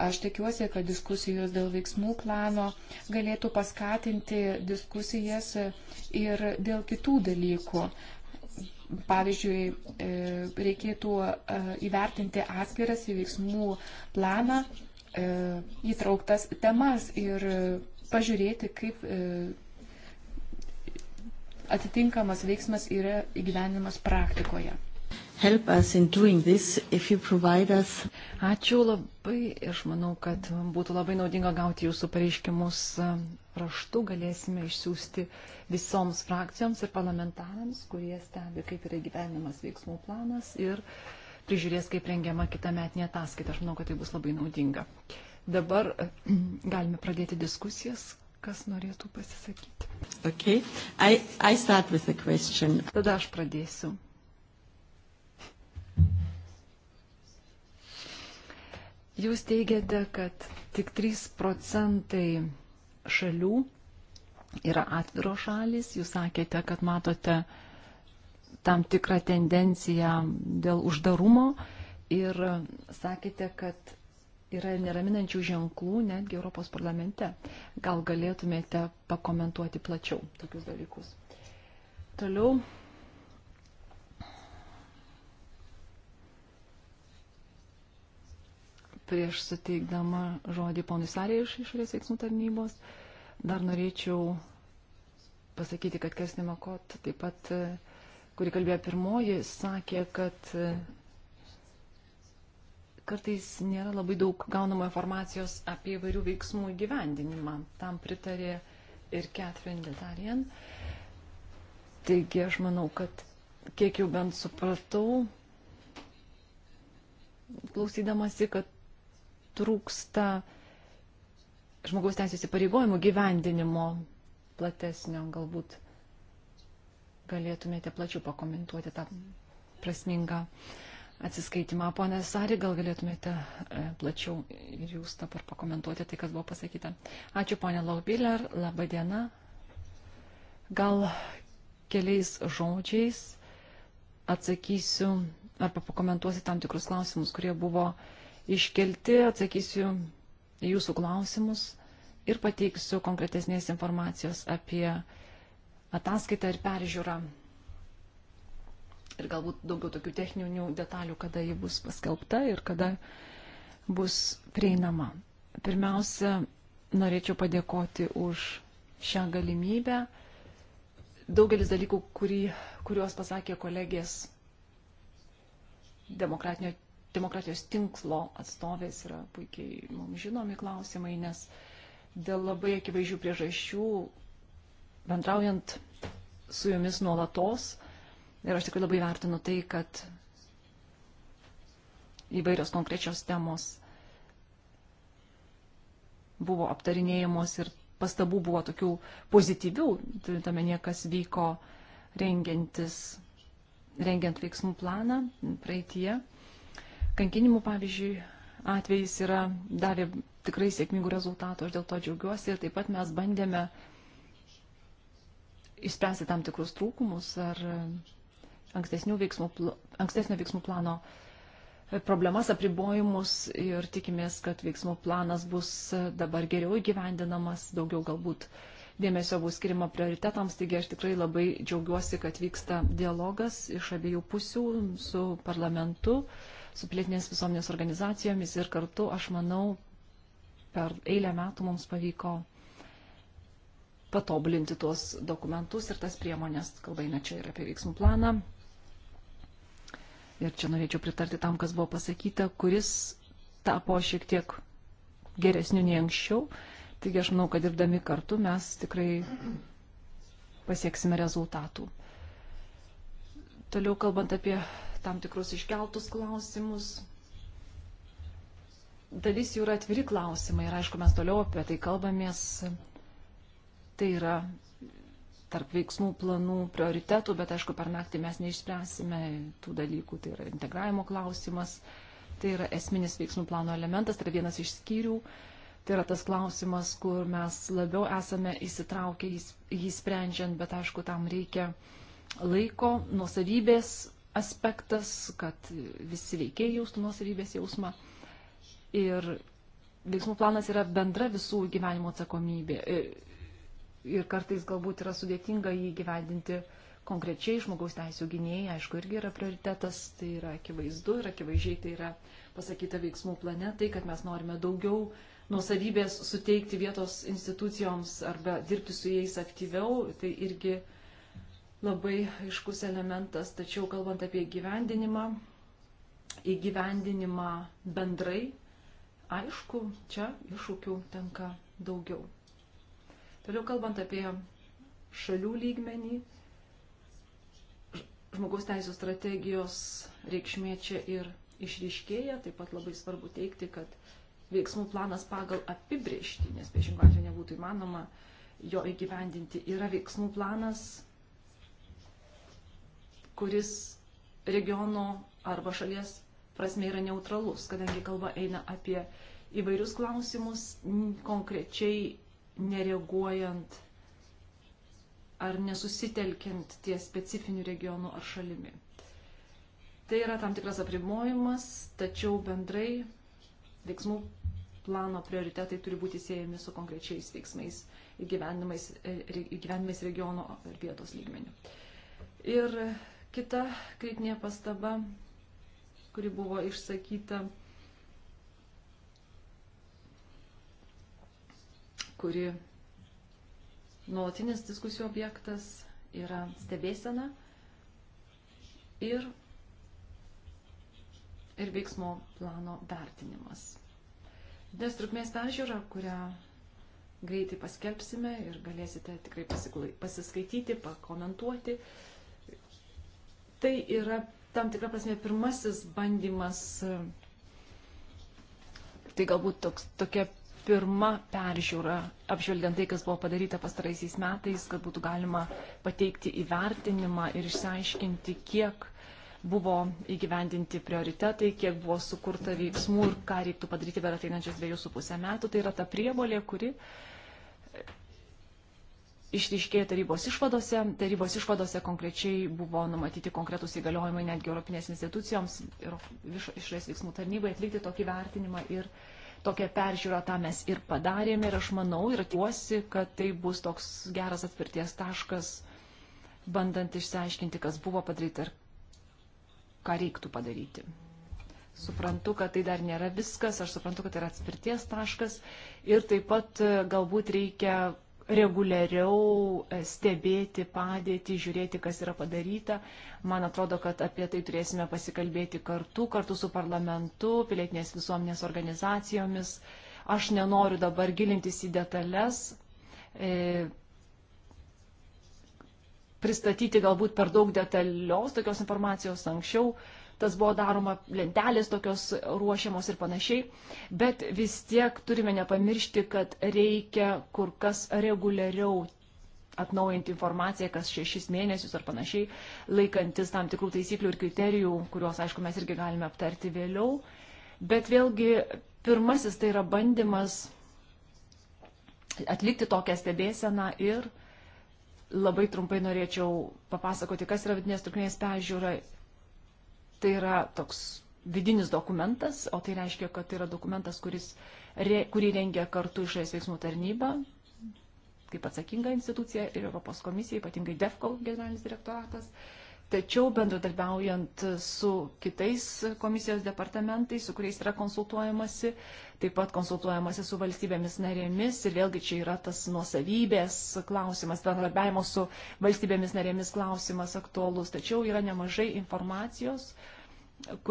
aš tikiuosi, kad diskusijos dėl veiksmų plano galėtų paskatinti diskusijas ir dėl kitų dalykų. Pavyzdžiui, e, reikėtų e, įvertinti atskiras į veiksmų planą E, įtrauktas temas ir pažiūrėti, kaip e, atitinkamas veiksmas yra įgyvenimas praktikoje. Help us in doing this if you provide us. Ačiū labai, aš manau, kad būtų labai naudinga gauti jūsų pareiškimus raštu, galėsime išsiųsti visoms frakcijoms ir parlamentarams, kurie stebi, kaip yra gyvenimas veiksmų planas ir uh, prižiūrės, kaip rengiama kita metinė ataskaita. Aš manau, kad tai bus labai naudinga. Dabar galime pradėti diskusijas, kas norėtų pasisakyti. Okay. I, I start with a question. Tada aš pradėsiu. Jūs teigiate, kad tik 3 procentai šalių yra atviro šalis. Jūs sakėte, kad matote, uh, tam tikrą tendenciją dėl uždarumo ir sakėte, kad yra ir neraminančių ženklų netgi Europos parlamente. Gal galėtumėte pakomentuoti plačiau tokius dalykus. Toliau. Prieš suteikdama žodį ponui Sarė iš išorės veiksmų tarnybos, dar norėčiau pasakyti, kad Kersnė Makot taip pat uh, kuri kalbėjo pirmoji, sakė, kad e, kartais nėra labai daug gaunama informacijos apie įvairių veiksmų įgyvendinimą. Tam pritarė ir Catherine Detarian. Taigi aš manau, kad kiek jau bent supratau, klausydamasi, kad trūksta žmogaus teisės įpareigojimų gyvendinimo platesnio galbūt galėtumėte plačiau pakomentuoti tą prasmingą atsiskaitimą. Pone Sari, gal galėtumėte e, plačiau ir jūs dabar pakomentuoti tai, kas buvo pasakyta. Ačiū, ponė Laubiler, laba diena. Gal keliais žodžiais atsakysiu arba pakomentuosiu tam tikrus klausimus, kurie buvo iškelti, atsakysiu į jūsų klausimus ir pateiksiu konkretesnės informacijos apie ataskaitą ir peržiūrą. Ir galbūt daugiau tokių techninių detalių, kada ji bus paskelbta ir kada bus prieinama. Pirmiausia, norėčiau padėkoti už šią galimybę. Daugelis dalykų, kurį, kuriuos pasakė kolegės demokratijos tinklo atstovės yra puikiai mums žinomi klausimai, nes dėl labai akivaizdžių priežasčių bendraujant su jumis nuolatos. Ir aš tikrai labai vertinu tai, kad įvairios konkrečios temos buvo aptarinėjamos ir pastabų buvo tokių pozityvių, turint omenyje, kas vyko rengiantis, rengiant veiksmų planą praeitie. Kankinimų, pavyzdžiui, atvejis yra davė tikrai sėkmingų rezultatų, aš dėl to džiaugiuosi ir taip pat mes bandėme išspręsti tam tikrus trūkumus ar veiksmų, ankstesnio veiksmų plano problemas, apribojimus ir tikimės, kad veiksmų planas bus dabar geriau įgyvendinamas, daugiau galbūt dėmesio bus skirima prioritetams. Taigi aš tikrai labai džiaugiuosi, kad vyksta dialogas iš abiejų pusių su parlamentu, su pilietinės visuomenės organizacijomis ir kartu, aš manau, per eilę metų mums pavyko patobulinti tuos dokumentus ir tas priemonės, kalba eina čia ir apie veiksmų planą. Ir čia norėčiau pritarti tam, kas buvo pasakyta, kuris tapo šiek tiek geresniu nei anksčiau. Taigi aš manau, kad dirbdami kartu mes tikrai pasieksime rezultatų. Toliau kalbant apie tam tikrus iškeltus klausimus, dalis jų yra atviri klausimai ir aišku, mes toliau apie tai kalbamės Tai yra tarp veiksmų planų prioritetų, bet aišku, per naktį mes neišspręsime tų dalykų, tai yra integravimo klausimas, tai yra esminis veiksmų plano elementas, tai yra vienas iš skyrių, tai yra tas klausimas, kur mes labiau esame įsitraukę jį sprendžiant, bet aišku, tam reikia laiko, nuosavybės aspektas, kad visi veikiai jaustų nuosavybės jausmą. Ir veiksmų planas yra bendra visų gyvenimo atsakomybė e, ir kartais galbūt yra sudėtinga jį gyvendinti konkrečiai žmogaus teisų gynėjai, aišku, irgi yra prioritetas, tai yra akivaizdu ir akivaizdžiai tai yra pasakyta veiksmų plane, tai kad mes norime daugiau nuosavybės suteikti vietos institucijoms arba dirbti su jais aktyviau, tai irgi labai aiškus elementas, tačiau kalbant apie gyvendinimą, įgyvendinimą bendrai, aišku, čia iššūkių tenka daugiau. Toliau kalbant apie šalių lygmenį, žmogaus teisų strategijos reikšmė čia ir išryškėja, taip pat labai svarbu teikti, kad veiksmų planas pagal apibriežtį, nes priešingų atveju nebūtų įmanoma jo įgyvendinti, yra veiksmų planas, kuris regiono arba šalies prasme yra neutralus, kadangi kalba eina apie įvairius klausimus, konkrečiai nereaguojant ar nesusitelkiant ties specifiniu regionu ar šalimi. Tai yra tam tikras apribojimas, tačiau bendrai veiksmų plano prioritetai turi būti siejami su konkrečiais veiksmais įgyvendimais, e, įgyvendimais regiono ir vietos lygmenių. Ir kita kritinė pastaba, kuri buvo išsakyta kuri nuolatinis diskusijų objektas yra stebėsena ir, ir veiksmo plano vertinimas. Dės trukmės peržiūra, kurią greitai paskelbsime ir galėsite tikrai pasiskaityti, pakomentuoti. Tai yra tam tikra prasme pirmasis bandymas, tai galbūt toks, tokia pirma peržiūra, apžvelgiant tai, kas buvo padaryta pastaraisiais metais, kad būtų galima pateikti įvertinimą ir išsiaiškinti, kiek buvo įgyvendinti prioritetai, kiek buvo sukurta veiksmų ir ką reiktų padaryti per ateinančius dviejus su pusę metų. Tai yra ta priebolė, kuri išryškėjo tarybos išvadose. Tarybos išvadose konkrečiai buvo numatyti konkretus įgaliojimai netgi Europinės institucijoms ir išorės veiksmų tarnybai atlikti tokį vertinimą ir uh, Tokią peržiūrą tą mes ir padarėme ir aš manau ir tikiuosi, kad tai bus toks geras atvirties taškas, bandant išsiaiškinti, kas buvo padaryta ir ką reiktų padaryti. Suprantu, kad tai dar nėra viskas, aš suprantu, kad tai yra atspirties taškas ir taip pat e, galbūt reikia reguliariau e, stebėti padėtį, žiūrėti, kas yra padaryta. Man atrodo, kad apie tai turėsime pasikalbėti kartu, kartu su parlamentu, pilietinės visuomenės organizacijomis. Aš nenoriu dabar gilintis į detalės, e, pristatyti galbūt per daug detalios tokios informacijos anksčiau. E, tas buvo daroma, lentelės tokios ruošiamos ir panašiai, bet vis tiek turime nepamiršti, kad reikia kur kas reguliariau atnaujinti informaciją kas šešis mėnesius ar panašiai, laikantis tam tikrų taisyklių ir kriterijų, kuriuos, aišku, mes irgi galime aptarti vėliau. Bet vėlgi, pirmasis tai yra bandymas atlikti tokią stebėseną ir labai trumpai norėčiau papasakoti, kas yra vidinės trukmės peržiūra Tai yra toks vidinis dokumentas, o tai reiškia, kad tai yra dokumentas, kuris, re, kurį rengia kartu išorės veiksmų tarnyba, kaip atsakinga institucija ir Europos komisija, ypatingai DEFCO generalinis direktoratas. Uh, Tačiau bendradarbiaujant su kitais komisijos departamentais, su kuriais yra konsultuojamasi, taip pat konsultuojamasi su valstybėmis narėmis ir vėlgi čia yra tas nuosavybės klausimas, bendradarbiavimo su valstybėmis narėmis klausimas aktuolus. Tačiau yra nemažai informacijos,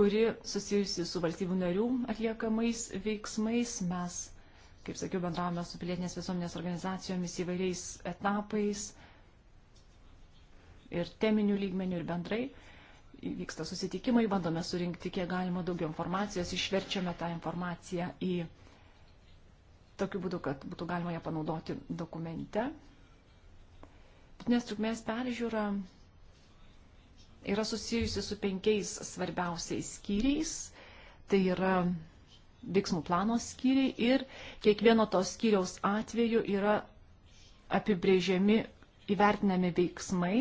kuri susijusi su valstybių narių atliekamais veiksmais. Mes, kaip sakiau, bendravome su pilietinės visuomenės organizacijomis įvairiais etapais ir teminių lygmenių, ir bendrai. Vyksta susitikimai, bandome surinkti kiek galima daugiau informacijos, išverčiame tą informaciją į tokiu būdu, kad būtų galima ją panaudoti dokumente. Vidinės trukmės peržiūra yra susijusi su penkiais svarbiausiais skyriais. Tai yra veiksmų plano skyriai ir kiekvieno to skyriaus atveju yra apibrėžiami, įvertinami veiksmai,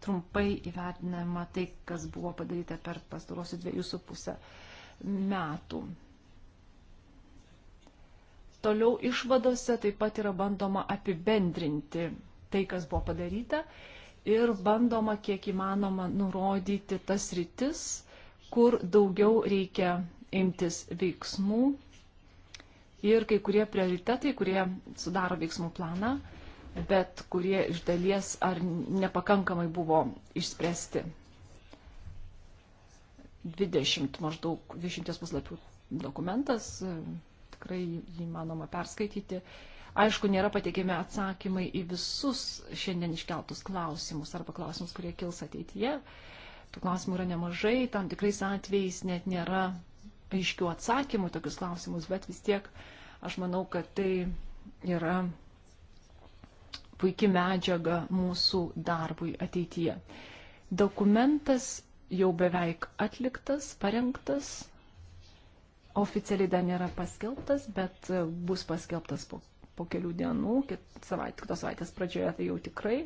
trumpai įvertinama tai, kas buvo padaryta per pastarosius dviejus su pusę metų. Toliau išvadose taip pat yra bandoma apibendrinti tai, kas buvo padaryta ir bandoma kiek įmanoma nurodyti tas rytis, kur daugiau reikia imtis veiksmų ir kai kurie prioritetai, kurie sudaro veiksmų planą, bet kurie iš dalies ar nepakankamai buvo išspręsti. 20 maždaug 20 puslapių dokumentas, tikrai jį manoma perskaityti. Aišku, nėra pateikiami atsakymai į visus šiandien iškeltus klausimus arba klausimus, kurie kils ateityje. Tų klausimų yra nemažai, tam tikrais atvejais net nėra aiškių atsakymų tokius klausimus, bet vis tiek aš manau, kad tai yra puikia medžiaga mūsų darbui ateityje. Dokumentas jau beveik atliktas, parengtas, oficialiai dar nėra paskelbtas, bet e, bus paskelbtas po, po kelių dienų, kit, savait, kitos savaitės pradžioje tai jau tikrai.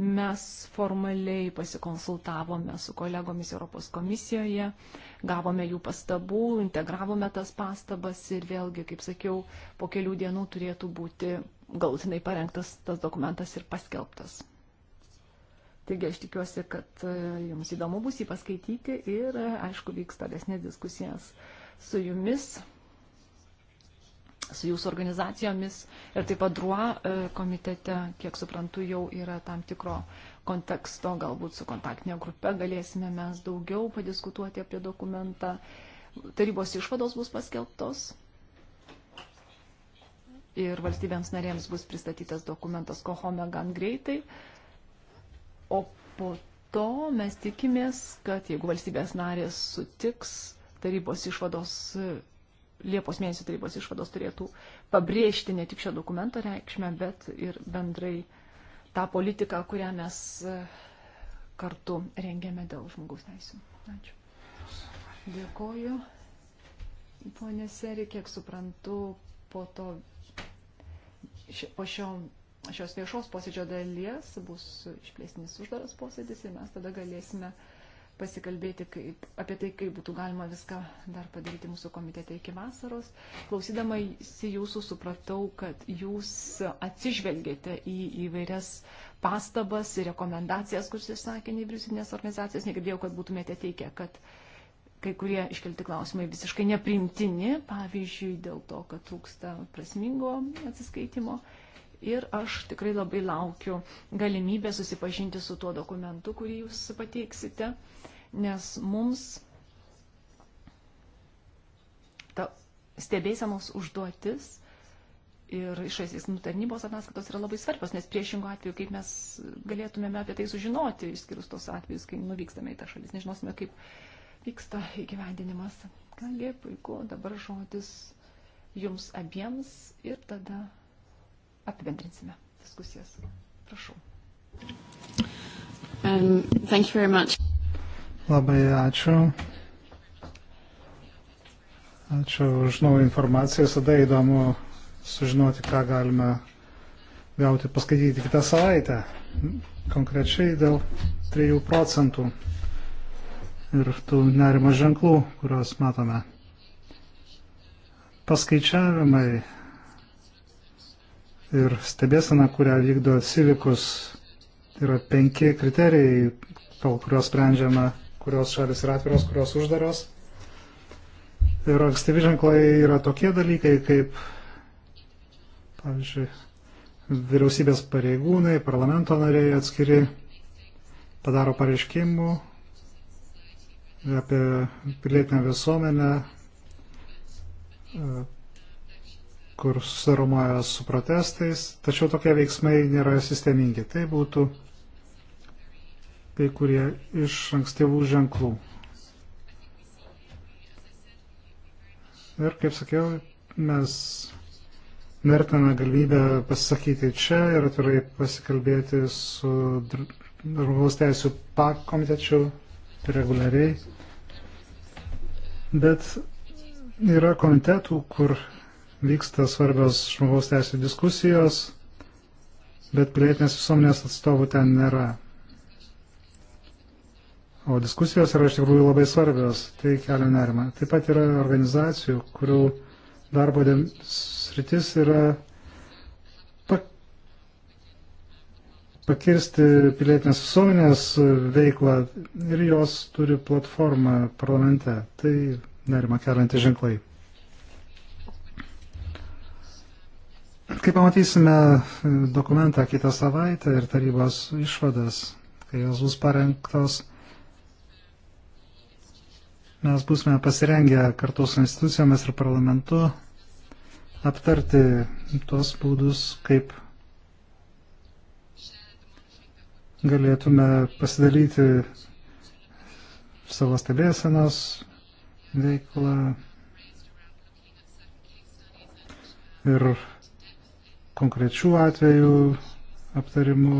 Mes formaliai pasikonsultavome su kolegomis Europos komisijoje, gavome jų pastabų, integravome tas pastabas ir vėlgi, kaip sakiau, po kelių dienų turėtų būti galutinai parengtas tas dokumentas ir paskelbtas. Taigi aš tikiuosi, kad e, jums įdomu bus jį paskaityti ir, e, aišku, vyks tolesnės diskusijas su jumis, su jūsų organizacijomis ir taip pat DRUA e, komitete, kiek suprantu, jau yra tam tikro konteksto, galbūt su kontaktinė grupe galėsime mes daugiau padiskutuoti apie dokumentą. Tarybos išvados bus paskelbtos ir valstybėms narėms bus pristatytas dokumentas Kohome gan greitai. O po to mes tikimės, kad jeigu valstybės narės sutiks, tarybos išvados, Liepos mėnesio tarybos išvados turėtų pabrėžti ne tik šio dokumento reikšmę, bet ir bendrai tą politiką, kurią mes e, kartu rengėme dėl žmogaus teisų. Ačiū. Dėkoju. Pone Seri, kiek suprantu, po to po šio, šios viešos posėdžio dalies bus išplėsnis uždaras posėdis ir mes tada galėsime pasikalbėti kaip, apie tai, kaip būtų galima viską dar padaryti mūsų komitete iki vasaros. Klausydamasi jūsų supratau, kad jūs atsižvelgėte į įvairias pastabas ir rekomendacijas, kuris išsakė nevyriausybinės organizacijos. Negirdėjau, kad būtumėte teikę, kad uh, kai kurie iškelti klausimai visiškai nepriimtini, pavyzdžiui, dėl to, kad trūksta prasmingo atsiskaitimo. Ir aš tikrai labai laukiu galimybę susipažinti su tuo dokumentu, kurį jūs pateiksite, nes mums ta stebėsenos užduotis ir išorės veiksmų tarnybos ataskaitos yra labai svarbios, nes priešingų atveju, kaip mes galėtumėme apie tai sužinoti, išskyrus tos atvejus, kai nuvykstame į tą šalis, nežinosime, kaip vyksta įgyvendinimas. Kągi, puiku, dabar žodis jums abiems ir tada apibendrinsime diskusijas. Prašau. Um, thank you very much. Labai ačiū. Ačiū už naują informaciją. Visada įdomu sužinoti, ką galime gauti paskaityti kitą savaitę. Konkrečiai dėl 3 procentų ir tų nerimo ženklų, kuriuos matome. Paskaičiavimai ir stebėsena, kurią vykdo Silikus, yra penki kriterijai, pagal kuriuos sprendžiama, kurios šalis yra atviros, kurios uždaros. Ir ankstyvi ženklai yra tokie dalykai, kaip, pavyzdžiui, vyriausybės pareigūnai, parlamento nariai atskiri padaro pareiškimų apie pilietinę visuomenę, e, kur susidaromoja su protestais, tačiau tokie veiksmai nėra sistemingi. Tai būtų kai kurie iš ankstyvų ženklų. Ir kaip sakiau, mes vertiname galimybę pasisakyti čia ir atvirai pasikalbėti su žmogaus teisų pakomitečiu reguliariai. Bet yra komitetų, kur vyksta svarbios žmogaus teisų diskusijos, bet pilietinės visuomenės atstovų ten nėra. O diskusijos yra iš tikrųjų labai svarbios, tai kelia nerima. Taip pat yra organizacijų, kurių darbo sritis yra pakirsti pilietinės visuomenės veiklą ir jos turi platformą parlamente. Tai nerima keliantys ženklai. Kaip pamatysime dokumentą kitą savaitę ir tarybos išvadas, kai jos bus parengtos, mes būsime pasirengę kartu su institucijomis ir parlamentu aptarti tuos būdus, kaip galėtume pasidalyti savo stebėsenos veiklą ir konkrečių atvejų aptarimu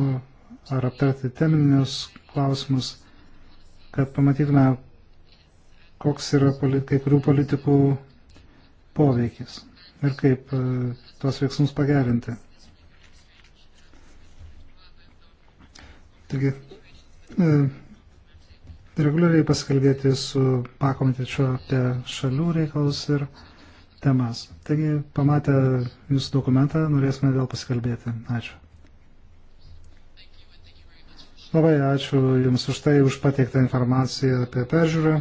ar aptarti teminius klausimus, kad pamatytume, koks yra kai kurių politikų poveikis ir kaip e, tuos veiksmus pagerinti. Taigi, e, reguliariai pasikalbėti su pakomitečio apie šalių reikalus ir temas. Taigi, pamatę jūsų dokumentą, norėsime vėl pasikalbėti. Ačiū. Labai ačiū Jums už tai, už pateiktą informaciją apie peržiūrą.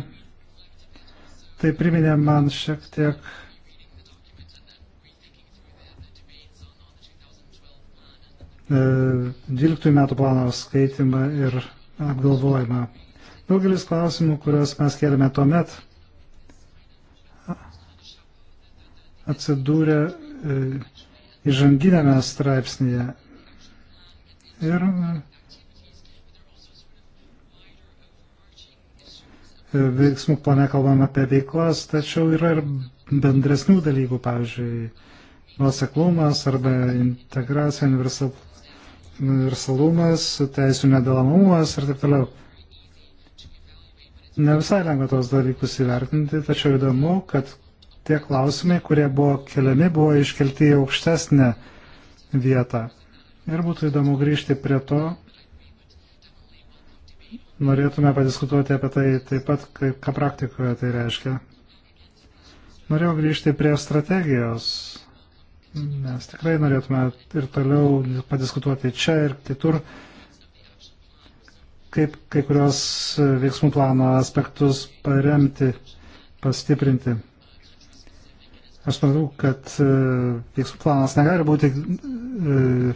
Tai priminė man šiek tiek 12 e, metų plano skaitimą ir apgalvojimą. Daugelis klausimų, kuriuos mes kėlėme tuomet, atsidūrė e, įžanginėme straipsnėje. Ir e, veiksmų plane kalbam apie veiklas, tačiau yra ir bendresnių dalykų, pavyzdžiui, nuoseklumas arba integracija, universal universalumas, teisų nedalamumas ir taip toliau. Ne visai lengva tos dalykus įvertinti, tačiau įdomu, kad tie klausimai, kurie buvo keliami, buvo iškelti į aukštesnę vietą. Ir būtų įdomu grįžti prie to. Norėtume padiskutuoti apie tai taip pat, ką praktikoje tai reiškia. Norėjau grįžti prie strategijos Mes tikrai norėtume ir toliau padiskutuoti čia ir kitur, kaip kai kurios veiksmų plano aspektus paremti, pastiprinti. Aš manau, kad e, veiksmų planas negali būti e,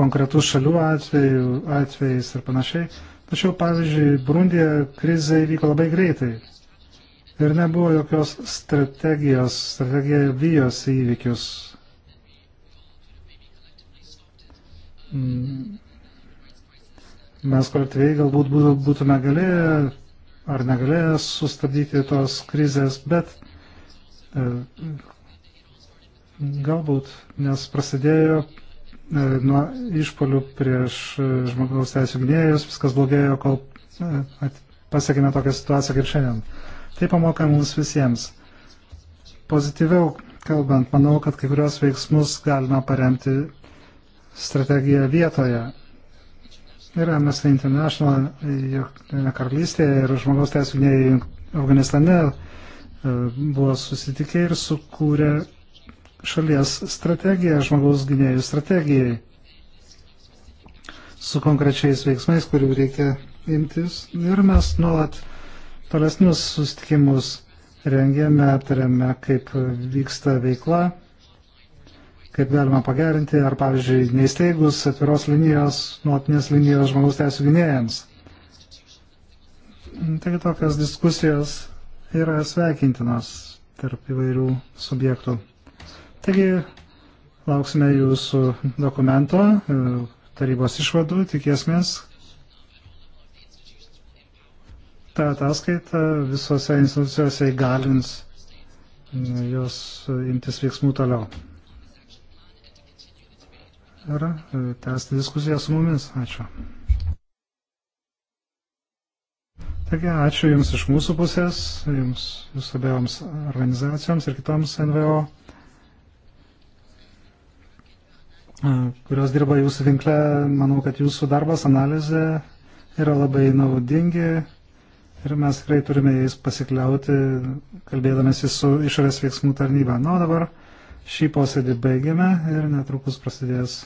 konkretus šalių atveju, atvejais ir panašiai. Tačiau, pavyzdžiui, Brundija krizė įvyko labai greitai. Ir nebuvo jokios strategijos, strategija vyjosi įvykius. Mm. mes kolektyviai galbūt būtume galėję ar negalėję sustabdyti tos krizės, bet e, galbūt, nes prasidėjo e, nuo išpolių prieš e, žmogaus teisų gynėjus, viskas blogėjo, kol pasiekime tokią situaciją kaip šiandien. Tai pamoka mums visiems. Pozityviau kalbant, manau, kad kai kurios veiksmus galima paremti strategiją vietoje. Ir Amnesty International, Junktinė karalystė ir žmogaus teisų gynėjai Afganistane e, buvo susitikę ir sukūrė šalies strategiją, žmogaus gynėjų strategijai su konkrečiais veiksmais, kurių reikia imtis. Ir mes nuolat tolesnius susitikimus rengėme, aptarėme, kaip vyksta veikla kaip galima pagerinti, ar pavyzdžiui, neįsteigus atviros linijos, nuotinės linijos žmogaus teisų gynėjams. Taigi tokios diskusijos yra sveikintinos tarp įvairių subjektų. Taigi lauksime jūsų dokumento, e, tarybos išvadų, tikėsimės. Ta ataskaita visose institucijose įgalins e, jos imtis veiksmų toliau ir e, tęsti diskusiją su mumis. Ačiū. Taigi, ačiū Jums iš mūsų pusės, Jums, Jūsų abiejoms organizacijoms ir kitoms NVO, e, kurios dirba Jūsų tinkle. Manau, kad Jūsų darbas, analizė yra labai naudingi ir mes tikrai turime jais pasikliauti, kalbėdamėsi su išorės veiksmų tarnyba. Na, o dabar Šį posėdį baigiame ir netrukus prasidės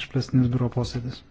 išplėstinis biuro posėdis.